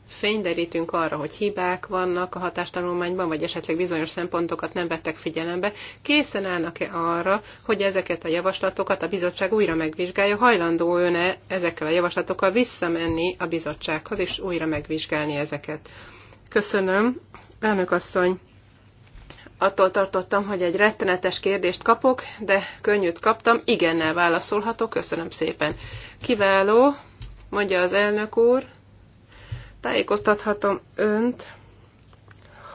[SPEAKER 1] fényderítünk arra, hogy hibák vannak a hatástanulmányban, vagy esetleg bizonyos szempontokat nem vettek figyelembe, készen állnak-e arra, hogy ezeket a javaslatokat a bizottság újra megvizsgálja, hajlandó ön-e ezekkel a javaslatokkal visszamenni a bizottsághoz, és újra megvizsgálni ezeket. Köszönöm, elnök asszony! attól tartottam, hogy egy rettenetes kérdést kapok, de könnyűt kaptam, igennel válaszolható, köszönöm szépen. Kiváló, mondja az elnök úr. Tájékoztathatom önt,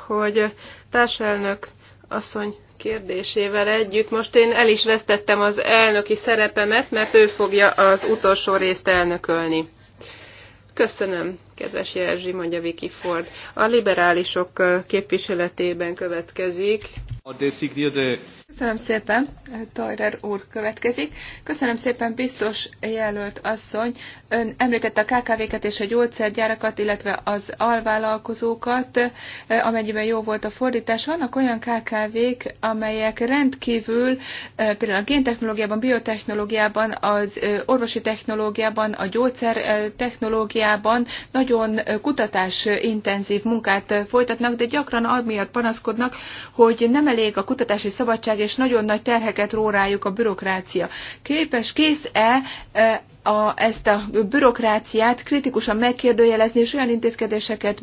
[SPEAKER 1] hogy társelnök asszony kérdésével együtt most én el is vesztettem az elnöki szerepemet, mert ő fogja az utolsó részt elnökölni. Köszönöm, kedves Jerzsi, mondja Vicky Ford. A liberálisok képviseletében következik.
[SPEAKER 2] A designierte
[SPEAKER 1] Köszönöm
[SPEAKER 3] szépen, Tajrer úr következik. Köszönöm szépen, biztos jelölt asszony. Ön említette a KKV-ket és a gyógyszergyárakat, illetve az alvállalkozókat, amennyiben jó volt a fordítás. Vannak olyan KKV-k, amelyek rendkívül, eh, például a géntechnológiában, biotechnológiában, az eh, orvosi technológiában, a gyógyszer eh, technológiában nagyon kutatásintenzív munkát folytatnak, de gyakran amiatt panaszkodnak, hogy nem elég a kutatási szabadság és nagyon nagy terheket ró rájuk a bürokrácia. Képes, kész-e a, ezt a bürokráciát kritikusan megkérdőjelezni, és olyan intézkedéseket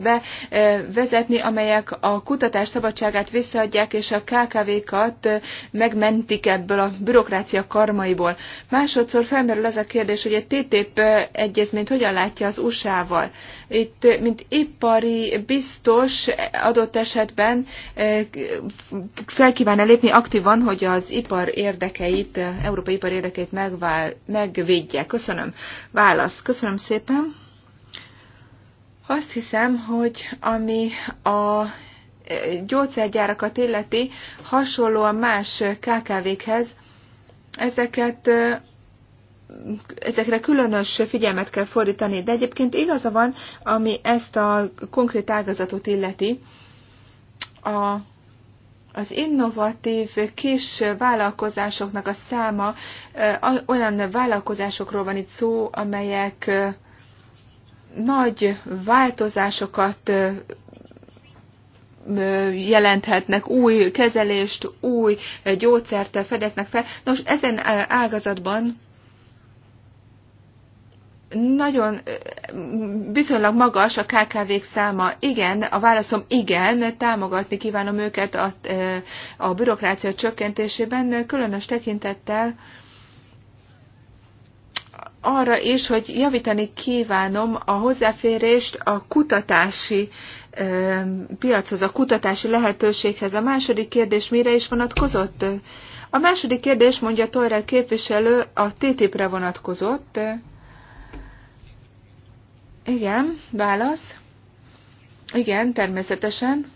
[SPEAKER 3] bevezetni, amelyek a kutatás szabadságát visszaadják, és a KKV-kat megmentik ebből a bürokrácia karmaiból. Másodszor felmerül az a kérdés, hogy a TTIP egyezményt hogyan látja az USA-val. Itt, mint ipari biztos adott esetben eh, felkívánna lépni aktívan, hogy az ipar érdekeit, európai ipar érdekeit megvál, megvédje. Köszönöm. Köszönöm. Válasz. Köszönöm szépen. Azt hiszem, hogy ami a e, gyógyszergyárakat illeti, hasonlóan más KKV-khez, ezeket e, ezekre különös figyelmet kell fordítani, de egyébként igaza van, ami ezt a konkrét ágazatot illeti. A az innovatív kis vállalkozásoknak a száma, olyan vállalkozásokról van itt szó, amelyek nagy változásokat jelenthetnek, új kezelést, új gyógyszert fedeznek fel. Nos, ezen ágazatban nagyon viszonylag magas a KKV-k száma. Igen, a válaszom igen, támogatni kívánom őket a, a bürokrácia csökkentésében, különös tekintettel arra is, hogy javítani kívánom a hozzáférést a kutatási piachoz, a kutatási lehetőséghez. A második kérdés mire is vonatkozott? A második kérdés, mondja Toyer képviselő, a TTIP-re vonatkozott. Igen, válasz. Igen, természetesen.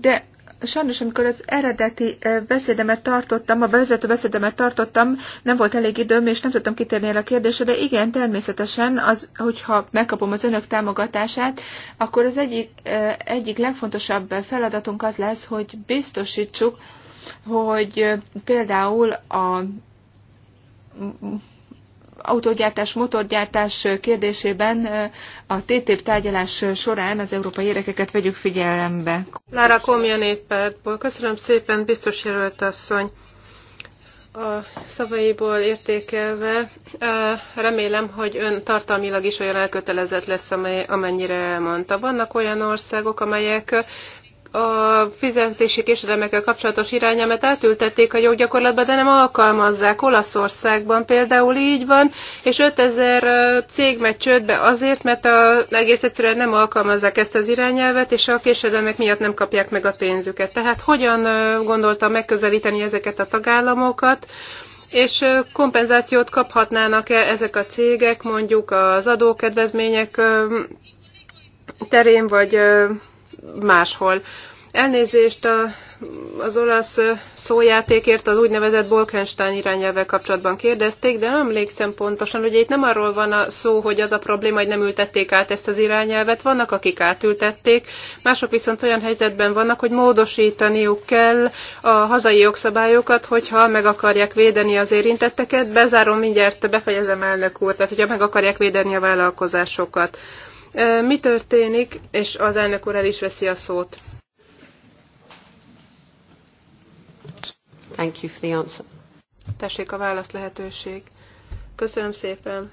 [SPEAKER 3] De sajnos, amikor az eredeti beszédemet tartottam, a bevezető beszédemet tartottam, nem volt elég időm, és nem tudtam kitérni el a kérdésre, de igen, természetesen, az, hogyha megkapom az önök támogatását, akkor az egyik, egyik legfontosabb feladatunk az lesz, hogy biztosítsuk, hogy például a autógyártás, motorgyártás kérdésében a TTIP tárgyalás során az európai érekeket vegyük figyelembe.
[SPEAKER 1] Lára Komja éppertból. Köszönöm szépen, biztos jelölt asszony. A szavaiból értékelve remélem, hogy ön tartalmilag is olyan elkötelezett lesz, amennyire elmondta. Vannak olyan országok, amelyek a fizetési késedelmekkel kapcsolatos irányelmet átültették a joggyakorlatba, de nem alkalmazzák. Olaszországban például így van, és 5000 cég megy csődbe azért, mert a, egész egyszerűen nem alkalmazzák ezt az irányelvet, és a késedelmek miatt nem kapják meg a pénzüket. Tehát hogyan gondolta megközelíteni ezeket a tagállamokat, és kompenzációt kaphatnának-e ezek a cégek mondjuk az adókedvezmények terén, vagy máshol. Elnézést a, az olasz szójátékért az úgynevezett Bolkenstein irányelvvel kapcsolatban kérdezték, de nem emlékszem pontosan, hogy itt nem arról van a szó, hogy az a probléma, hogy nem ültették át ezt az irányelvet, vannak, akik átültették, mások viszont olyan helyzetben vannak, hogy módosítaniuk kell a hazai jogszabályokat, hogyha meg akarják védeni az érintetteket, bezárom mindjárt, befejezem elnök úr, tehát hogyha meg akarják védeni a vállalkozásokat. Mi történik, és az elnök úr el is veszi a szót.
[SPEAKER 2] Thank you for the answer.
[SPEAKER 1] Tessék a válasz lehetőség. Köszönöm szépen.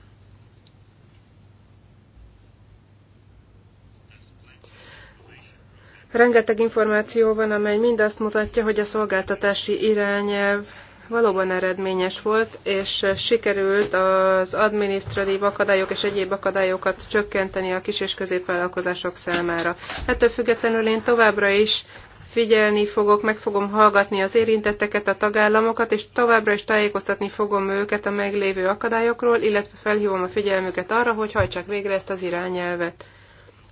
[SPEAKER 1] Rengeteg információ van, amely mind azt mutatja, hogy a szolgáltatási irányelv valóban eredményes volt, és sikerült az adminisztratív akadályok és egyéb akadályokat csökkenteni a kis és középvállalkozások számára. Ettől függetlenül én továbbra is figyelni fogok, meg fogom hallgatni az érintetteket, a tagállamokat, és továbbra is tájékoztatni fogom őket a meglévő akadályokról, illetve felhívom a figyelmüket arra, hogy hajtsák végre ezt az irányelvet.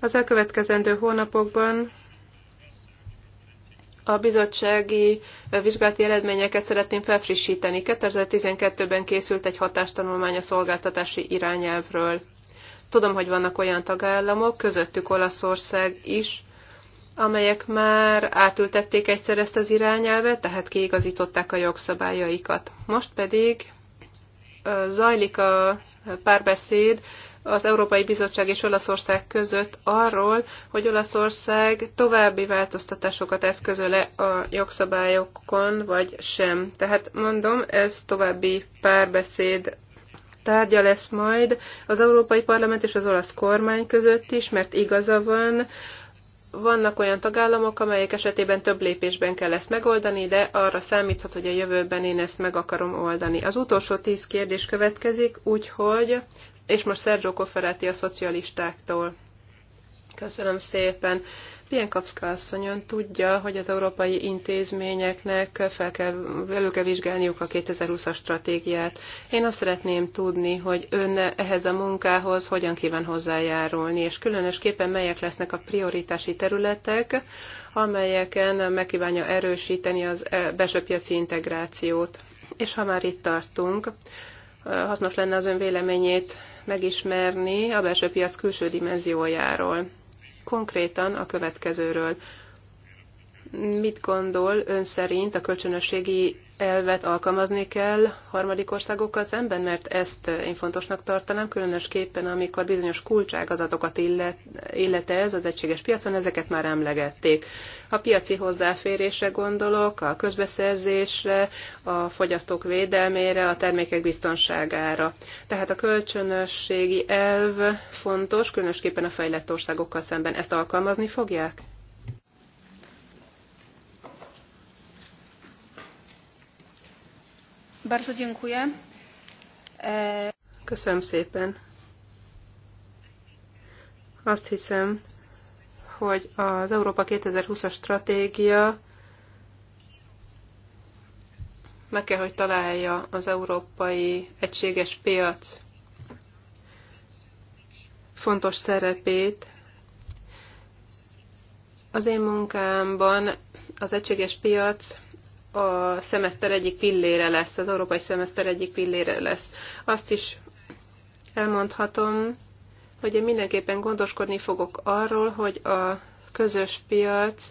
[SPEAKER 1] Az elkövetkezendő hónapokban a bizottsági vizsgálati eredményeket szeretném felfrissíteni. 2012-ben készült egy hatástanulmány a szolgáltatási irányelvről. Tudom, hogy vannak olyan tagállamok, közöttük Olaszország is, amelyek már átültették egyszer ezt az irányelvet, tehát kiigazították a jogszabályaikat. Most pedig zajlik a párbeszéd az Európai Bizottság és Olaszország között arról, hogy Olaszország további változtatásokat eszközöle a jogszabályokon, vagy sem. Tehát mondom, ez további párbeszéd tárgya lesz majd az Európai Parlament és az olasz kormány között is, mert igaza van, vannak olyan tagállamok, amelyek esetében több lépésben kell ezt megoldani, de arra számíthat, hogy a jövőben én ezt meg akarom oldani. Az utolsó tíz kérdés következik, úgyhogy, és most Sergio Cofferati a szocialistáktól. Köszönöm szépen. Pienkowska asszonyon tudja, hogy az európai intézményeknek fel kell, elő kell vizsgálniuk a 2020-as stratégiát. Én azt szeretném tudni, hogy ön ehhez a munkához hogyan kíván hozzájárulni, és különösképpen melyek lesznek a prioritási területek, amelyeken megkívánja erősíteni az e- belső piaci integrációt. És ha már itt tartunk, hasznos lenne az ön véleményét megismerni a belső piac külső dimenziójáról konkrétan a következőről. Mit gondol ön szerint a kölcsönösségi elvet alkalmazni kell harmadik országokkal szemben, mert ezt én fontosnak tartanám, különösképpen amikor bizonyos kulcságazatokat illet, illete ez az egységes piacon, ezeket már emlegették. A piaci hozzáférésre gondolok, a közbeszerzésre, a fogyasztók védelmére, a termékek biztonságára. Tehát a kölcsönösségi elv fontos, különösképpen a fejlett országokkal szemben. Ezt alkalmazni fogják?
[SPEAKER 2] Bardzo dziękuję.
[SPEAKER 1] E, Köszönöm szépen. Azt hiszem, hogy az Európa 2020-as stratégia meg kell, hogy találja az európai egységes piac fontos szerepét. Az én munkámban az egységes piac a szemeszter egyik pillére lesz, az európai szemeszter egyik pillére lesz. Azt is elmondhatom, hogy én mindenképpen gondoskodni fogok arról, hogy a közös piac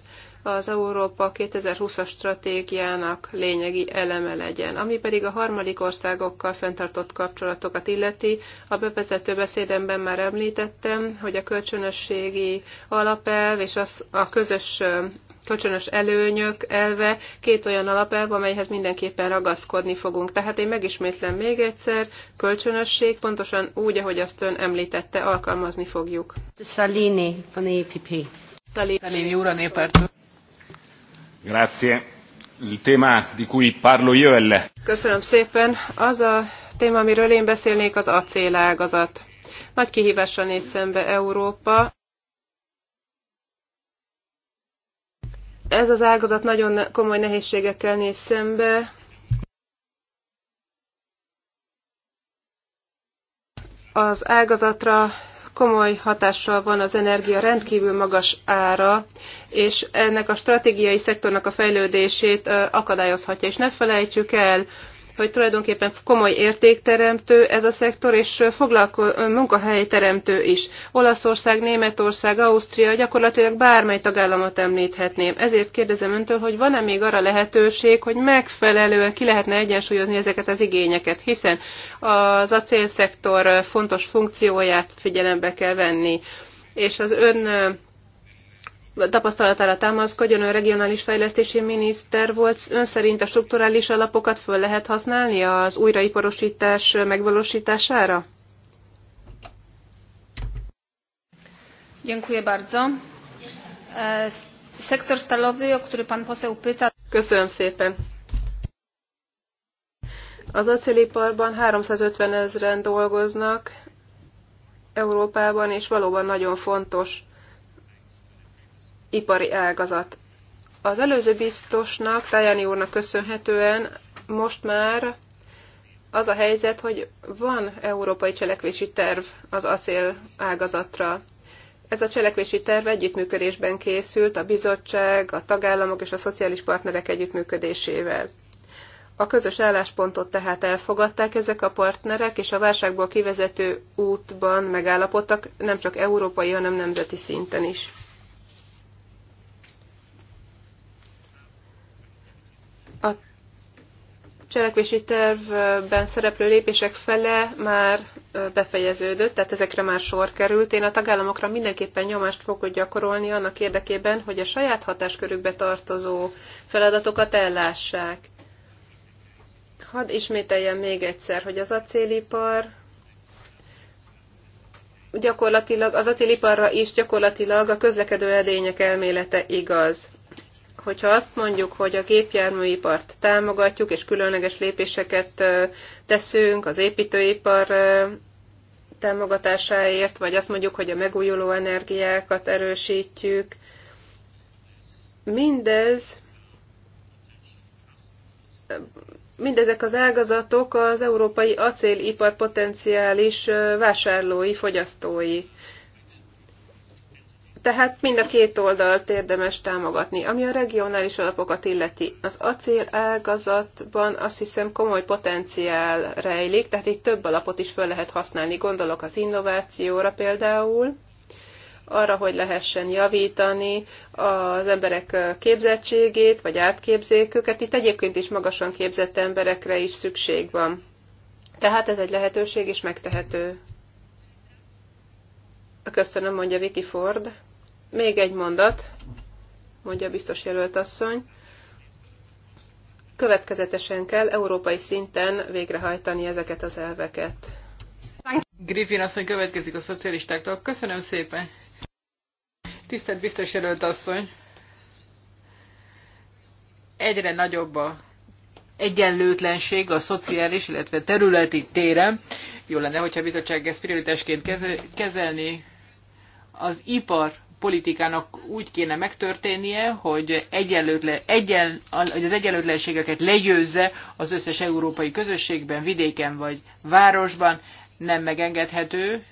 [SPEAKER 1] az Európa 2020-as stratégiának lényegi eleme legyen. Ami pedig a harmadik országokkal fenntartott kapcsolatokat illeti, a bevezető beszédemben már említettem, hogy a kölcsönösségi alapelv és az, a közös kölcsönös előnyök elve két olyan alapelv, amelyhez mindenképpen ragaszkodni fogunk. Tehát én megismétlem még egyszer, kölcsönösség pontosan úgy, ahogy azt ön említette, alkalmazni fogjuk. Salini van EPP. Salini, úr a néppártól.
[SPEAKER 5] Grazie. Il tema di cui parlo io è
[SPEAKER 1] Köszönöm szépen. Az a téma, amiről én beszélnék, az acélágazat. Nagy kihívással néz szembe Európa, ez az ágazat nagyon komoly nehézségekkel néz szembe. Az ágazatra komoly hatással van az energia rendkívül magas ára, és ennek a stratégiai szektornak a fejlődését akadályozhatja. És ne felejtsük el, hogy tulajdonképpen komoly értékteremtő ez a szektor, és foglalko- munkahelyteremtő is. Olaszország, Németország, Ausztria, gyakorlatilag bármely tagállamot említhetném. Ezért kérdezem öntől, hogy van-e még arra lehetőség, hogy megfelelően ki lehetne egyensúlyozni ezeket az igényeket, hiszen az acélszektor fontos funkcióját figyelembe kell venni, és az ön tapasztalatára támaszkodjon, ön regionális fejlesztési miniszter volt, ön szerint a strukturális alapokat föl lehet használni az újraiparosítás megvalósítására?
[SPEAKER 2] Dziękuję bardzo. E, sektor stalowy, o który pan poseł pyta. Köszönöm szépen. Az acéliparban 350
[SPEAKER 1] ezeren dolgoznak Európában, és valóban nagyon fontos ipari ágazat. Az előző biztosnak, Tajani úrnak köszönhetően most már az a helyzet, hogy van európai cselekvési terv az acél ágazatra. Ez a cselekvési terv együttműködésben készült a bizottság, a tagállamok és a szociális partnerek együttműködésével. A közös álláspontot tehát elfogadták ezek a partnerek, és a válságból kivezető útban megállapodtak nem csak európai, hanem nemzeti szinten is. A cselekvési tervben szereplő lépések fele már befejeződött, tehát ezekre már sor került. Én a tagállamokra mindenképpen nyomást fogok gyakorolni annak érdekében, hogy a saját hatáskörükbe tartozó feladatokat ellássák. Hadd ismételjem még egyszer, hogy az acélipar gyakorlatilag az acéliparra is gyakorlatilag a közlekedő edények elmélete igaz hogyha azt mondjuk, hogy a gépjárműipart támogatjuk, és különleges lépéseket teszünk az építőipar támogatásáért, vagy azt mondjuk, hogy a megújuló energiákat erősítjük, mindez mindezek az ágazatok az európai acélipar potenciális vásárlói, fogyasztói. Tehát mind a két oldalt érdemes támogatni. Ami a regionális alapokat illeti, az acél ágazatban azt hiszem komoly potenciál rejlik, tehát itt több alapot is fel lehet használni. Gondolok az innovációra például, arra, hogy lehessen javítani az emberek képzettségét, vagy átképzék őket. Itt egyébként is magasan képzett emberekre is szükség van. Tehát ez egy lehetőség, és megtehető. Köszönöm, mondja Vicky Ford. Még egy mondat, mondja biztos jelölt asszony. Következetesen kell európai szinten végrehajtani ezeket az elveket.
[SPEAKER 4] Griffin asszony következik a szocialistáktól. Köszönöm szépen. Tisztelt biztos jelölt asszony. Egyre nagyobb a egyenlőtlenség a szociális, illetve területi téren. Jó lenne, hogyha a bizottság ezt prioritásként kezelni. Az ipar politikának úgy kéne megtörténnie, hogy, egyenlőtle, egyen, hogy az egyenlőtlenségeket legyőzze az összes európai közösségben, vidéken vagy városban. Nem megengedhető,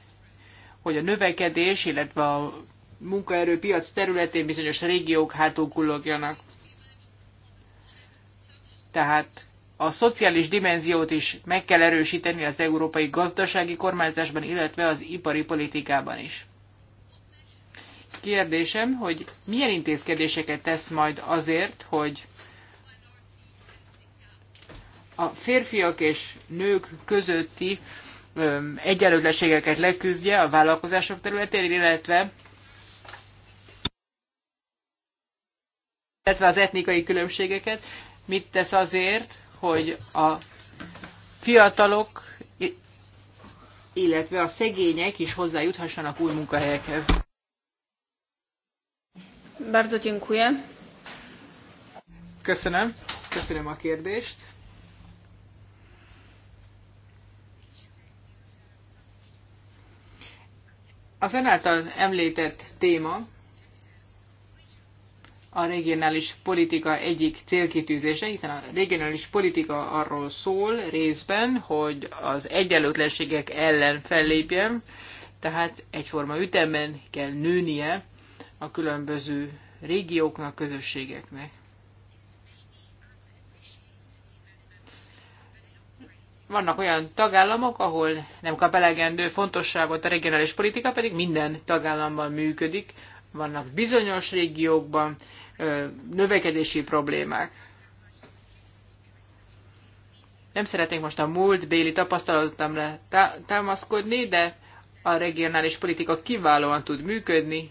[SPEAKER 4] hogy a növekedés, illetve a munkaerőpiac területén bizonyos régiók hátul Tehát a szociális dimenziót is meg kell erősíteni az európai gazdasági kormányzásban, illetve az ipari politikában is kérdésem, hogy milyen intézkedéseket tesz majd azért, hogy a férfiak és nők közötti egyenlőtlenségeket leküzdje a vállalkozások területén, illetve illetve az etnikai különbségeket, mit tesz azért, hogy a fiatalok, illetve a szegények is hozzájuthassanak új munkahelyekhez.
[SPEAKER 2] Bardzo dziękuję.
[SPEAKER 4] Köszönöm. Köszönöm a kérdést. Az ön által említett téma a regionális politika egyik célkitűzése, hiszen a regionális politika arról szól részben, hogy az egyenlőtlenségek ellen fellépjen, tehát egyforma ütemben kell nőnie a különböző régióknak, közösségeknek. Vannak olyan tagállamok, ahol nem kap elegendő fontosságot a regionális politika, pedig minden tagállamban működik. Vannak bizonyos régiókban növekedési problémák. Nem szeretnék most a múlt béli tapasztalatomra tá támaszkodni, de a regionális politika kiválóan tud működni,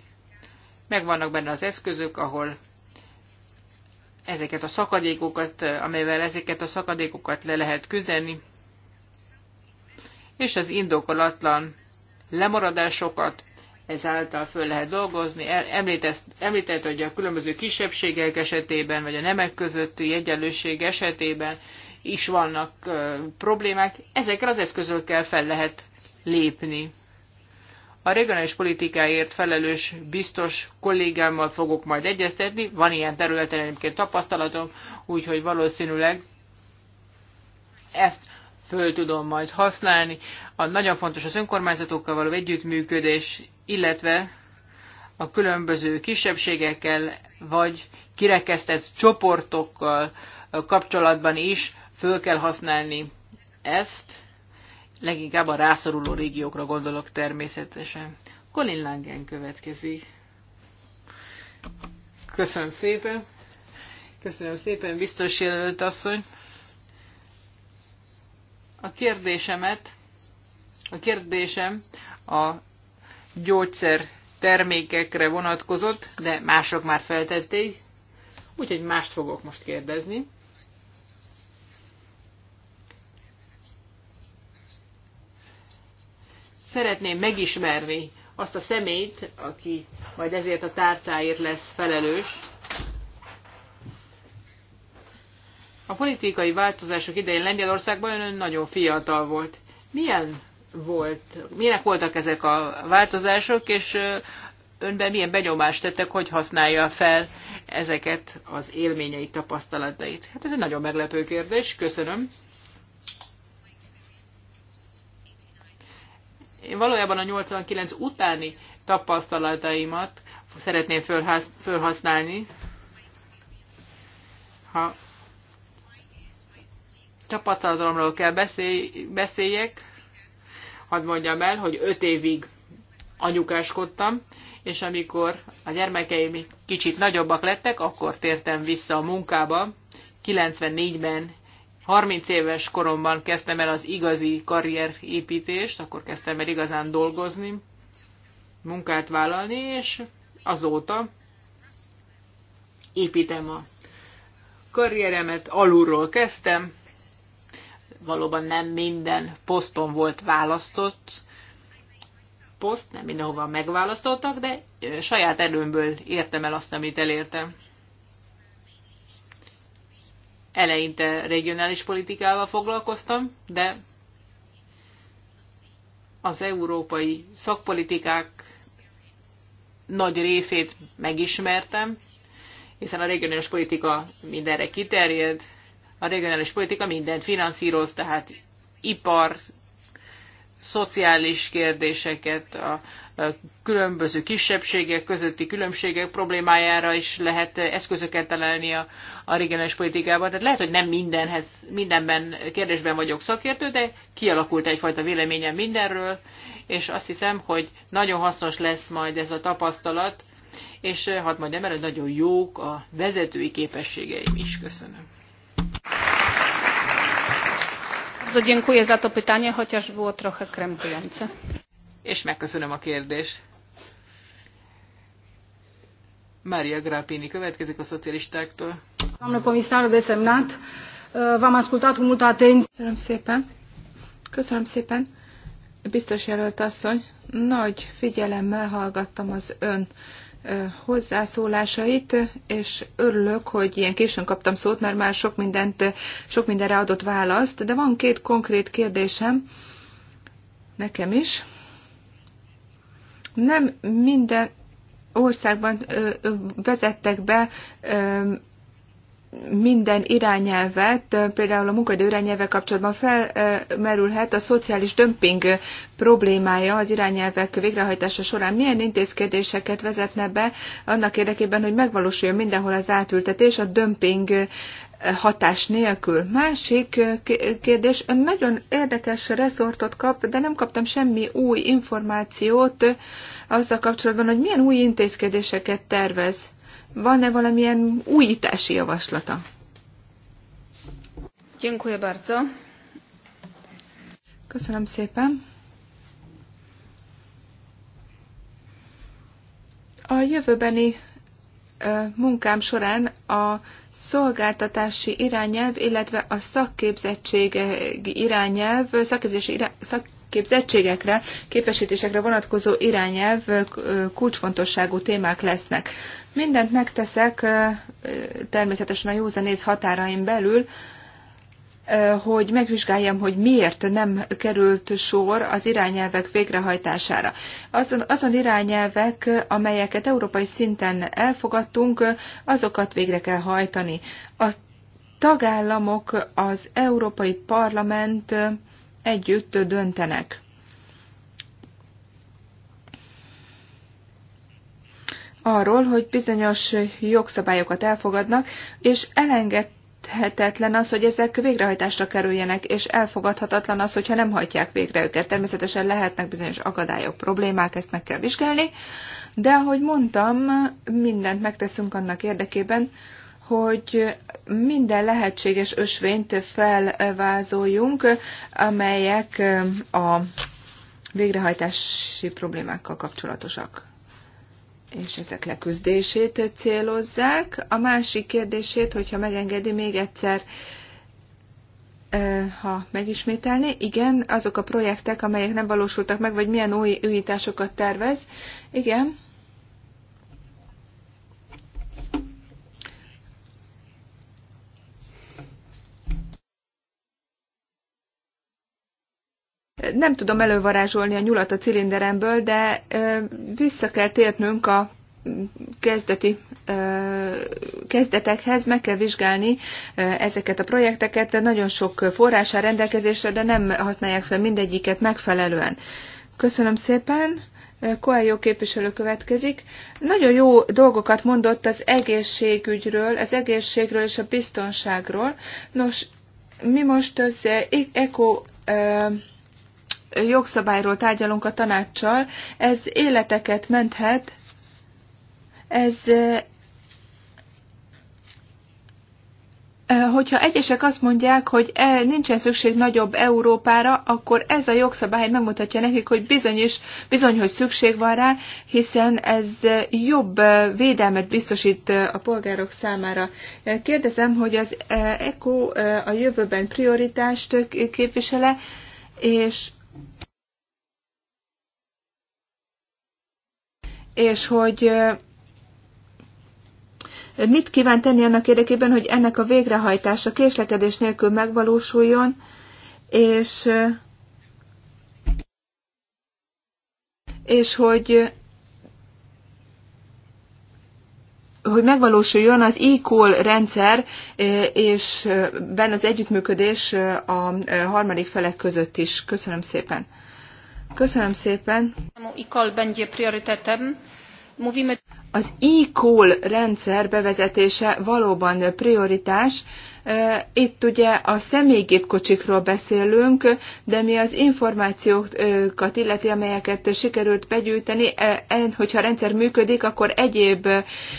[SPEAKER 4] megvannak benne az eszközök, ahol ezeket a szakadékokat, amivel ezeket a szakadékokat le lehet küzdeni, és az indokolatlan lemaradásokat ezáltal föl lehet dolgozni. Említett, hogy a különböző kisebbségek esetében, vagy a nemek közötti egyenlőség esetében is vannak problémák, ezekkel az eszközökkel fel lehet lépni. A regionális politikáért felelős biztos kollégámmal fogok majd egyeztetni. Van ilyen területen egyébként tapasztalatom, úgyhogy valószínűleg ezt föl tudom majd használni. A nagyon fontos az önkormányzatokkal való együttműködés, illetve a különböző kisebbségekkel vagy kirekesztett csoportokkal kapcsolatban is föl kell használni ezt. Leginkább a rászoruló régiókra gondolok természetesen. Colin Langen következik. Köszönöm szépen. Köszönöm szépen, biztos jelölt asszony. A kérdésemet, a kérdésem a gyógyszer termékekre vonatkozott, de mások már feltették, úgyhogy mást fogok most kérdezni. szeretném megismerni azt a személyt, aki majd ezért a tárcáért lesz felelős. A politikai változások idején Lengyelországban ön nagyon fiatal volt. Milyen volt, milyenek voltak ezek a változások, és önben milyen benyomást tettek, hogy használja fel ezeket az élményeit, tapasztalatait? Hát ez egy nagyon meglepő kérdés, köszönöm. Én valójában a 89 utáni tapasztalataimat szeretném felhasználni. Ha tapasztalatomról kell beszéljek, hadd mondjam el, hogy 5 évig anyukáskodtam, és amikor a gyermekeim kicsit nagyobbak lettek, akkor tértem vissza a munkába. 94-ben 30 éves koromban kezdtem el az igazi karrierépítést, akkor kezdtem el igazán dolgozni, munkát vállalni, és azóta építem a karrieremet, alulról kezdtem, valóban nem minden poszton volt választott poszt, nem mindenhova megválasztottak, de saját erőmből értem el azt, amit elértem. Eleinte regionális politikával foglalkoztam, de az európai szakpolitikák nagy részét megismertem, hiszen a regionális politika mindenre kiterjed, a regionális politika mindent finanszíroz, tehát ipar, szociális kérdéseket, a, különböző kisebbségek közötti különbségek problémájára is lehet eszközöket találni a, a regionális politikában. Tehát lehet, hogy nem mindenhez, mindenben kérdésben vagyok szakértő, de kialakult egyfajta véleményem mindenről, és azt hiszem, hogy nagyon hasznos lesz majd ez a tapasztalat, és hadd mondjam el, hogy nagyon jók a vezetői képességeim is. Köszönöm.
[SPEAKER 2] Bardzo dziękuję za to pytanie, chociaż było trochę krępujące
[SPEAKER 4] és megköszönöm a kérdést. Mária Grappini következik a szocialistáktól.
[SPEAKER 2] Doamnă comisară desemnat, v-am ascultat cu multă atenție. Köszönöm szépen. Köszönöm szépen.
[SPEAKER 3] Biztos jelölt asszony, nagy figyelemmel hallgattam az ön hozzászólásait, és örülök, hogy ilyen későn kaptam szót, mert már sok, mindent, sok mindenre adott választ, de van két konkrét kérdésem nekem is. Nem minden országban vezettek be minden irányelvet, például a munkaidő irányelve kapcsolatban felmerülhet a szociális dömping problémája az irányelvek végrehajtása során. Milyen intézkedéseket vezetne be annak érdekében, hogy megvalósuljon mindenhol az átültetés, a dömping hatás nélkül. Másik kérdés, ön nagyon érdekes reszortot kap, de nem kaptam semmi új információt azzal kapcsolatban, hogy milyen új intézkedéseket tervez. Van-e valamilyen újítási javaslata?
[SPEAKER 2] Dziękuję bardzo.
[SPEAKER 3] Köszönöm szépen. A jövőbeni munkám során a szolgáltatási irányelv, illetve a szakképzettség irányelv, szakképzési szak képzettségekre, képesítésekre vonatkozó irányelv kulcsfontosságú témák lesznek. Mindent megteszek természetesen a józanész határaim belül, hogy megvizsgáljam, hogy miért nem került sor az irányelvek végrehajtására. Azon, azon irányelvek, amelyeket európai szinten elfogadtunk, azokat végre kell hajtani. A tagállamok, az Európai Parlament együtt döntenek. arról, hogy bizonyos jogszabályokat elfogadnak, és elenged, elengedhetetlen az, hogy ezek végrehajtásra kerüljenek, és elfogadhatatlan az, hogyha nem hajtják végre őket. Természetesen lehetnek bizonyos akadályok, problémák, ezt meg kell vizsgálni, de ahogy mondtam, mindent megteszünk annak érdekében, hogy minden lehetséges ösvényt felvázoljunk, amelyek a végrehajtási problémákkal kapcsolatosak és ezek leküzdését célozzák. A másik kérdését, hogyha megengedi még egyszer, eh, ha megismételné, igen, azok a projektek, amelyek nem valósultak meg, vagy milyen új újításokat tervez, igen, Nem tudom elővarázsolni a nyulat a cilinderemből, de vissza kell térnünk a kezdeti kezdetekhez, meg kell vizsgálni ezeket a projekteket, de nagyon sok forrás rendelkezésre, de nem használják fel mindegyiket megfelelően. Köszönöm szépen! Coelho képviselő következik. Nagyon jó dolgokat mondott az egészségügyről, az egészségről és a biztonságról. Nos, mi most az ECO jogszabályról tárgyalunk a tanácssal, ez életeket menthet, ez eh, eh, Hogyha egyesek azt mondják, hogy eh, nincsen szükség nagyobb Európára, akkor ez a jogszabály megmutatja nekik, hogy bizony, is, bizony hogy szükség van rá, hiszen ez jobb védelmet biztosít a polgárok számára. Kérdezem, hogy az ECO a jövőben prioritást képvisele, és és hogy mit kíván tenni annak érdekében, hogy ennek a végrehajtása késlekedés nélkül megvalósuljon, és, és hogy hogy megvalósuljon az e rendszer és benne az együttműködés a harmadik felek között is. Köszönöm szépen. Köszönöm szépen. Az e-call rendszer bevezetése valóban prioritás. E, itt ugye a személygépkocsikról beszélünk, de mi az információkat illeti, amelyeket sikerült begyűjteni, e, hogyha a rendszer működik, akkor egyéb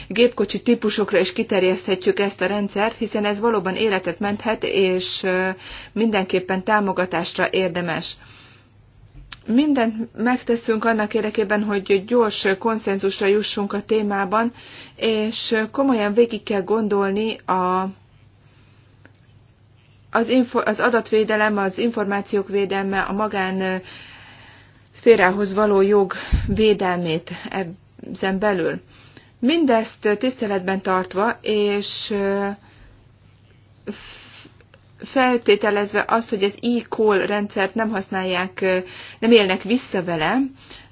[SPEAKER 3] gépkocsi típusokra is kiterjeszthetjük ezt a rendszert, hiszen ez valóban életet menthet, és e, mindenképpen támogatásra érdemes mindent megteszünk annak érdekében, hogy gyors konszenzusra jussunk a témában, és komolyan végig kell gondolni a, az, info, az adatvédelem, az információk védelme, a magán szférához való jog védelmét ezen belül. Mindezt tiszteletben tartva, és feltételezve azt, hogy az e-call rendszert nem használják, nem élnek vissza vele,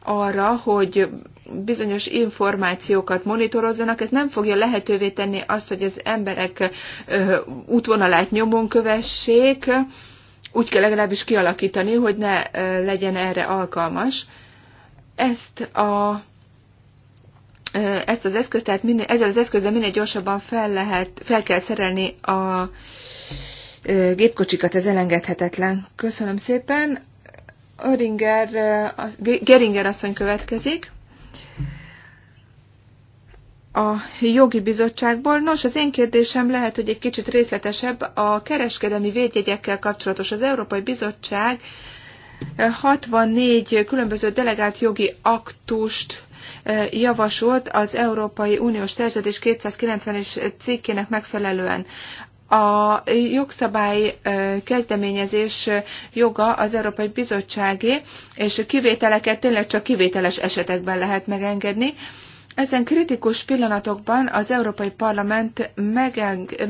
[SPEAKER 3] arra, hogy bizonyos információkat monitorozzanak, ez nem fogja lehetővé tenni azt, hogy az emberek útvonalát nyomon kövessék, úgy kell legalábbis kialakítani, hogy ne legyen erre alkalmas. Ezt a ezt az eszközt, tehát minél, ezzel az eszközzel minél gyorsabban fel, lehet, fel kell szerelni a, gépkocsikat, ez elengedhetetlen. Köszönöm szépen. Öringer, Geringer asszony következik a jogi bizottságból. Nos, az én kérdésem lehet, hogy egy kicsit részletesebb. A kereskedelmi védjegyekkel kapcsolatos az Európai Bizottság 64 különböző delegált jogi aktust javasolt az Európai Uniós Szerződés 290-es cikkének megfelelően a jogszabály kezdeményezés joga az Európai Bizottságé, és kivételeket tényleg csak kivételes esetekben lehet megengedni. Ezen kritikus pillanatokban az Európai Parlament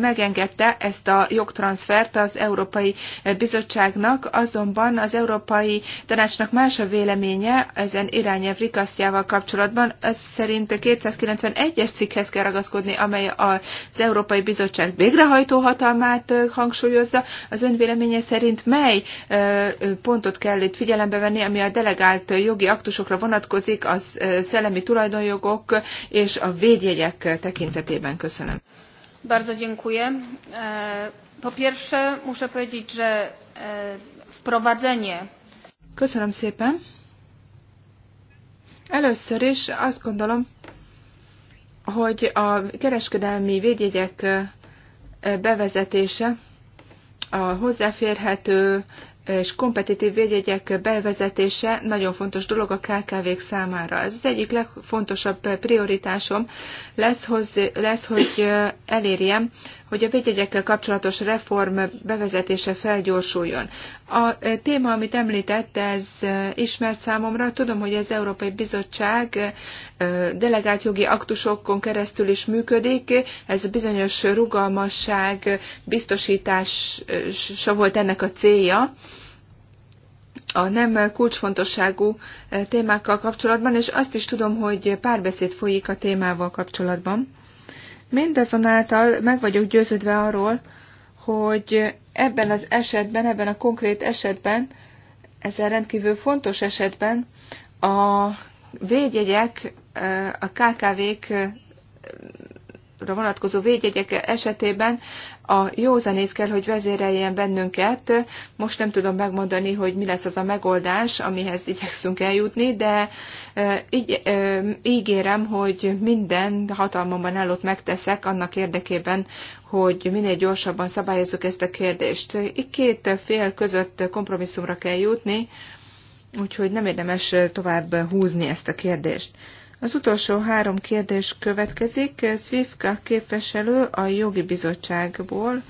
[SPEAKER 3] megengedte ezt a jogtranszfert az Európai Bizottságnak, azonban az Európai Tanácsnak más a véleménye ezen irányelv rikasztjával kapcsolatban. Ez szerint 291-es cikkhez kell ragaszkodni, amely az Európai Bizottság végrehajtó hatalmát hangsúlyozza. Az ön véleménye szerint mely pontot kell itt figyelembe venni, ami a delegált jogi aktusokra vonatkozik, az szellemi tulajdonjogok, és a védjegyek tekintetében. Köszönöm.
[SPEAKER 2] Bardzo dziękuję. E, po pierwsze muszę powiedzieć, że e, wprowadzenie. Köszönöm
[SPEAKER 3] szépen. Először is azt gondolom, hogy a kereskedelmi védjegyek e, bevezetése a hozzáférhető és kompetitív védjegyek bevezetése nagyon fontos dolog a KKV-k számára. Ez az egyik legfontosabb prioritásom lesz, lesz hogy elérjem hogy a védjegyekkel kapcsolatos reform bevezetése felgyorsuljon. A e, téma, amit említett, ez e, ismert számomra. Tudom, hogy az Európai Bizottság e, delegált jogi aktusokon keresztül is működik. Ez a bizonyos rugalmasság biztosítása volt ennek a célja a nem kulcsfontosságú témákkal kapcsolatban, és azt is tudom, hogy párbeszéd folyik a témával kapcsolatban. Mindazonáltal meg vagyok győződve arról, hogy ebben az esetben, ebben a konkrét esetben, ezen rendkívül fontos esetben a védjegyek, eh, a KKV-k eh, vonatkozó védjegyek esetében a józanész kell, hogy vezéreljen bennünket. Most nem tudom megmondani, hogy mi lesz az a megoldás, amihez igyekszünk eljutni, de így, ígérem, hogy minden hatalmamban állott megteszek annak érdekében, hogy minél gyorsabban szabályozzuk ezt a kérdést. Így két fél között kompromisszumra kell jutni, úgyhogy nem érdemes tovább húzni ezt a kérdést. Az utolsó három kérdés következik. Szvivka képviselő a jogi bizottságból,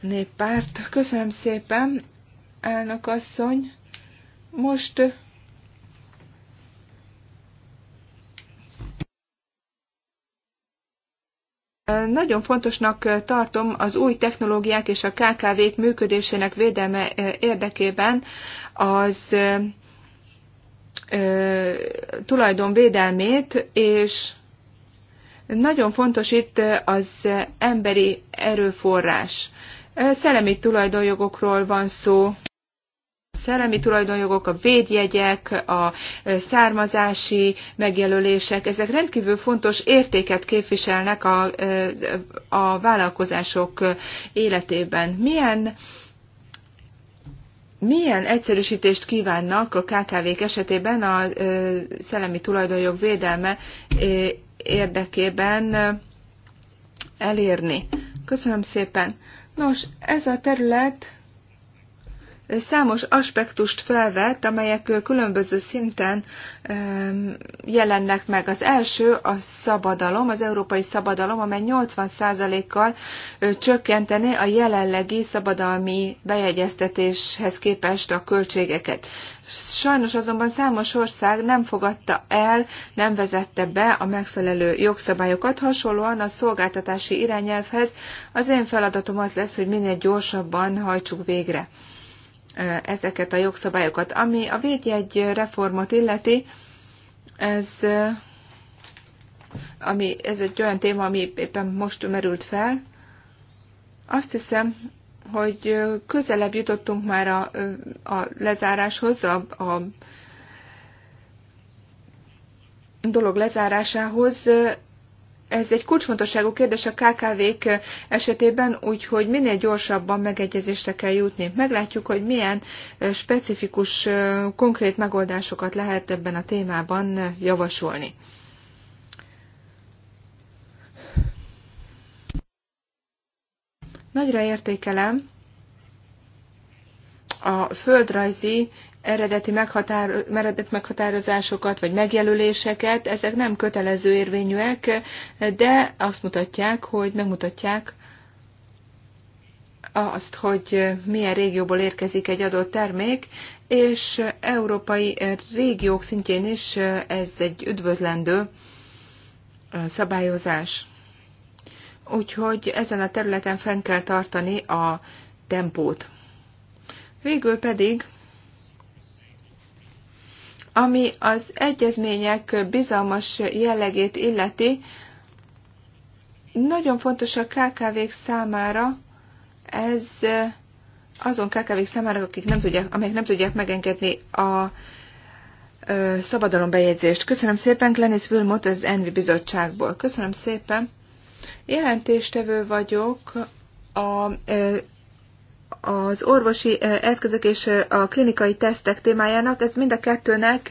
[SPEAKER 3] néppárt. Köszönöm szépen, elnök asszony. Most Nagyon fontosnak tartom az új technológiák és a KKV-k működésének védelme érdekében az tulajdonvédelmét, és nagyon fontos itt az emberi erőforrás. Szellemi tulajdonjogokról van szó, a szellemi tulajdonjogok, a védjegyek, a származási megjelölések, ezek rendkívül fontos értéket képviselnek a, a vállalkozások életében. Milyen milyen egyszerűsítést kívánnak a KKV-k esetében a szellemi tulajdonjog védelme érdekében elérni? Köszönöm szépen. Nos, ez a terület számos aspektust felvett, amelyek különböző szinten jelennek meg. Az első a szabadalom, az európai szabadalom, amely 80%-kal csökkenteni a jelenlegi szabadalmi bejegyeztetéshez képest a költségeket. Sajnos azonban számos ország nem fogadta el, nem vezette be a megfelelő jogszabályokat, hasonlóan a szolgáltatási irányelvhez. Az én feladatom az lesz, hogy minél gyorsabban hajtsuk végre ezeket a jogszabályokat. Ami a védjegy reformot illeti, ez, ami, ez egy olyan téma, ami éppen most merült fel. Azt hiszem, hogy közelebb jutottunk már a, a lezáráshoz, a, a dolog lezárásához ez egy kulcsfontosságú kérdés a KKV-k esetében, úgyhogy minél gyorsabban megegyezésre kell jutni. Meglátjuk, hogy milyen eh, specifikus, eh, konkrét megoldásokat lehet ebben a témában eh, javasolni. Nagyra értékelem a földrajzi eredeti meghatár, meghatározásokat vagy megjelöléseket, ezek nem kötelező érvényűek, de azt mutatják, hogy megmutatják azt, hogy milyen régióból érkezik egy adott termék, és európai régiók szintjén is ez egy üdvözlendő szabályozás. Úgyhogy ezen a területen fenn kell tartani a tempót. Végül pedig ami az egyezmények bizalmas jellegét illeti, nagyon fontos a KKV-k számára, ez azon KKV-k számára, akik nem tudják, amelyek nem tudják megengedni a ö, szabadalombejegyzést. Köszönöm szépen, Glenis Wilmot az Envi Bizottságból. Köszönöm szépen. Jelentéstevő vagyok a az orvosi eh, eszközök és eh, a klinikai tesztek témájának, ez mind a kettőnek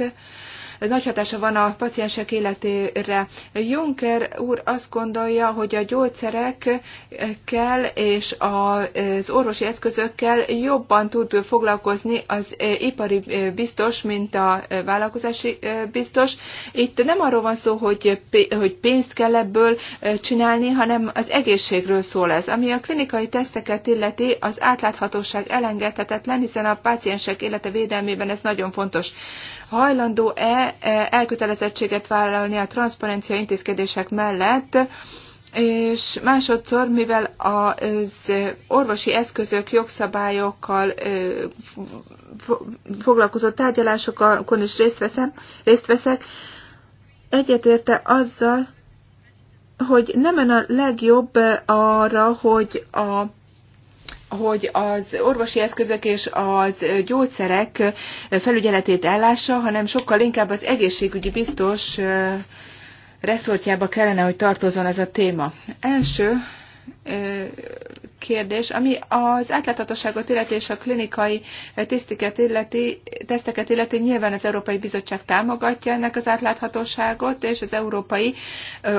[SPEAKER 3] nagy hatása van a paciensek életére. Juncker úr azt gondolja, hogy a gyógyszerekkel és az orvosi eszközökkel jobban tud foglalkozni az ipari biztos, mint a vállalkozási biztos. Itt nem arról van szó, hogy, hogy pénzt kell ebből csinálni, hanem az egészségről szól ez. Ami a klinikai teszteket illeti, az átláthatóság elengedhetetlen, hiszen a páciensek élete védelmében ez nagyon fontos hajlandó-e e, elkötelezettséget vállalni a transzparencia intézkedések mellett, és másodszor, mivel az orvosi eszközök jogszabályokkal e, foglalkozó tárgyalásokon is részt, veszem, részt veszek, egyetérte azzal, hogy nem a legjobb arra, hogy a hogy az orvosi eszközök és az gyógyszerek felügyeletét ellássa, hanem sokkal inkább az egészségügyi biztos eh, reszortjába kellene, hogy tartozon ez a téma. Első kérdés, ami az átláthatóságot illeti és a klinikai tisztiket illeti, teszteket illeti, nyilván az Európai Bizottság támogatja ennek az átláthatóságot, és az Európai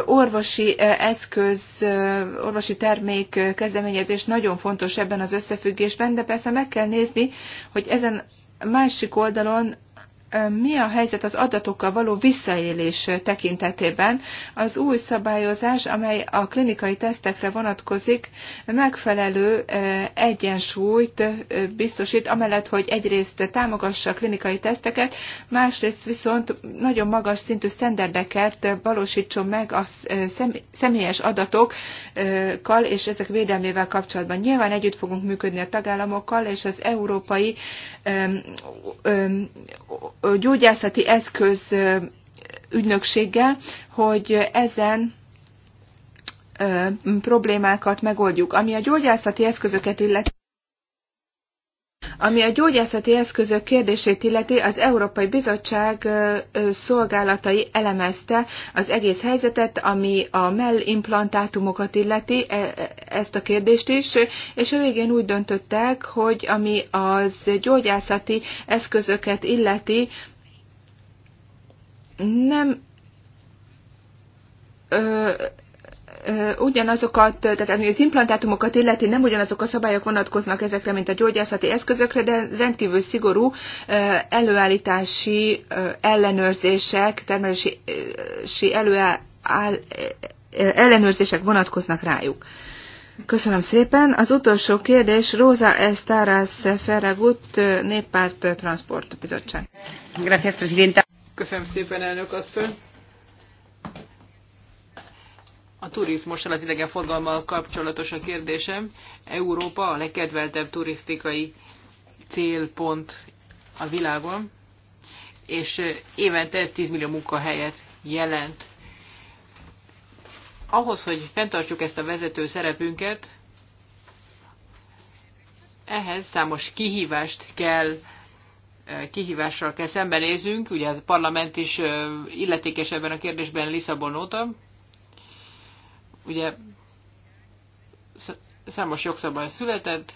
[SPEAKER 3] Orvosi Eszköz, Orvosi Termék kezdeményezés nagyon fontos ebben az összefüggésben, de persze meg kell nézni, hogy ezen másik oldalon mi a helyzet az adatokkal való visszaélés tekintetében? Az új szabályozás, amely a klinikai tesztekre vonatkozik, megfelelő egyensúlyt biztosít, amellett, hogy egyrészt támogassa a klinikai teszteket, másrészt viszont nagyon magas szintű sztenderdeket valósítson meg a személyes adatokkal és ezek védelmével kapcsolatban. Nyilván együtt fogunk működni a tagállamokkal és az európai gyógyászati eszköz ügynökséggel, hogy ezen problémákat megoldjuk. Ami a gyógyászati eszközöket illeti, ami a gyógyászati eszközök kérdését illeti, az Európai Bizottság szolgálatai elemezte az egész helyzetet, ami a mellimplantátumokat illeti, e, e, ezt a kérdést is, és a végén úgy döntöttek, hogy ami az gyógyászati eszközöket illeti, nem ugyanazokat, tehát ami az implantátumokat illeti, nem ugyanazok a szabályok vonatkoznak ezekre, mint a gyógyászati eszközökre, de rendkívül szigorú előállítási ellenőrzések, termelési előáll, ellenőrzések vonatkoznak rájuk. Köszönöm szépen. Az utolsó kérdés Róza Estaras Ferragut, Néppárt Transport Bizottság.
[SPEAKER 2] Presidenta.
[SPEAKER 4] Köszönöm szépen, elnök asszony a turizmussal, az idegenforgalommal kapcsolatos a kérdésem. Európa a legkedveltebb turisztikai célpont a világon, és évente ez 10 millió munkahelyet jelent. Ahhoz, hogy fenntartsuk ezt a vezető szerepünket, ehhez számos kihívást kell kihívással kell szembenézünk, ugye ez a parlament is illetékes ebben a kérdésben Lisszabon óta, ugye számos jogszabály született,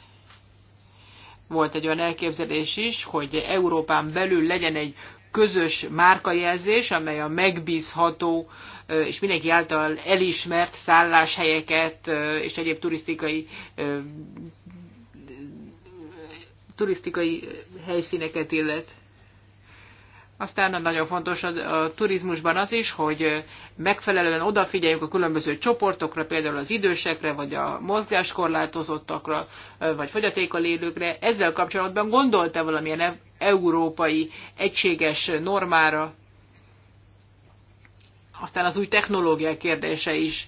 [SPEAKER 4] volt egy olyan elképzelés is, hogy Európán belül legyen egy közös márkajelzés, amely a megbízható és mindenki által elismert szálláshelyeket és egyéb turisztikai turisztikai helyszíneket illet. Aztán nagyon fontos a, a turizmusban az is, hogy megfelelően odafigyeljünk a különböző csoportokra, például az idősekre, vagy a mozgáskorlátozottakra, vagy fogyatékkal élőkre. Ezzel kapcsolatban gondolta valamilyen e- európai egységes normára? Aztán az új technológiák kérdése is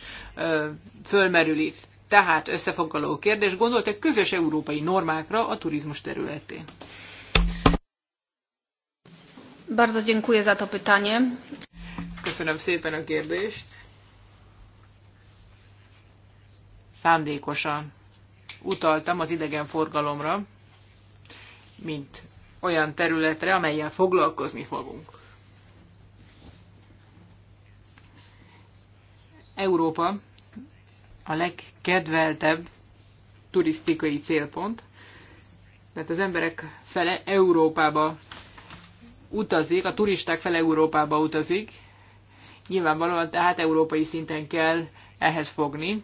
[SPEAKER 4] fölmerül itt. Tehát összefoglaló kérdés, Gondolt-e közös európai normákra a turizmus területén.
[SPEAKER 2] Bardzo dziękuję za to pytanie.
[SPEAKER 4] Köszönöm szépen a kérdést. Szándékosan utaltam az idegenforgalomra, mint olyan területre, amelyel foglalkozni fogunk. Európa a legkedveltebb turisztikai célpont, tehát az emberek fele Európába utazik, a turisták fele Európába utazik, nyilvánvalóan tehát európai szinten kell ehhez fogni.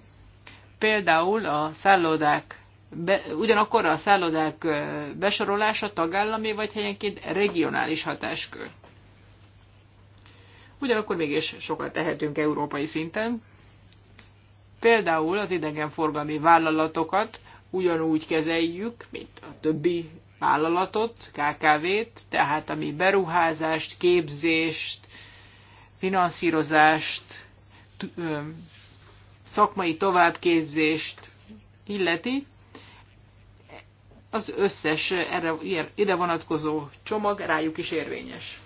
[SPEAKER 4] Például a szállodák, be, ugyanakkor a szállodák besorolása tagállami vagy helyenként regionális hatáskör. Ugyanakkor mégis sokat tehetünk európai szinten. Például az idegenforgalmi vállalatokat ugyanúgy kezeljük, mint a többi vállalatot, KKV-t, tehát ami beruházást, képzést, finanszírozást, szakmai továbbképzést illeti, az összes erre, ide vonatkozó csomag rájuk is érvényes.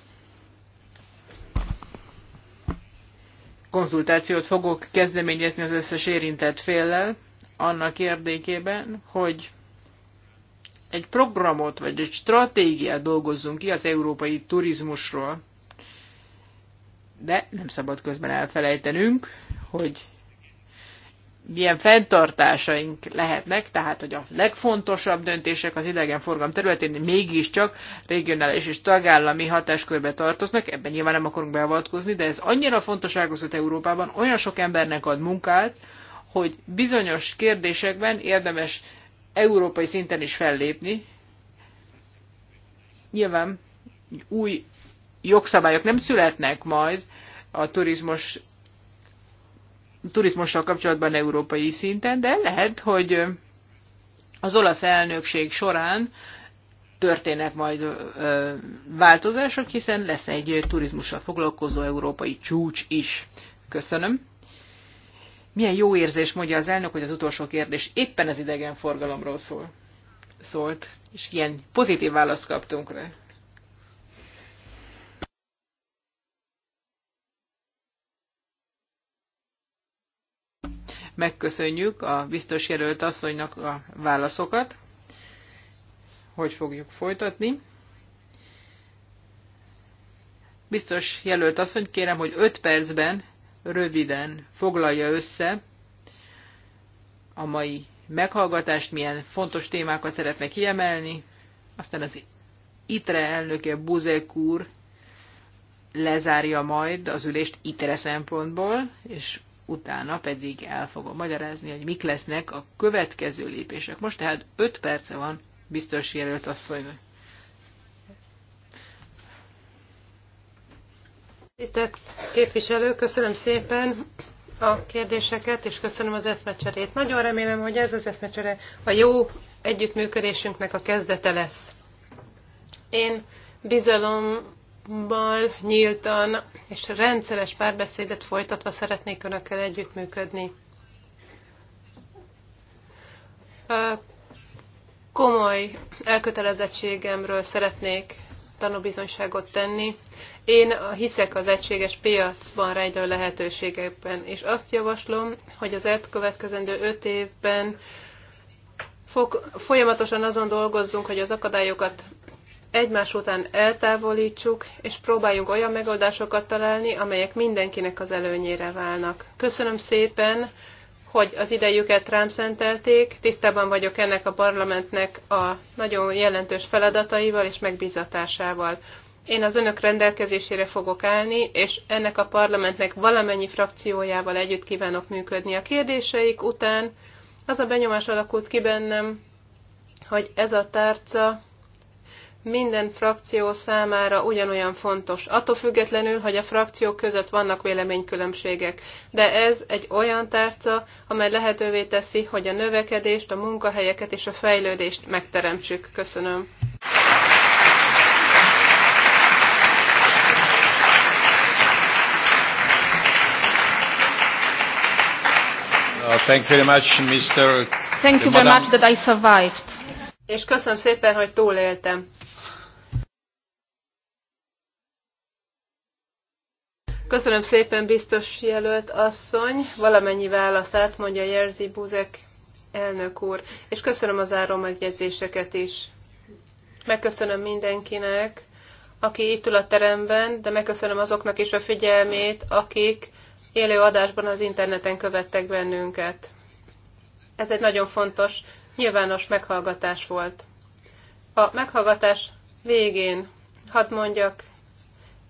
[SPEAKER 4] Konzultációt fogok kezdeményezni az összes érintett féllel, annak érdekében, hogy egy programot, vagy egy stratégiát dolgozzunk ki az európai turizmusról. De nem szabad közben elfelejtenünk, hogy milyen fenntartásaink lehetnek, tehát hogy a legfontosabb döntések az idegenforgalom területén mégiscsak regionális és tagállami hatáskörbe tartoznak, ebben nyilván nem akarunk beavatkozni, de ez annyira fontos ágazat Európában, olyan sok embernek ad munkát, hogy bizonyos kérdésekben érdemes európai szinten is fellépni. Nyilván új jogszabályok nem születnek majd a turizmus, turizmussal kapcsolatban európai szinten, de lehet, hogy az olasz elnökség során történnek majd változások, hiszen lesz egy turizmussal foglalkozó európai csúcs is. Köszönöm. Milyen jó érzés, mondja az elnök, hogy az utolsó kérdés éppen az idegenforgalomról szól. szólt, és ilyen pozitív választ kaptunk rá. Megköszönjük a biztos jelölt asszonynak a válaszokat. Hogy fogjuk folytatni? Biztos jelölt asszony, kérem, hogy 5 percben röviden foglalja össze a mai meghallgatást, milyen fontos témákat szeretne kiemelni, aztán az ITRE elnöke Buzek úr lezárja majd az ülést ITRE szempontból, és utána pedig el fogom magyarázni, hogy mik lesznek a következő lépések. Most tehát 5 perce van biztos jelölt asszonynak.
[SPEAKER 1] Tisztelt képviselő, köszönöm szépen a kérdéseket, és köszönöm az eszmecserét. Nagyon remélem, hogy ez az eszmecsere a jó együttműködésünknek a kezdete lesz. Én bizalommal, nyíltan és rendszeres párbeszédet folytatva szeretnék Önökkel együttműködni. Komoly elkötelezettségemről szeretnék tanúbizonyságot tenni. Én hiszek az egységes piacban rejtő lehetőségekben, és azt javaslom, hogy az elkövetkezendő öt évben fog, folyamatosan azon dolgozzunk, hogy az akadályokat egymás után eltávolítsuk, és próbáljunk olyan megoldásokat találni, amelyek mindenkinek az előnyére válnak. Köszönöm szépen! hogy az idejüket rám szentelték, tisztában vagyok ennek a parlamentnek a nagyon jelentős feladataival és megbízatásával. Én az önök rendelkezésére fogok állni, és ennek a parlamentnek valamennyi frakciójával együtt kívánok működni. A kérdéseik után az a benyomás alakult ki bennem, hogy ez a tárca minden frakció számára ugyanolyan fontos, attól függetlenül, hogy a frakciók között vannak véleménykülönbségek. De ez egy olyan tárca, amely lehetővé teszi, hogy a növekedést, a munkahelyeket és a fejlődést megteremtsük. Köszönöm.
[SPEAKER 4] Uh, thank you very much, Mr. Thank you very much
[SPEAKER 2] that I survived.
[SPEAKER 1] És köszönöm szépen, hogy túléltem. Köszönöm szépen, biztos jelölt asszony. Valamennyi válaszát mondja Jerzy Buzek elnök úr. És köszönöm az áró megjegyzéseket is. Megköszönöm mindenkinek, aki itt ül a teremben, de megköszönöm azoknak is a figyelmét, akik élő adásban az interneten követtek bennünket. Ez egy nagyon fontos, nyilvános meghallgatás volt. A meghallgatás végén hadd mondjak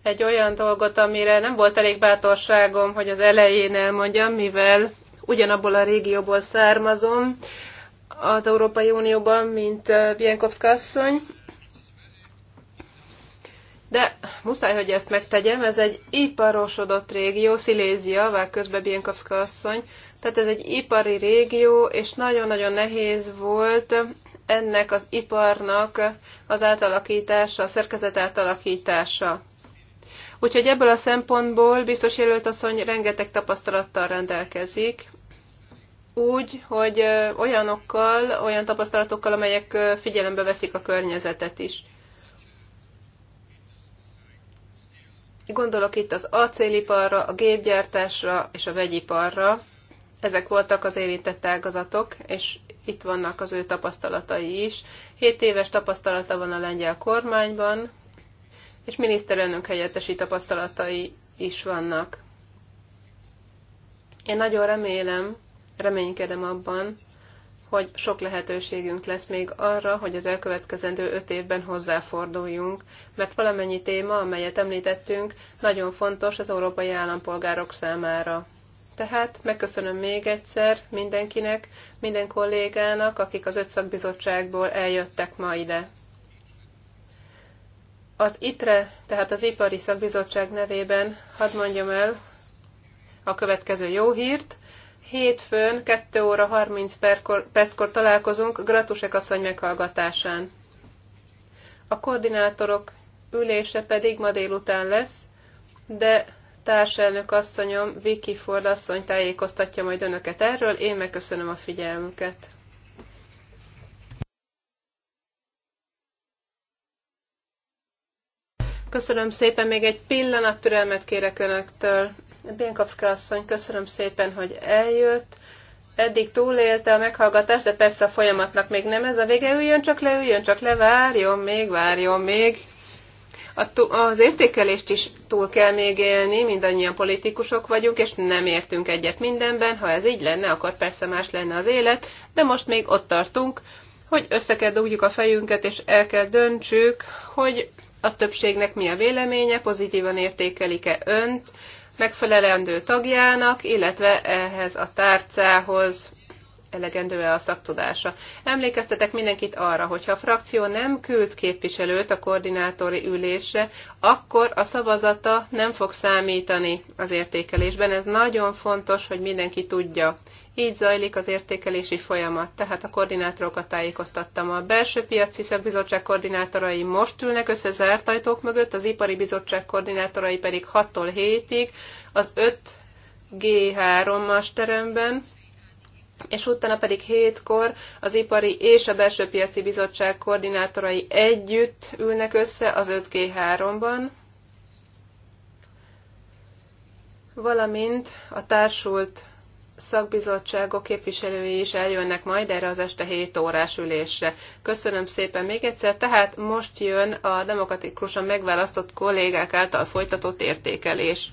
[SPEAKER 1] egy olyan dolgot, amire nem volt elég bátorságom, hogy az elején elmondjam, mivel ugyanabból a régióból származom az Európai Unióban, mint Bienkowska asszony. De muszáj, hogy ezt megtegyem, ez egy iparosodott régió, Szilézia, vár közben Bienkowska asszony, tehát ez egy ipari régió, és nagyon-nagyon nehéz volt ennek az iparnak az átalakítása, a szerkezet átalakítása. Úgyhogy ebből a szempontból biztos jelölt asszony rengeteg tapasztalattal rendelkezik, úgy, hogy olyanokkal, olyan tapasztalatokkal, amelyek figyelembe veszik a környezetet is. Gondolok itt az acéliparra, a gépgyártásra és a vegyiparra. Ezek voltak az érintett ágazatok, és itt vannak az ő tapasztalatai is. Hét éves tapasztalata van a lengyel kormányban, és miniszterelnök helyettesi tapasztalatai is vannak. Én nagyon remélem, reménykedem abban, hogy sok lehetőségünk lesz még arra, hogy az elkövetkezendő öt évben hozzáforduljunk, mert valamennyi téma, amelyet említettünk, nagyon fontos az európai állampolgárok számára. Tehát megköszönöm még egyszer mindenkinek, minden kollégának, akik az öt szakbizottságból eljöttek ma ide. Az ITRE, tehát az Ipari Szakbizottság nevében hadd mondjam el a következő jó hírt. Hétfőn 2 óra 30 perckor találkozunk Gratusek asszony meghallgatásán. A koordinátorok ülése pedig ma délután lesz, de társelnök asszonyom Vicky Ford asszony tájékoztatja majd önöket erről, én megköszönöm a figyelmüket. Köszönöm szépen, még egy pillanat türelmet kérek Önöktől. Bienkowska asszony, köszönöm szépen, hogy eljött. Eddig túlélte a meghallgatást, de persze a folyamatnak még nem ez a vége. Üljön csak le, üljön csak le, várjon még, várjon még. Az értékelést is túl kell még élni, mindannyian politikusok vagyunk, és nem értünk egyet mindenben. Ha ez így lenne, akkor persze más lenne az élet, de most még ott tartunk, hogy össze kell dugjuk a fejünket, és el kell döntsük, hogy a többségnek mi a véleménye, pozitívan értékelik-e önt, megfelelendő tagjának, illetve ehhez a tárcához elegendő-e a szaktudása. Emlékeztetek mindenkit arra, hogy ha a frakció nem küld képviselőt a koordinátori ülésre, akkor a szavazata nem fog számítani az értékelésben. Ez nagyon fontos, hogy mindenki tudja, így zajlik az értékelési folyamat, tehát a koordinátorokat tájékoztattam. A belső piaci szakbizottság koordinátorai most ülnek össze zárt ajtók mögött, az ipari bizottság koordinátorai pedig 6-tól 7-ig az 5 g 3 masteremben, és utána pedig hétkor az Ipari és a Belső Piaci Bizottság koordinátorai együtt ülnek össze az 5G3-ban, valamint a társult szakbizottságok képviselői is eljönnek majd erre az este 7 órás ülésre. Köszönöm szépen még egyszer. Tehát most jön a demokratikusan megválasztott kollégák által folytatott értékelés.